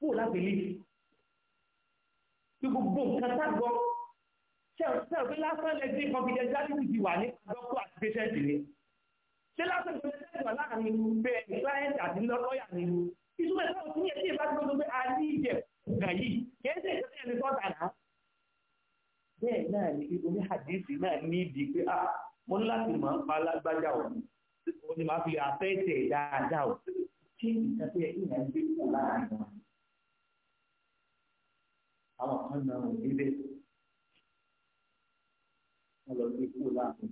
kó láti lè fi gbogbo nǹkan ságbọ́ ṣẹ́ọ̀ṣẹ́ọ̀fẹ́ lásán lè dín confidentiality ti wà ní dọ́kọ̀ àti patient ni ṣé lásán lè dín ìwà láàrin bẹ́ client àti lọ́yà ni ìtumọ̀ ẹ̀ka òtún yẹ kí ìbá ti gbogbo pé a ní ìjẹ̀ ọ̀gá yìí kì í ṣe ìjọba ẹni tó tàná. bẹ́ẹ̀ náà ni oní àdìsí náà ní ìdí pé a ah, mo ní láti mọ̀ nípa lágbájá o mo ní máa fi àfẹ́ ìtẹ̀ dáadáa o ṣé ìtàkùn yẹ kí ìyàn gbé láàrin àwọn kan náà ò débẹ̀ wọn lọ gbé kúrò láàbù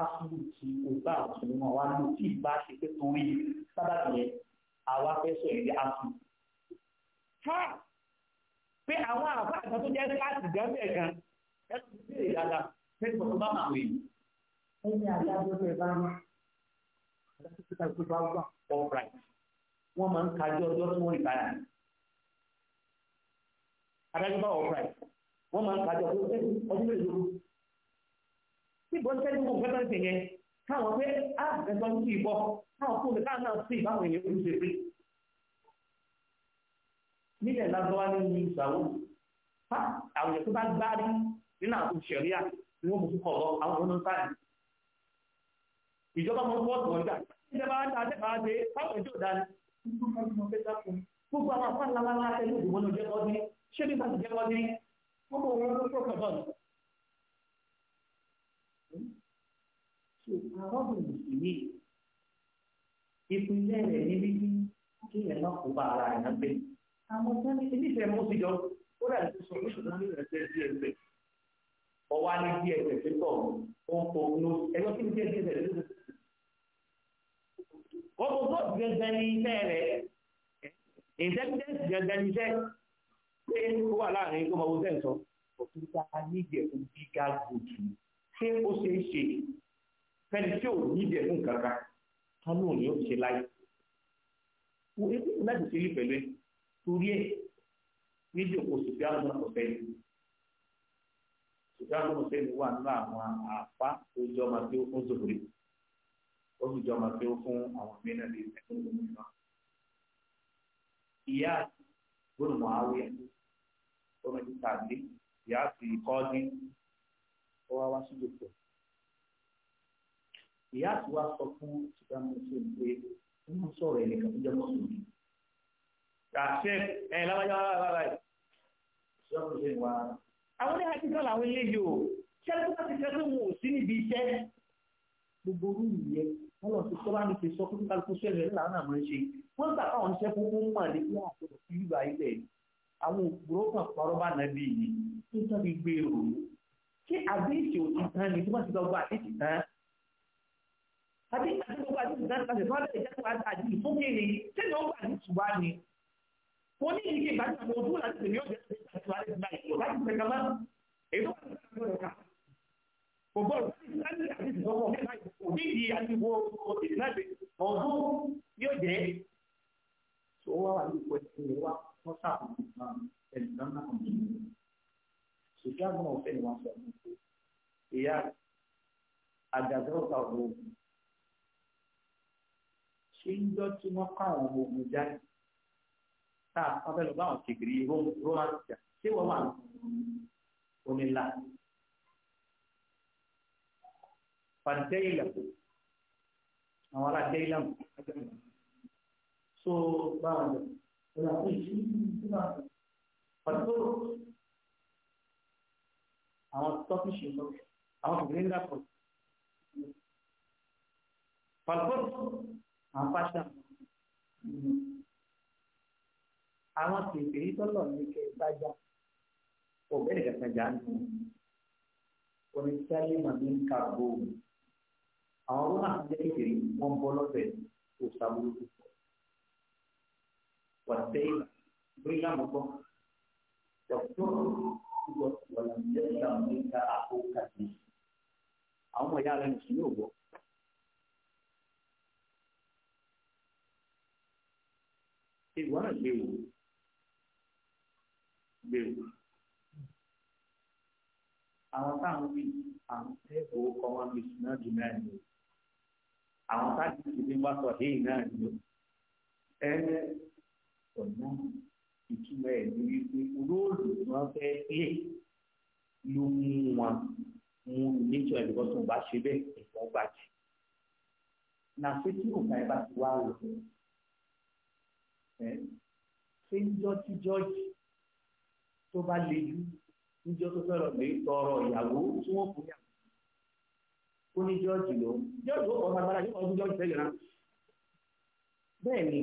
asúlù tí o bá àtúnú wọn wá lò tí ìbá ṣe pé torí sábàbí yẹn àwa fẹ́ sọ èdè asúlù. ha pé àwọn àbá àgbà tó jẹ́ kíláàsì gẹ́gẹ́ gan ẹ̀sùn sí ìyára fẹ́ẹ́ tó bá máa wẹ̀ yìí. ẹni àdájọ́ tó ẹ bá wà àdájọ́ tó ẹ bá wà ọ̀ráìtì wọ́n máa ń kájọ́ ọjọ́ tó wọ́n rí báyà ní adájọ́ bá wọ̀ fúráì wọ́n máa ń kájọ pé ọdún mélòó lóko tí ìbọn tẹ́lẹ̀ gbogbo ṣe yẹn káwọn pé á ẹ̀sọ́ ń kí ìbọn káwọn fún mi káwọn náà sí ìbáwọn èèyàn olùṣe pé nílẹ̀ lágbára ní ìgbàwó àwọn èèyàn tó bá gbárí nínú àwọn ìṣẹ̀ríà ni wọ́n mú fún kọ̀ọ̀bọ àwọn ọmọ náà sáyẹn ìjọba mọ fọ́ọ̀tù ṣé nígbà tó jẹ́ wọ́n ní wọ́n mọ̀ wọ́n ló pọ̀ pọ̀ so àwọn mùsùlùmí ìpínlẹ̀ rẹ̀ ní bíbí kí ẹ̀ náà kó bá ara ẹ̀ náà gbé àwọn tó ní nífẹ̀ẹ́ mú sí jọ ó rẹ̀ ti sọ oṣù náà nílẹ̀ tẹ́ sí ẹgbẹ́ ọwọ́ bí ẹgbẹ́ tó tọ̀ ó ń pọ̀ ní ẹgbẹ́ tó ń jẹ́ ẹgbẹ́ tó tọ̀ wọ́n gẹ́gẹ́ ní iṣẹ́ rẹ̀ ìṣẹ́ gẹ́gẹ́ ní iṣẹ́ pé ó wà láàrin tó mọ̀wó sẹ́ǹsọ́ òkúta nídẹ̀kùn gíga gòkè ṣé ó ṣe é ṣe fẹ́ni tí ò nídẹ̀kùn kankan tán lóun ni ó ṣe láyé wo ebi kò láti ṣeré pẹ̀lú ẹ torí ẹ nídìí òkú sùfíà lọ́nà ọ̀fẹ́ ni sùfíà lọ́nà ọ̀fẹ́ ni wà nínú àwọn àpá tó jọ máa fi fún zòwúrẹ́ ó sì jọ máa fi fún àwọn mìíràn lè fẹ́ fún òmìnira ìyá gbọ́dọ̀ mọ̀ àwẹ̀ ọmọdé tàbí ìyá àti ìkọ́ni ó wá wá síbi pọ̀. ìyá àti wá sọ fún ṣùgbọ́n mo ṣe pé wọ́n sọ̀rọ̀ ẹ̀lẹ́kà tó jẹ́ mọ́sùlùmí. ṣàṣẹ ẹ̀ lábájá wà lára ẹ̀ ṣùgbọ́n mo ṣe wà. àwọn oníhà ti sọ̀rọ̀ àwọn ilé yìí o ṣé ẹni tó bá ti fẹ́ pé wọn ò sí níbi iṣẹ́ gbogbo orú ìyẹn wọ́n lọ sí sọ́lá ní ti sọ fún kálukú sẹ́yìn rẹ̀ láwọn àmọ́ ṣe wọ́n gbà káwọn iṣẹ́ fún wọn mọ̀ àwọn òpùrọ́ kan parọ́ bá nàbí yìí tó sábì gbé e rò ó ṣé àdéhìsì òtún tán ni tó bá ti gbàgbọ́ àdéhìsì tán àdéhìsì tó gbàgbọ́ àdéhìsì tán láti fọ́nrán ìjẹ́sọ̀ àdéhìsì fókè ni sẹ́ni ó gbà ní ṣùgbọ́n ni mo ní ìdíje ìbáṣepọ̀ mo dúró láti tèmi ó jẹ́ Gbogbo ọ̀rọ̀ ìsìláàmì àti ìsìnkọ́kọ̀ mẹ́ta ìdí àtiwò ìsìláàmì ọdún yóò jẹ́. Ṣé ó wá wà ní ìpò ẹ̀sìn ìwà wọ́n sàkóso náà ẹnìkan náà kò ní. ṣùgbọ́n àwọn ọ̀fẹ́ ni wọ́n sọ fún pé ìyá àgàdọ́gba ọ̀rọ̀ ṣé ń jọ́ tí wọ́n kọ́ àwọn ọmọ ogun jáde tá a fẹ́ lọ bá àwọn kékeré roman ṣé wọ́n wà onílà. pàǹtẹ́ ìlà àwọn ará dẹ́ ìlà mọ̀ so báwọn jọ la piscina para todos. Àwọn tọ́pì ṣe sọ, àwọn obìnrin ń dàpọ̀. Pàlùpọ̀lù, àwọn pàṣà. Àwọn tètè tọ́lọ̀ ní kẹta já. Òbẹ́ni kẹta já ní. Oníṣẹ́lẹ̀ mà Àwọn ọlọ́run àti jẹ́ wọ́n bọ́ lọ́fẹ̀ẹ́ tó sàbúrú púpọ̀. والسيف بلا مكو تذكر ولم يرجع منك أخوك فيه أما يا لن سنوبه ìwọ náà léwu léwu àwọn táwọn bí àwọn tẹ́ẹ̀bù ọmọ mi sùn náà jù náà ni àwọn táàbù ti fi wá sọ hẹ́ẹ̀ náà ni ẹ ọ̀nà ìtumọ̀ ẹ̀ ní wípé róòlù tí wọ́n fẹ́ pé ló mú wọn mú nítorí ẹ̀ lọ́wọ́ tó ń bá ṣe bẹ́ẹ̀ ẹ̀fọ́ gbàjẹ́. Nàṣé tí òǹkà ẹ bá ti wá lọ ẹ ṣé níjọ́ tí jọ́ọ̀jì tó bá le jù níjọ́ tó fẹ́ lọ lè tọrọ ìyàwó tí wọ́n fún yàwó ó ní jọ́ọ̀jì lọ jọ́ọ̀jì ó kọ́ ọ́ sagbára yóò kọ́ ọdún jọ́ọ̀jì tẹ́lẹ̀ náà bẹ́ẹ̀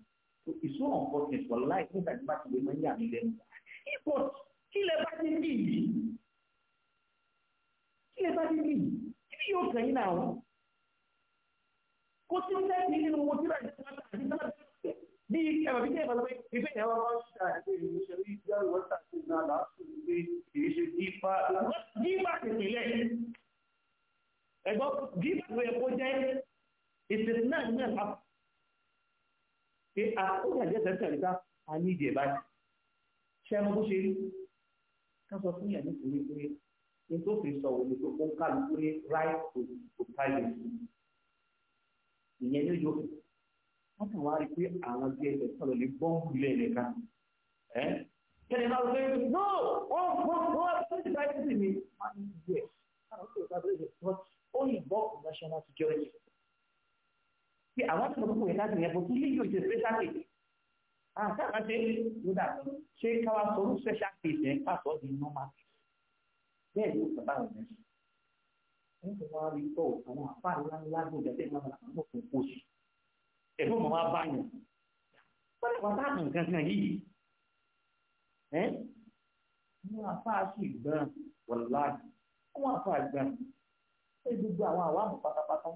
So it's so unfortunate for life nígbà tí bá ti lè máa ń yà mí lẹ́nu. But kí lè bá ti dì yìí? Kí lè bá ti dì yìí? Kí ni yóò kàn yín náà wọ́n? Kò sí ní sẹ́ẹ̀tì nínú owó tí báyìí ti máa tà ní sábà bí ẹ̀rọ bí kẹ́hìn bàbá ìfẹ́ ìyẹn wà wọ́n ṣe àìsí ìṣe ní ìjọba ìwọ́n ṣàṣì náà láti ṣe kìí ṣe dípa. Dípa ìpìlẹ̀ ẹ̀gbọ́n dípa ìwé ẹ̀kọ́ jẹ́ ìṣèṣin náà ní àpò pé àkókò àjẹsẹ̀ tẹ̀lé ká a ní ìdí ẹ̀ báyìí ṣé ẹnu bó ṣe rí ká sọ fún yàrá nítorí pé nítorí sọ òun ni pé ó ń kálukú ní right to to privacy ìyẹn ló yọ wọn kàn wá rí i pé àwọn bí ẹsẹ̀ sọ̀rọ̀ lè bọ́ǹkù lẹ́ẹ̀lẹ́ka ẹ́ kẹ́lẹ́ máa wọlé no wọ́n wọ́n wọ́n wọ́n ti bá ẹ̀ sí mi. ó yìnbọn national security pé àwọn tó lọ́kùnkùn yẹn láti yẹn bó tún lílo ìṣe special case àtàwọn ah, ṣe ló dà ṣé káwa sọ ní special case yẹn pàtó di normal bẹ́ẹ̀ ló sọ báwọn yẹn sọ wọ́n wá rí tọ́ àwọn àfáà ńlá ńlá gbòdà tẹ́ máa ń bọ̀ fún oṣù ẹ̀fọ́ mọ̀ wá báyọ̀ pẹ̀lú pátá nǹkan kan yìí ẹ́ wọ́n àfáà sì gbọ́n wọ̀lá wọ́n àfáà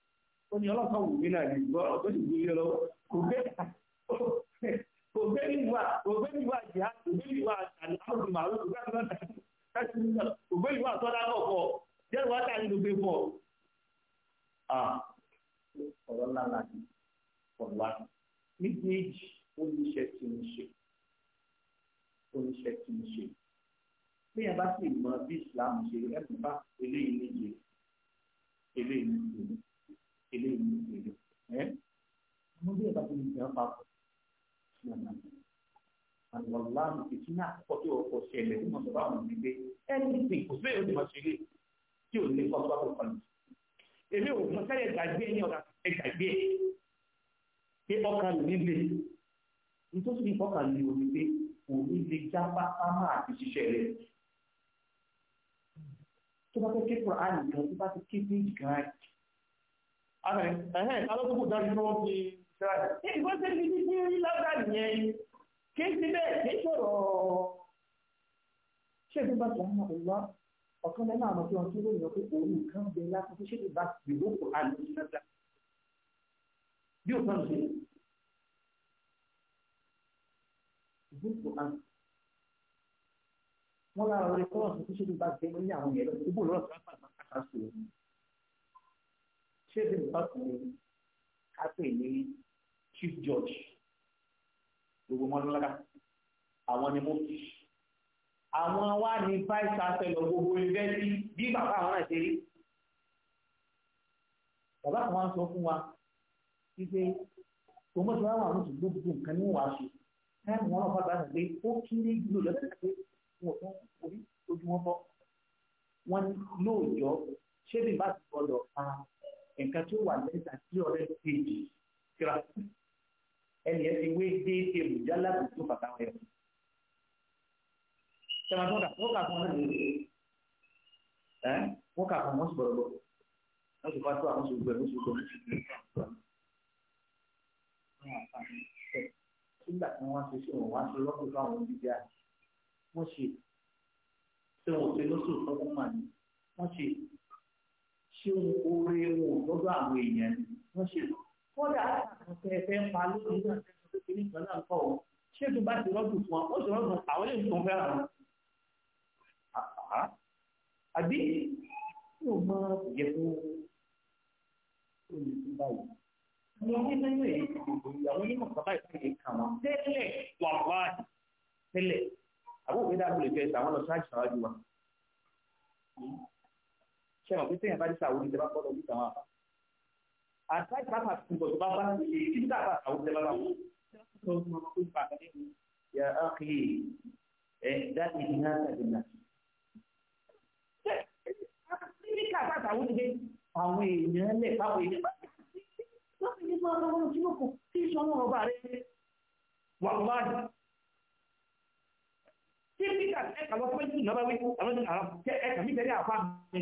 ó ní ọlọ́pàá wù mí náà ní gbọ́ ọ̀tọ́ sì gbé ilé lọ́wọ́ kò gbé kò gbé níwà kò gbé níwà jìá kò gbé níwà àti àwọn ìmàlú kò gbé níwà tẹ̀sí níwà kò gbé níwà tọ́lá náà pọ̀ jẹ́ ìwà tá a nílò gbé pọ̀. ọ̀rọ̀ ńlá ńlá ni ọ̀la méjèèjì ó ní iṣẹ́ tí ń ṣe ó ní iṣẹ́ tí ń ṣe bí yẹn bá sì mọ bí Islam ṣe ẹ̀ ilé ìlú ìlú ẹ ọmọ bí ìbá tó lè jẹun papọ̀ lọ́nà àlọ́lá ìtúná àkọ́kọ́ tó ọkọ̀ ṣẹlẹ̀ tí mo sọ bá wọn gbígbé ẹnìtì kò sí èyí mo ṣe lè tí ò ní kọ́kọ́ tó kọ́ lù. èmi ò mọ sẹ́yẹ̀ gbàgbé ní ọ̀rọ̀ ẹ̀ gbàgbé pé ọkàn lù nílé nítorí pé ọkàn lù omi pé òní lè já pátá máa ti ṣiṣẹ́ rẹ̀. tó bá fẹ́ kí kúrò àná kan tó bá ti kí ní ìgbà ẹ̀hẹ́n alókùnkùn dájú ní wọ́n fi ṣẹ́ra ẹ̀ ìgbọ́n tẹ́ ní títí rí lágbà nìyẹn kí n ti bẹ́ẹ̀ kí n sọ̀rọ̀ ṣé ìgbà tó ń mọ̀ wá ọ̀kan lẹ́nu àmọ́ tí wọ́n ti lóyún pé òun nǹkan bẹ láti fi ṣe ìgbà ìlú kò àlùyí lọ́dà bí òkan ṣe ìlú kò wọ́n lára rẹ̀ kọ́ ọ̀sán tó ṣe ìgbà bẹ́ẹ̀ ní àwọn yẹn lọ ṣé bí nǹkan tó lè ká pè ní chief judge gbogbo mọ́lúmọ́lá àwọn ni mo fi àwọn wá ní vice chancellor gbogbo yunifásitì bí bàbá àwọn náà ṣe rí bàbá kan wá ń sọ fún wa wípé tòmọ́ tí wọ́n wà lóṣù gbogbo nǹkan ní wàá ṣe táìmù wọn náà fàgbà pé ó kéré jùlọ lọ́dọ̀ pé wọn ò tó orí ojú wọn bọ́ wọn ní lóòjọ́ ṣé bí bá ti gbọdọ̀ pa nǹkan tí ó wà lẹ́tà sí ọ̀rẹ́ kejì kíra ẹnì ẹ ti wé dé èrò jálá tó tó bàtà wọn yẹn. sẹ́wọ̀n tó kà wọ́n kà fún wọn náà ẹ̀ wọ́n kà fún wọn sọ̀rọ̀ bọ̀ wọ́n sì fà tó àwọn sọ̀rọ̀ bẹ̀rẹ̀ sọ̀rọ̀ bọ̀ nígbà tí wọ́n ṣe ṣe wọ́n ṣe lọ́kùn fáwọn olùdíje wọ́n ṣe ṣé wọ́n ṣe lọ́sùn fún wọn mà wọ́n ṣe ṣé oore wọn lọ́dọ̀ àwọn èèyàn wọ́n ṣe kọ́dà àtàkùn ẹ̀fẹ́ ń pa lórí náà ṣe ní ìgbàlá ń kọ́ ọ ṣé tó bá ti rọ́dùn fún ọ ó ti rọ́dùn àwọn ilé ìtàn fẹ́ràn wọn. àbí tí o máa yẹ kó o lè fi báyìí àwọn onímọ̀ èyí ti gbogbo àwọn onímọ̀ bàbá ìpínlẹ̀ èyí kan wọn tẹ́lẹ̀ wà tẹ́lẹ̀ àbúrò mi dábòlè fẹ́ sàwọn lọ sáàjì ṣe mọ̀ pé téèyàn bá dé sàwùdí tẹ bá kọ́ lọ sí àwọn àbá. àti láti bàbá tó bọ̀ tó bá bá ṣe kí nígbà bá sàwùdí tẹ bá bá wọ́n. tó ń mọ pé bàbá mi yà á kì í ẹ̀ dáàbì ní náà tàbí náà. ṣé nígbà bá sàwùdí tẹ àwọn èèyàn lẹ̀ báwọn èèyàn bá láti ní máa lọ́wọ́ tí ó kò tí ìṣọ́wọ́ ọba rẹ̀ wà láàrín. Tí Peter ẹ̀ka lọ pé ìnáwó wí, àwọn ẹ̀ka mi tẹ̀lé àfáà mi.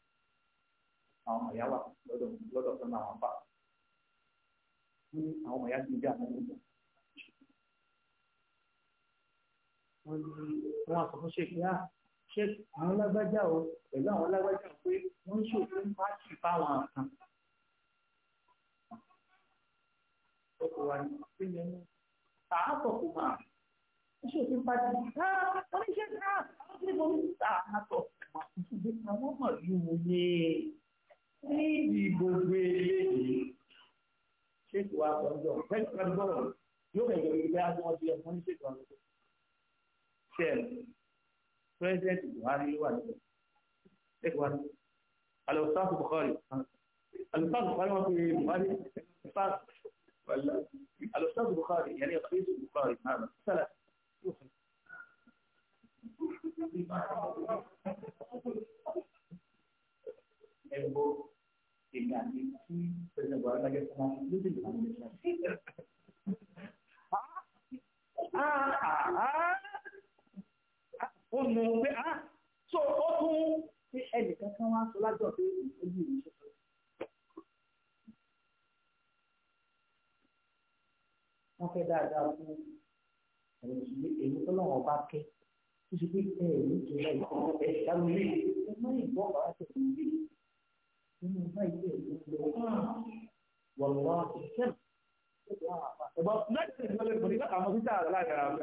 àwọn ọ̀yá wà lọ́dọ̀ lọ́dọ̀ tó náà wọ́n fà wọ́n ní àwọn ọ̀yá ti ń jẹ́ àwọn ọmọ wọn ní wọn àpò fún ṣèkí á ṣe àwọn lágbájá o pẹ̀lú àwọn lágbájá o pé wọ́n ń ṣòfin pàṣẹ fáwọn kan ọkọ̀ wa ní pé nínú àátọ̀ kò máa ń ṣòfin pàṣẹ wọ́n ní ṣe ká àwọn tí mo ń ta àátọ̀ kò máa ń ṣe àwọn ọmọ yìí wọlé níbi gbogbo eléyìí ṣètò àtọ́jọ́ pẹ̀lú gbọ́dọ̀ yóò bẹ̀rẹ̀ ìgbé àwọn ọdún ẹ̀fọn ní ṣètò àtọ́jọ́ ṣẹ́ẹ̀lì pírẹ́sẹ̀ntì buhari ló wà níbẹ̀ ṣètò àtọ́jọ́ alùpàṣẹ buhari alùpàṣẹ buhari wọn fi buhari pàṣẹ alùpàṣẹ buhari yẹn ní buhari náà sálà aqui, por exemplo, agora vai gastar mais do vídeo. Ó mọ̀ pé á tó ó tún ẹnìkan kan wá sọ lájọ́ pé ojú ìlú ṣe sọ. Wọ́n fẹ́ dáadáa fún ẹ̀yìn èyí tó lọ́wọ́ bá kẹ́ tó ṣe pé ẹ̀yìn tó lọ́wọ́ bá kẹ́ dáadáa àwọn ìṣẹ́ ìgbà mẹ́tẹ̀ẹ̀dínlẹ́gbẹ̀rún láti àwọn títà láàrin àwọn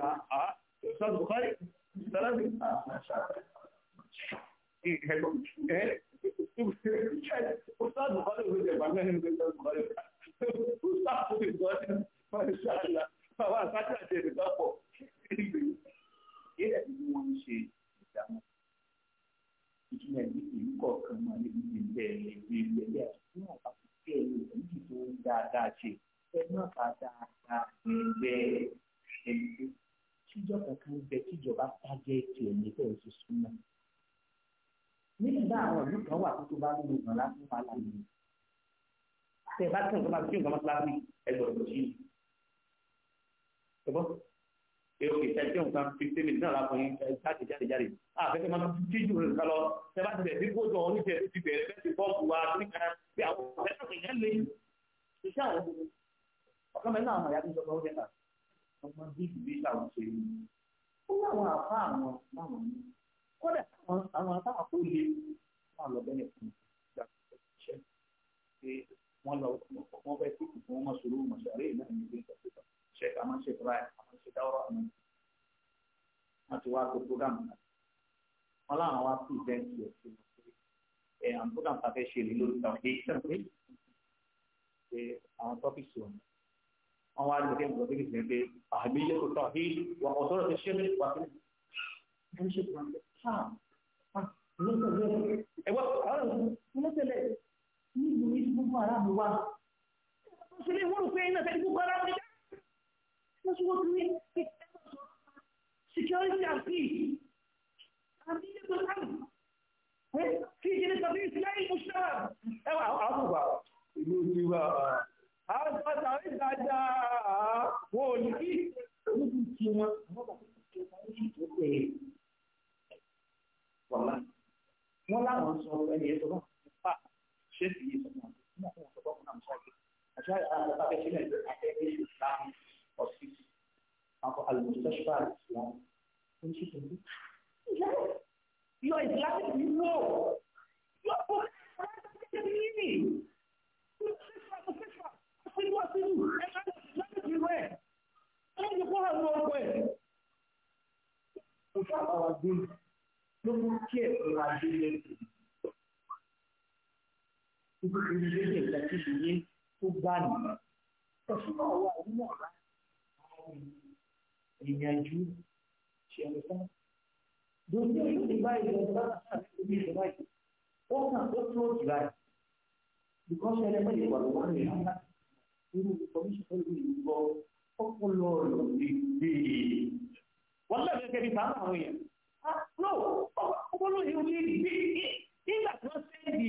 kan lọ tẹ bá ti bẹ̀ sí ṣe ní lórí tàwọn oríṣiríṣi nǹkan tí ìyé tó gbà nìyẹn ẹ̀sùn náà wà nínú ọ̀la ìyànjú ṣe ẹ̀rọ sáà lórí ẹ̀rọ ti báyìí lọ bá àti omi ìṣẹ̀ báyìí ó kàn ó tó òjì báyìí rẹ̀ ńlá nínú kọmíṣọ̀n lórí ìgbọ́ ọpọlọ rẹ̀ gbèdé wọ́n lọ́ọ̀ gẹ́gẹ́ bí bàbá àwọn èèyàn no lè gbé wọ́n ṣe é di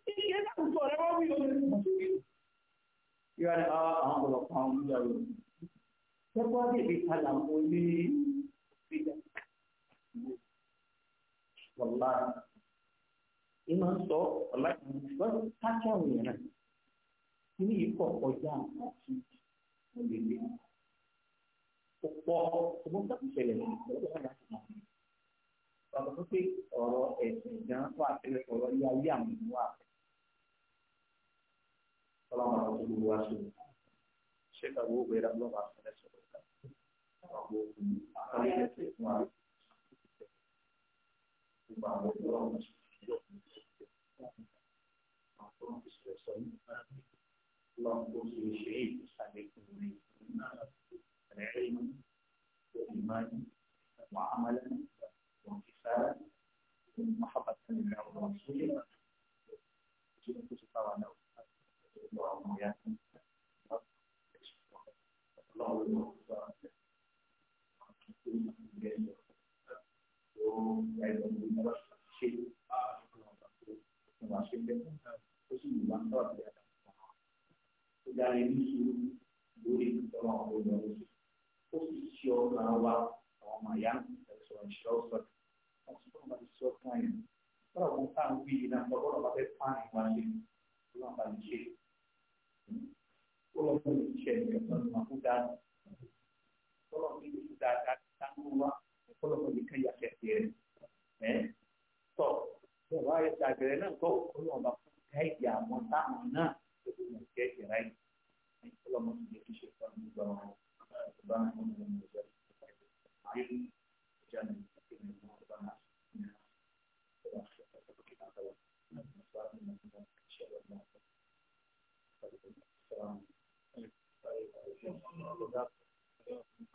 Gbogbo ọ̀rẹ́ wọ́n wí lórí ìmọ̀síkì. Ìyá ni àwọn ọ̀pọ̀lọpọ̀ àwọn olùyà rẹ̀. Lọ́pọ̀ bí èmi padà mọ ilé ìgbéga. Wọ̀lá. Ìmọ̀ ń sọ ọ̀la ìgbọ́n káàkiri àwọn èèyàn náà. Kíní yìí pọ̀ àti olèlé. Ó pọ̀ ṣùgbọ́n kí ìṣẹ̀lẹ̀ ìṣẹ̀lẹ̀ láti mọ̀. Bàbá tó pé ọ̀rọ̀ ẹ̀sìn ìdáná tó àtẹ̀lẹ̀ ọ̀rọ̀ ilé ayé àwọn ìlú sọlọ́mọ àwọn tó gbogbo wa ṣe ní ṣé kàwé òwe rà lọ́wọ́ àfẹ́lẹ́ sọ̀rọ̀ ìta àwọn àkọlé ẹ̀sẹ̀ fún wa gbogbo àwọn òwe ọ̀hún ṣe àwọn tó ń fi sọ̀rọ̀ sọ yìí lọ́wọ́ tó ṣe é ṣe é ìsàlẹ̀ fún mi rẹ̀ وإيمان وعملا وانكسارا محبة من رسوله. Para montar um vídeo na sua bola, bater pane com a gente. Não, para encher. Kalau menjadi mampu dan kalau ini sudah ada tanggungan, kalau menjadi ya sendiri, eh, so bahwa ya saya nak kau kalau mampu kayak ya mata mana itu menjadi right. Kalau menjadi sesuatu yang sebanyak yang menjadi lain jangan kita mahu eh, bahas. Kita akan kita akan Thank you.